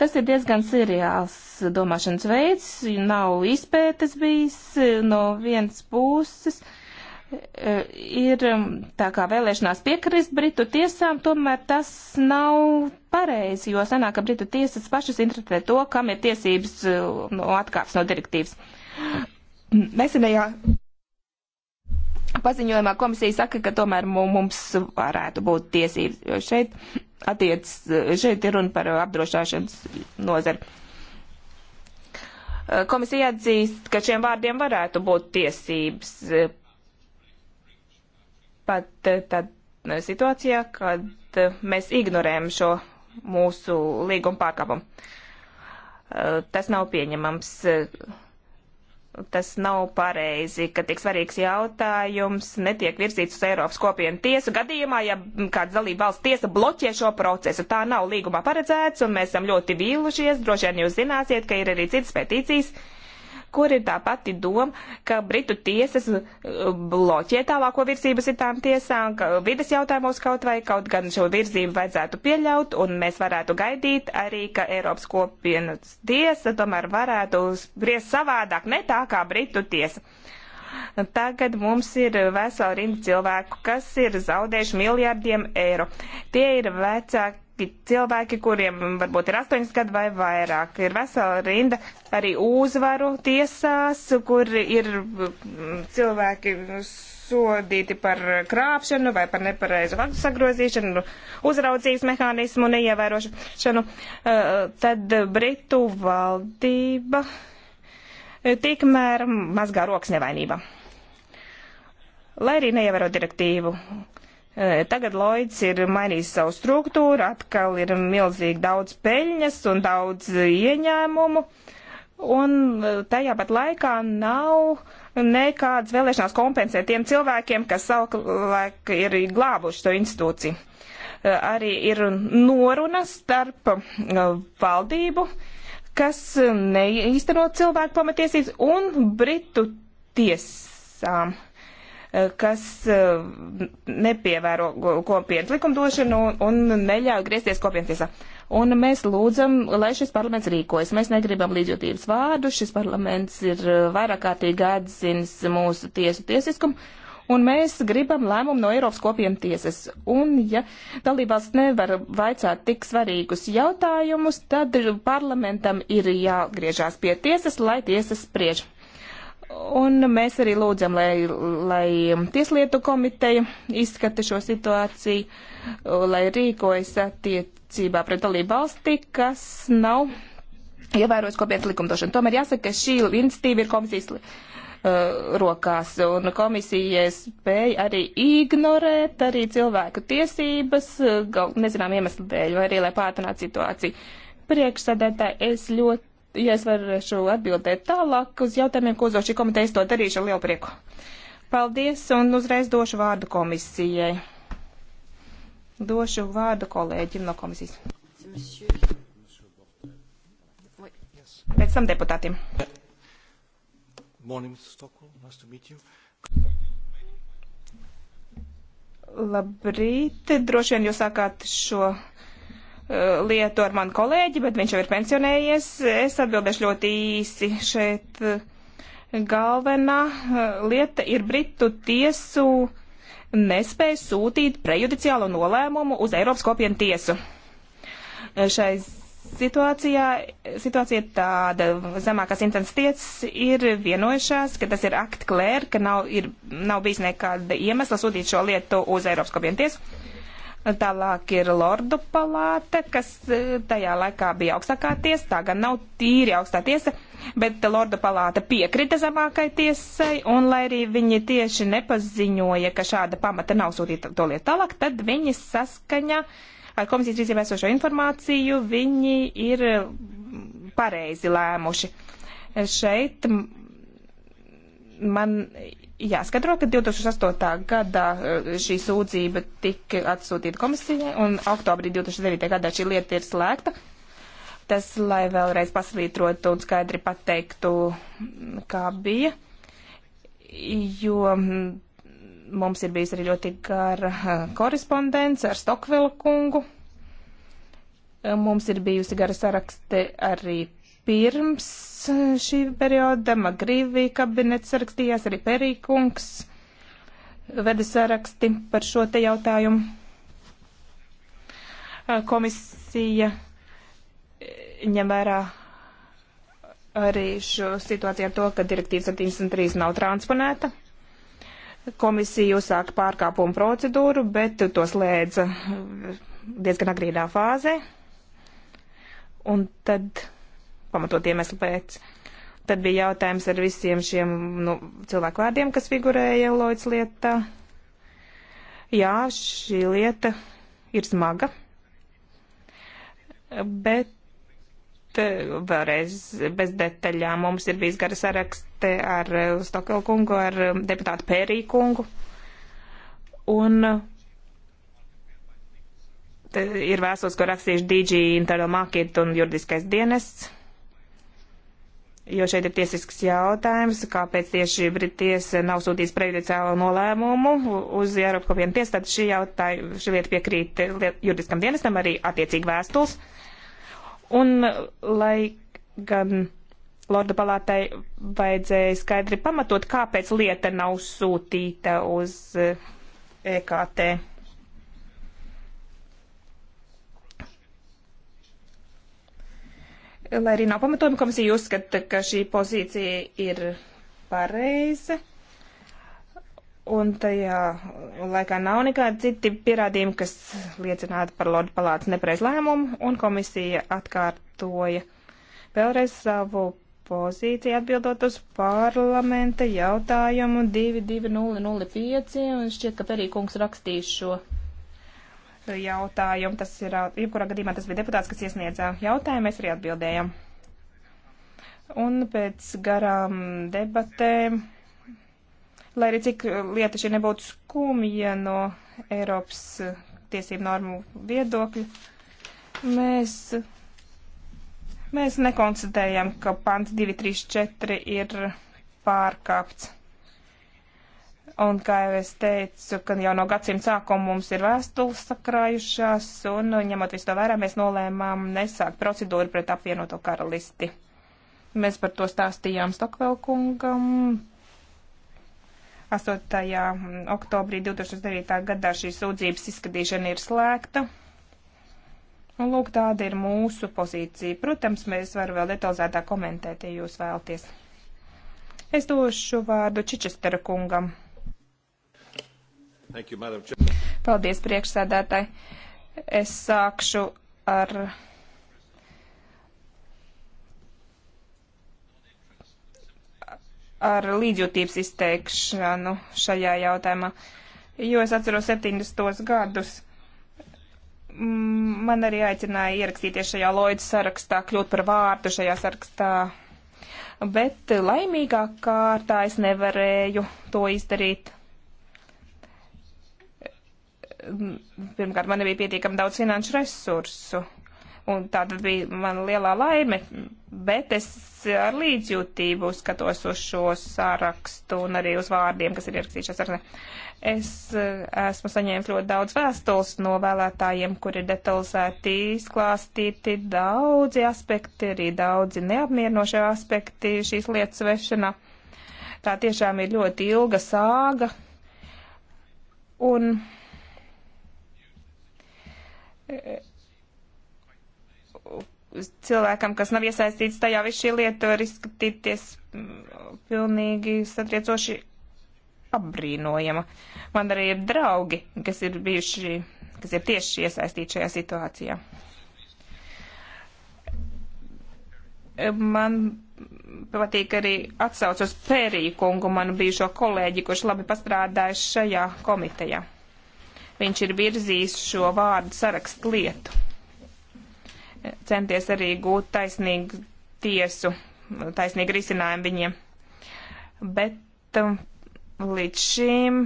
Tas ir diezgan seriāls domāšanas veids, nav izpētes bijis no vienas puses. E, ir um, tā kā vēlēšanās piekrist Britu tiesām, tomēr tas nav pareizi, jo sanāk, ka Britu tiesas pašas interpretē to, kam ir tiesības uh, no atkāps no direktīvas. Nesenajā paziņojumā komisija saka, ka tomēr mums varētu būt tiesības, jo šeit attiec, šeit ir runa par apdrošināšanas nozari. Komisija atzīst, ka šiem vārdiem varētu būt tiesības. Pat tad situācijā, kad mēs ignorējam šo mūsu līgumu pārkāpumu. Tas nav pieņemams tas nav pareizi, ka tik svarīgs jautājums netiek virzīts uz Eiropas kopienu tiesu gadījumā, ja kāds dalība valsts tiesa bloķē šo procesu. Tā nav līgumā paredzēts, un mēs esam ļoti vīlušies. Droši vien jūs zināsiet, ka ir arī citas petīcijas kur ir tā pati doma, ka Britu tiesas uh, bloķē tālāko virzību citām tiesām, ka vidas jautājumos kaut vai kaut gan šo virzību vajadzētu pieļaut, un mēs varētu gaidīt arī, ka Eiropas kopienas tiesa tomēr varētu spriest savādāk, ne tā kā Britu tiesa. Tagad mums ir vesela rinda cilvēku, kas ir zaudējuši miljardiem eiro. Tie ir vecāki cilvēki, kuriem varbūt ir 8 gadi vai vairāk. Ir vesela rinda arī uzvaru tiesās, kur ir mm, cilvēki sodīti par krāpšanu vai par nepareizu faktu sagrozīšanu, nu, uzraudzības mehānismu neievērošanu. Eh, tad Britu valdība eh, tikmēr mazgā rokas nevainība. Lai arī neievēro direktīvu. Tagad Lloyds ir mainījis savu struktūru, atkal ir milzīgi daudz peļņas un daudz ieņēmumu. Un tajā pat laikā nav nekādas vēlēšanās kompensēt tiem cilvēkiem, kas savulaik ir glābuši to institūciju. Arī ir noruna starp valdību, kas neīstenot cilvēku pamatiesības, un Britu tiesām Eh, kas eh, nepievēro kopienas likumdošanu un neļauj griezties kopienas tiesā. Un mēs lūdzam, lai šis parlaments rīkojas. Mēs negribam līdzjūtības vārdu. Šis parlaments ir eh, vairāk kārtīgi atzinis mūsu tiesu tiesiskumu. Un mēs gribam lēmumu no Eiropas kopienas tiesas. Un, ja dalībvalsts nevar vaicāt tik svarīgus jautājumus, tad parlamentam ir jāgriežās pie tiesas, lai tiesas spriež. Un mēs arī lūdzam, lai, lai Tieslietu komiteja izskata šo situāciju, lai rīkojas attiecībā pret dalību valsti, kas nav ievēros kopienas likumdošanu. Tomēr jāsaka, ka šī iniciatīva ir komisijas uh, rokās, un komisija spēja arī ignorēt arī cilvēku tiesības, uh, gal, nezinām iemeslu dēļ, vai arī, lai pātrinātu situāciju. Priekšsēdētāji, es ļoti ja es varēšu atbildēt tālāk uz jautājumiem, ko uzdošu komitejas, to darīšu ar lielu prieku. Paldies, un uzreiz došu vārdu komisijai. Došu vārdu kolēģim no komisijas. Pēc tam deputātiem. Morning, Mr. Stockwell. Nice to meet you. Labrīt, droši vien jūs sākāt šo lietu ar manu kolēģi, bet viņš jau ir pensionējies. Es atbildēšu ļoti īsi šeit. Galvenā eh, lieta ir Britu tiesu nespēja sūtīt prejudiciālu nolēmumu uz Eiropas kopienu tiesu. Eh, šai situācijā, situācija ir tāda, zemākās instances tiesas ir vienojušās, ka tas ir akt klēr, ka nav, ir, nav bijis nekāda iemesla sūtīt šo lietu uz Eiropas kopienu tiesu. Tālāk ir Lordu palāta, kas e, tajā laikā bija augstākā tiesa, tā gan nav tīri augstā tiesa, bet Lordu palāta piekrita zemākai tiesai, un lai arī viņi tieši nepaziņoja, ka šāda pamata nav sūtīta to lietu tālāk, tad viņi saskaņa ar komisijas rīcībā esošo informāciju, viņi ir mm, pareizi lēmuši. Šeit man jāskatro, ka 2008. gadā eh, šī sūdzība tika atsūtīta komisijai, un oktobrī 2009. gadā šī lieta ir slēgta. Tas, lai vēlreiz pasvītrotu un skaidri pateiktu, kā bija, jo mm, mums ir bijis arī ļoti gara eh, korespondence ar Stokvila kungu. Mums ir bijusi gara sarakste arī pirms e, šī perioda Magrīvī kabinets sarakstījās, arī Perīkungs veda saraksti par šo te jautājumu. E, komisija e, ņem vērā arī šo situāciju ar to, ka direktīva 73 nav transponēta. Komisija uzsāka pārkāpumu procedūru, bet to slēdza diezgan agrīnā fāzē. Un tad pamatot iemeslu pēc. Tad bija jautājums ar visiem šiem nu, cilvēku vārdiem, kas figurēja Loids lietā. Jā, šī lieta ir smaga, bet eh, vēlreiz bez detaļām. Mums ir bijis gara sarakste ar eh, Stokelu kungu, ar eh, deputātu Pērī kungu. Un ir vēstos, ko rakstījuši DG Internal Market un juridiskais dienests jo šeit ir tiesisks jautājums, kāpēc tieši Brittiesa nav sūtījis prejudiciālo nolēmumu uz Eiropas kopienu tiesu, tad šī, jautājuma, šī lieta piekrīt juridiskam dienestam arī attiecīgi vēstules. Un lai gan Lorda palātai vajadzēja skaidri pamatot, kāpēc lieta nav sūtīta uz EKT. Eh, e Lai arī nav pamatojuma, komisija uzskata, ka šī pozīcija ir pareiza. Un tajā laikā nav nekādi citi pierādījumi, kas liecinātu par Lordu palātas nepareiz lēmumu, un komisija atkārtoja vēlreiz savu pozīciju atbildot uz parlamenta jautājumu 2205, un šķiet, ka Perīkungs rakstīs šo jautājumu. Tas ir, jebkurā gadījumā tas bija deputāts, kas iesniedza jautājumu, mēs arī atbildējām. Un pēc garām debatēm, lai arī cik lieta šī nebūtu skumja no Eiropas tiesību normu viedokļa, mēs, mēs nekonstatējam, ka pants 234 ir pārkāpts. Un, kā jau es teicu, ka jau no gadsimta sākuma mums ir vēstules sakrājušās, un ņemot visu to vērā, mēs nolēmām nesākt procedūru pret apvienoto karalisti. Mēs par to stāstījām Stokvelkungam. 8. oktobrī 2009. gadā šī sūdzības izskatīšana ir slēgta. Un lūk, tāda ir mūsu pozīcija. Protams, mēs varam vēl detalizētāk komentēt, ja jūs vēlties. Es došu vārdu Čičestera kungam. You, Paldies, priekšsēdētāji. Es sākšu ar. ar līdzjūtības izteikšanu šajā jautājumā, jo es atceros 70. gadus. Man arī aicināja ierakstīties šajā loģiskā sarakstā, kļūt par vārdu šajā sarakstā, bet laimīgā kārtā es nevarēju to izdarīt pirmkārt, man nebija pietiekami daudz finanšu resursu. Un tā tad bija mana lielā laime, bet es ar līdzjūtību skatos uz šo sārakstu un arī uz vārdiem, kas ir ierakstījušies ar ne. Es eh, esmu saņēmis ļoti daudz vēstules no vēlētājiem, kur ir detalizēti izklāstīti daudzi aspekti, arī daudzi neapmierinošie aspekti šīs lietas vešanā. Tā tiešām ir ļoti ilga sāga. Un cilvēkam, kas nav iesaistīts tajā visu šī lieta, var izskatīties mm, pilnīgi satriecoši apbrīnojama. Man arī ir draugi, kas ir bijuši, kas ir tieši iesaistīti šajā situācijā. Man patīk arī atsaucos Pērī kungu, manu bijušo kolēģi, kurš labi pastrādājuši šajā komitejā. Viņš ir virzījis šo vārdu sarakstu lietu, centies arī gūt taisnīgu tiesu, taisnīgu risinājumu viņiem. Bet um, līdz šim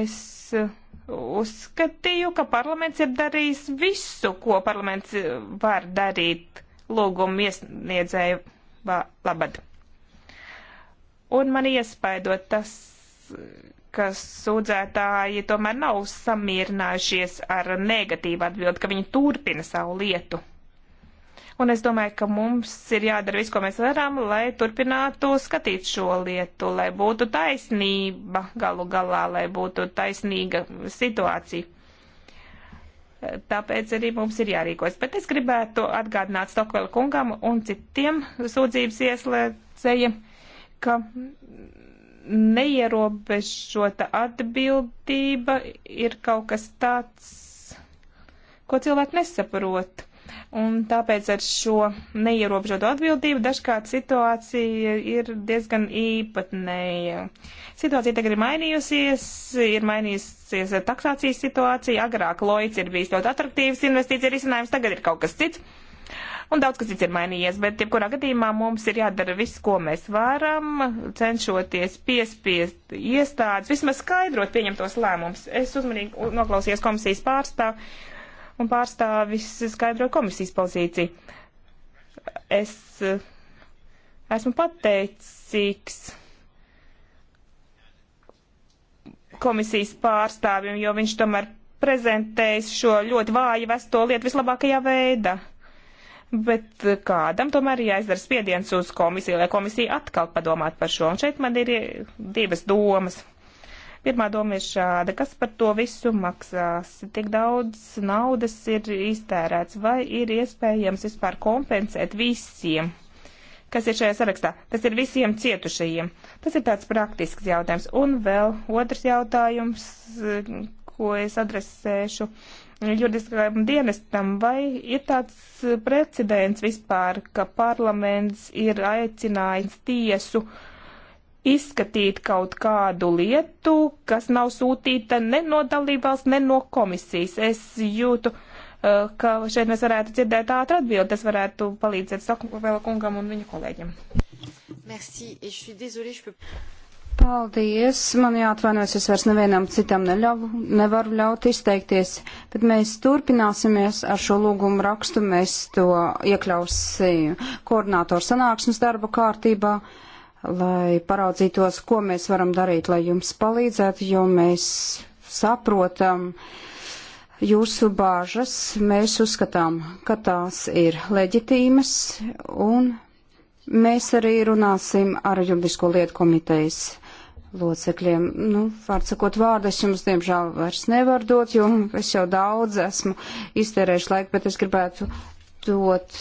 es uh, uzskatīju, ka parlaments ir darījis visu, ko parlaments uh, var darīt lūgumu iesniedzēju labad. Un man iespaido tas, ka sūdzētāji tomēr nav samierinājušies ar negatīvu atbildi, ka viņi turpina savu lietu. Un es domāju, ka mums ir jādara viss, ko mēs varam, lai turpinātu skatīt šo lietu, lai būtu taisnība galu galā, lai būtu taisnīga situācija. Tāpēc arī mums ir jārīkojas. Bet es gribētu atgādināt Stokvela kungam un citiem sūdzības ieslēdzējiem, ka neierobežota atbildība ir kaut kas tāds, ko cilvēki nesaprot. Un tāpēc ar šo neierobežotu atbildību dažkārt situācija ir diezgan īpatnēja. Situācija tagad ir mainījusies, ir mainījusies taksācijas situācija, agrāk loits ir bijis ļoti atraktīvs investīcija risinājums, tagad ir kaut kas cits un daudz kas cits ir mainījies, bet jebkurā gadījumā mums ir jādara viss, ko mēs varam, cenšoties piespiest iestādes, vismaz skaidrot pieņemtos lēmumus. Es uzmanīgi noklausījos komisijas pārstāvu un pārstāvis skaidro komisijas pozīciju. Es eh, esmu pateicīgs komisijas pārstāvim, jo viņš tomēr prezentēs šo ļoti vāju vesto lietu vislabākajā veidā bet eh, kādam tomēr jāizdara spiediens uz komisiju, lai komisija atkal padomātu par šo. Un šeit man ir eh, divas domas. Pirmā doma ir šāda, kas par to visu maksās, tik daudz naudas ir iztērēts, vai ir iespējams vispār kompensēt visiem, kas ir šajā sarakstā. Tas ir visiem cietušajiem. Tas ir tāds praktisks jautājums. Un vēl otrs jautājums, eh, ko es adresēšu. Uh, juridiskajam dienestam, vai ir tāds eh, precedents vispār, ka parlaments ir aicinājis tiesu izskatīt kaut kādu lietu, kas nav sūtīta ne no dalībvalsts, ne no komisijas. Es jūtu, eh, ka šeit mēs varētu dzirdēt ātru atbildi, tas varētu palīdzēt Sakupavela kungam un viņa kolēģiem. Merci, et je suis désolée, je peux... Paldies! Man jāatvainojas, es vairs nevienam citam neļauju, nevaru ļaut izteikties, bet mēs turpināsimies ar šo lūgumu rakstu. Mēs to iekļausim koordinātoru sanāksmes darba kārtībā, lai paraudzītos, ko mēs varam darīt, lai jums palīdzētu, jo mēs saprotam jūsu bāžas. Mēs uzskatām, ka tās ir leģitīmas un mēs arī runāsim ar juridisko lietu komitejas locekļiem. Nu, vārdsakot vārdu, es jums, diemžēl, vairs nevaru dot, jo es jau daudz esmu iztērējuši laiku, bet es gribētu dot.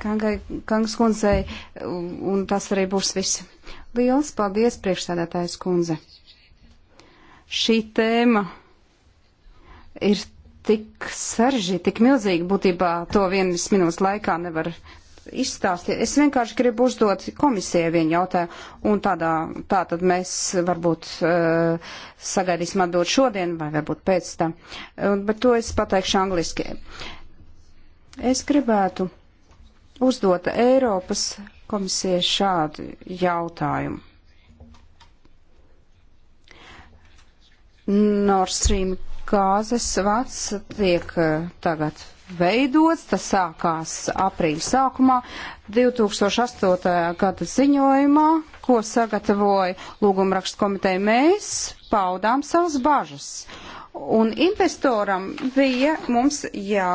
Kangai, Kangas kundzei, un tas arī būs viss. Liels paldies, priekšsēdētājs kundze. Šī tēma ir tik saržģīta, tik milzīga, būtībā to vienas minūtes laikā nevar izstāstīt. Es vienkārši gribu uzdot komisijai vienu jautājumu, un tādā, tā tad mēs varbūt uh, sagaidīsim atdot šodien, vai varbūt pēc tam, uh, bet to es pateikšu angliski. Es gribētu uzdot Eiropas komisijai šādu jautājumu. Nord Stream gāzes vats tiek uh, tagad veidots, tas sākās aprīļa sākumā 2008. gada ziņojumā, ko sagatavoja lūgumrakstu komiteja mēs, paudām savas bažas. Un investoram bija mums jā,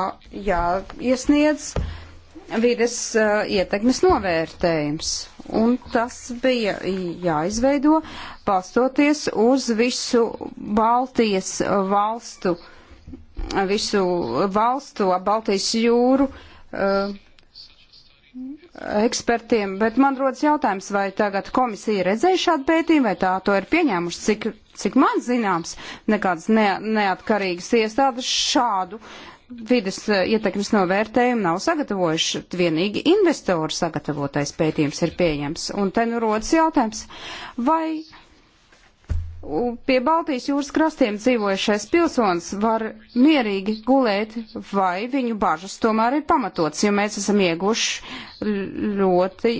jāiesniedz vides uh, ietekmes novērtējums. Un tas bija jāizveido, balstoties uz visu Baltijas valstu uh, visu valstu ap Baltijas jūru uh, ekspertiem, bet man rodas jautājums, vai tagad komisija redzēja šādu pētījumu, vai tā to ir pieņēmuši, cik, cik man zināms, nekādas ne, neatkarīgas iestādes šādu vidas eh, ietekmes novērtējumu nav sagatavojuši, vienīgi investoru sagatavotais pētījums ir pieņems. Un te nu rodas jautājums, vai pie Baltijas jūras krastiem dzīvojušais pilsonis var mierīgi gulēt, vai viņu bažas tomēr ir pamatots, jo mēs esam ieguši ļoti,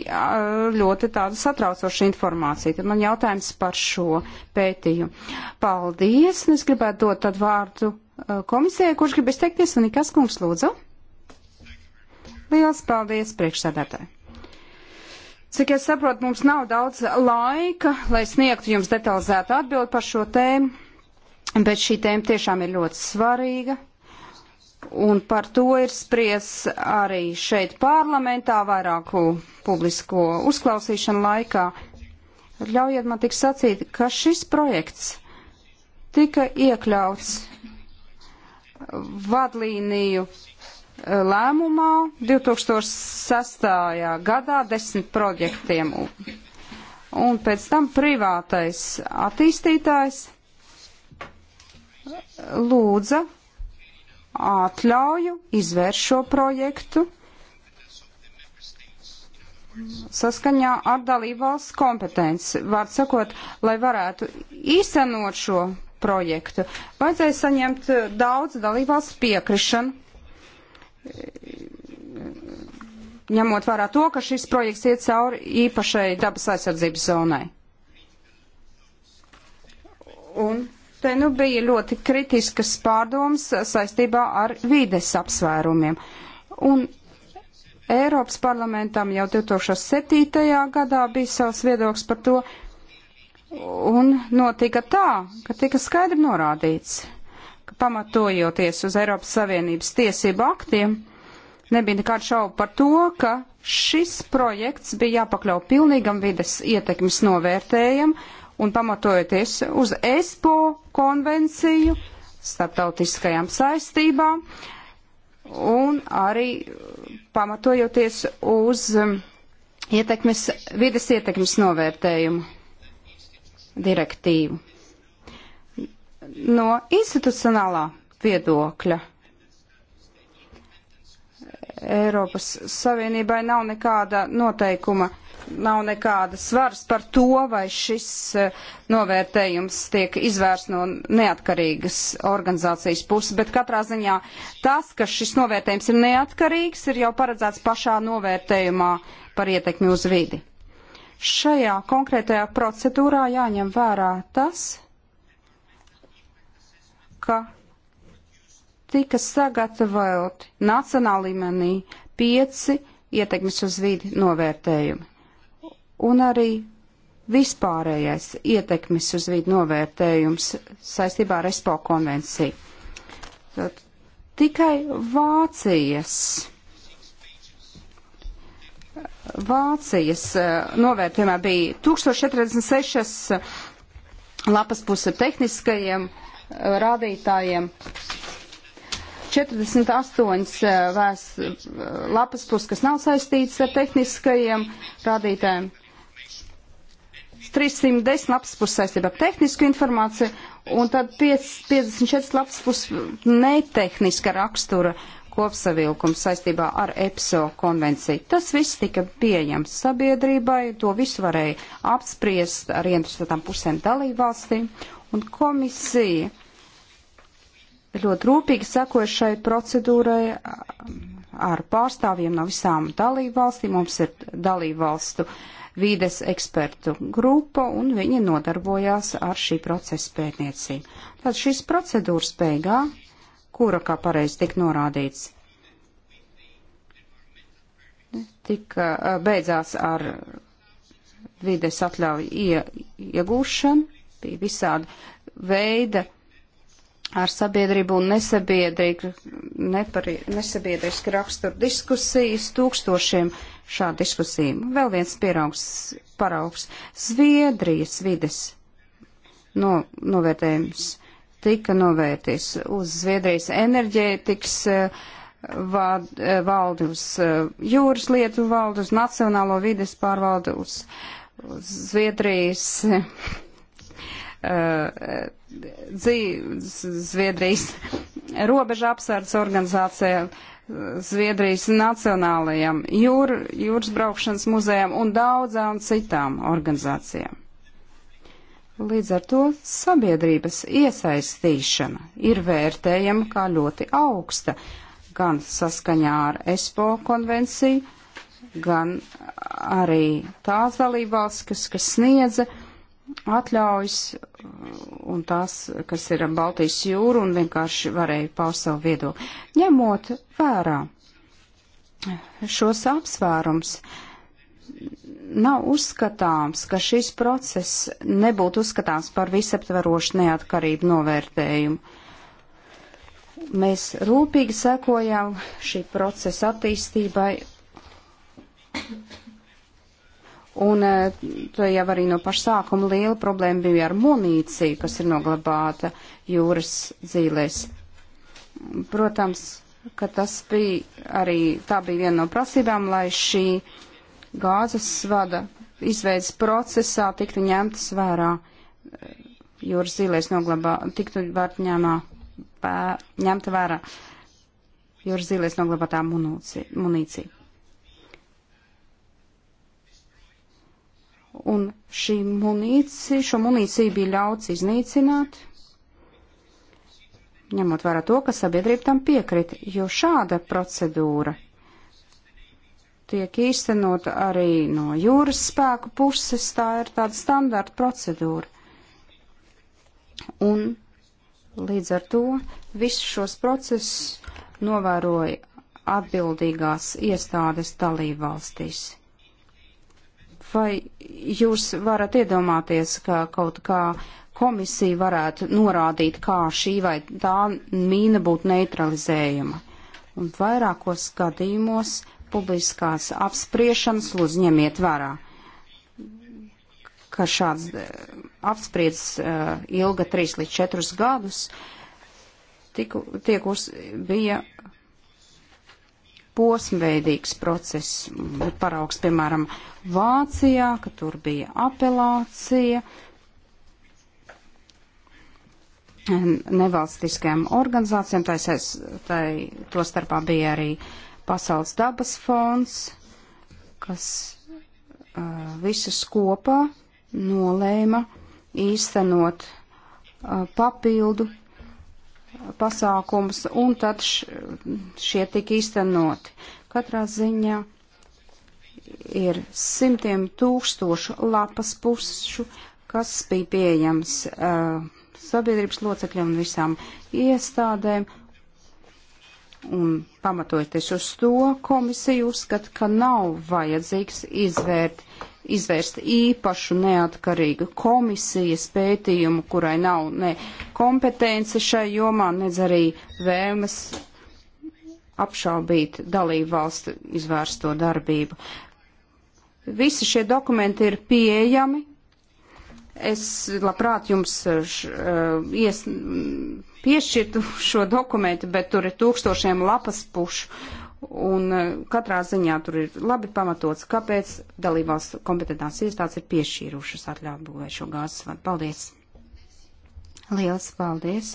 ļoti tādu satraucošu informāciju. Tad man jautājums par šo pētījumu. Paldies! Es gribētu dot tad vārdu komisijai, kurš grib izteikties, un nekas kungs lūdzu. Liels paldies priekšsēdētāji! Cik es saprotu, mums nav daudz laika, lai sniegtu jums detalizētu atbildi par šo tēmu, bet šī tēma tiešām ir ļoti svarīga. Un par to ir spries arī šeit parlamentā vairāku publisko uzklausīšanu laikā. Ļaujiet man tik sacīt, ka šis projekts tika iekļauts vadlīniju lēmumā 2006. gadā desmit projektiem. Un pēc tam privātais attīstītājs lūdza atļauju izvērst šo projektu saskaņā ar dalībvalsts kompetenci. Vārds sakot, lai varētu īstenot šo projektu, vajadzēja saņemt daudz dalībvalsts piekrišanu ņemot vērā to, ka šis projekts iet cauri īpašai dabas aizsardzības zonai. Un te nu bija ļoti kritiskas pārdomas saistībā ar vides apsvērumiem. Un Eiropas parlamentam jau 2007. gadā bija savs viedoklis par to, un notika tā, ka tika skaidri norādīts, pamatojoties uz Eiropas Savienības tiesību aktiem, nebija nekāda šauba par to, ka šis projekts bija jāpakļau pilnīgam vides ietekmes novērtējam un pamatojoties uz ESPO konvenciju, starptautiskajām saistībām un arī pamatojoties uz um, ietekmes, vides ietekmes novērtējumu direktīvu no institucionālā viedokļa. Eiropas Savienībai nav nekāda noteikuma, nav nekāda svars par to, vai šis eh, novērtējums tiek izvērsts no neatkarīgas organizācijas puses, bet katrā ziņā tas, ka šis novērtējums ir neatkarīgs, ir jau paredzēts pašā novērtējumā par ietekmi uz vidi. Šajā konkrētajā procedūrā jāņem vērā tas, ka tika sagatavoti nacionāla līmenī pieci ietekmes uz vidi novērtējumi un arī vispārējais ietekmes uz vidi novērtējums saistībā ar ESPO konvenciju. Tad tikai Vācijas. Vācijas eh, novērtējumā bija 1046 lapas puse tehniskajiem uh, rādītājiem. 48 eh, vēst, lapas puses, kas nav saistītas ar tehniskajiem rādītājiem. 310 lapas puses saistībā ar tehnisku informāciju, un tad 5, 54 lapas puses netehniska rakstura kopsavilkums saistībā ar EPSO konvenciju. Tas viss tika pieejams sabiedrībai, to visu varēja apspriest ar interesētām pusēm dalībvalstīm, Un komisija ļoti rūpīgi sekoja šai procedūrai ar pārstāvjiem no visām dalību valstīm. Mums ir dalību valstu vīdes ekspertu grupa, un viņi nodarbojās ar šī procesa pētniecību. Tad šīs procedūras beigā, kura, kā pareizi tik norādīts, tika beidzās ar vides atļauju ie, iegūšanu, pie visāda veida ar sabiedrību un nepari, nesabiedriski raksturu diskusijas, tūkstošiem šādu diskusiju. Vēl viens pieraugs, paraugs - Zviedrijas vides no, novērtējums tika novērties uz Zviedrijas enerģētikas eh, vād, eh, valdi, uz eh, jūras lietu valdi, uz nacionālo vides pārvaldi, uz Zviedrijas Uh, Zviedrijas robeža apsardz organizācijai, uh, Zviedrijas Nacionālajam jūr, jūras braukšanas muzejam un daudzām citām organizācijām. Līdz ar to sabiedrības iesaistīšana ir vērtējama kā ļoti augsta, gan saskaņā ar ESPO konvenciju, gan arī tās dalībvalstis, kas, kas sniedza uh, atļaujas un tās, kas ir Baltijas jūra un vienkārši varēja paust savu viedokli. Ņemot vērā šos apsvērums, nav uzskatāms, ka šis process nebūtu uzskatāms par visaptverošu neatkarību novērtējumu. Mēs rūpīgi sekojam šī procesa attīstībai Un e, to jau arī no paša sākuma liela problēma bija ar munīciju, kas ir noglabāta jūras dzīvēs. Protams, ka tas bija arī, tā bija viena no prasībām, lai šī gāzes vada izveidas procesā tiktu ņemtas vērā e, jūras zīlēs noglabā, tiktu var ņemā, pē, ņemta vērā jūras zīlēs noglabātā munīcija. Un šī munīcija, šo munīciju bija ļauts iznīcināt, ņemot vērā to, ka sabiedrība tam piekrita, jo šāda procedūra tiek īstenot arī no jūras spēku puses, tā ir tāda standarta procedūra. Un līdz ar to visus šos procesus novēroja atbildīgās iestādes dalībvalstīs. Vai jūs varat iedomāties, ka kaut kā komisija varētu norādīt, kā šī vai tā mīna būtu neutralizējama? Un vairākos gadījumos publiskās apspriešanas lūdzu ņemiet vērā, ka šāds eh, apspriedz uh, eh, ilga 3 līdz 4 gadus, tiku, tiek uz, bija posmveidīgs process. Būt paraugs, piemēram, Vācijā, ka tur bija apelācija nevalstiskajām organizācijām, tā, es, tā to starpā bija arī Pasaules dabas fonds, kas uh, visas kopā nolēma īstenot uh, papildu pasākums, un tad šie tika īstenoti. Katrā ziņā ir simtiem tūkstošu lapas pušu, kas bija pieejams uh, sabiedrības locekļiem un visām iestādēm. Un pamatojoties uz to, komisija uzskata, ka nav vajadzīgs izvērt uh, izvērst īpašu neatkarīgu komisijas pētījumu, kurai nav ne kompetence šai jomā, nedz arī vēlmes apšaubīt dalību valstu izvērsto darbību. Visi šie dokumenti ir pieejami. Es labprāt jums eh, š, uh, ies, piešķirtu šo dokumentu, bet tur ir tūkstošiem lapas pušu Un e, katrā ziņā tur ir labi pamatots, kāpēc dalībās kompetentās iestādes ir piešķīrušas atļauju būvēt šo gāzes vadu. Paldies! Liels paldies!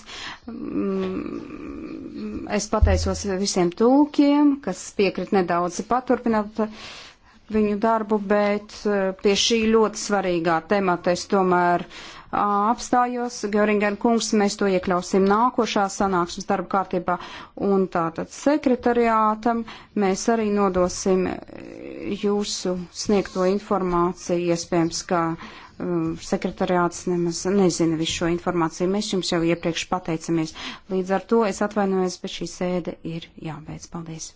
Mm, es pateicos visiem tūkiem, kas piekrit nedaudz paturpināt viņu darbu, bet e, pie šī ļoti svarīgā temata es tomēr uh, apstājos. Göringen kungs, mēs to iekļausim nākošā sanāksmes darba kārtībā. Un tātad sekretariātam mēs arī nodosim jūsu sniegto informāciju, iespējams, ka um, sekretariāts nemaz nezina visu šo informāciju. Mēs jums jau iepriekš pateicamies. Līdz ar to es atvainojos, bet šī sēde ir jābeidz. Paldies!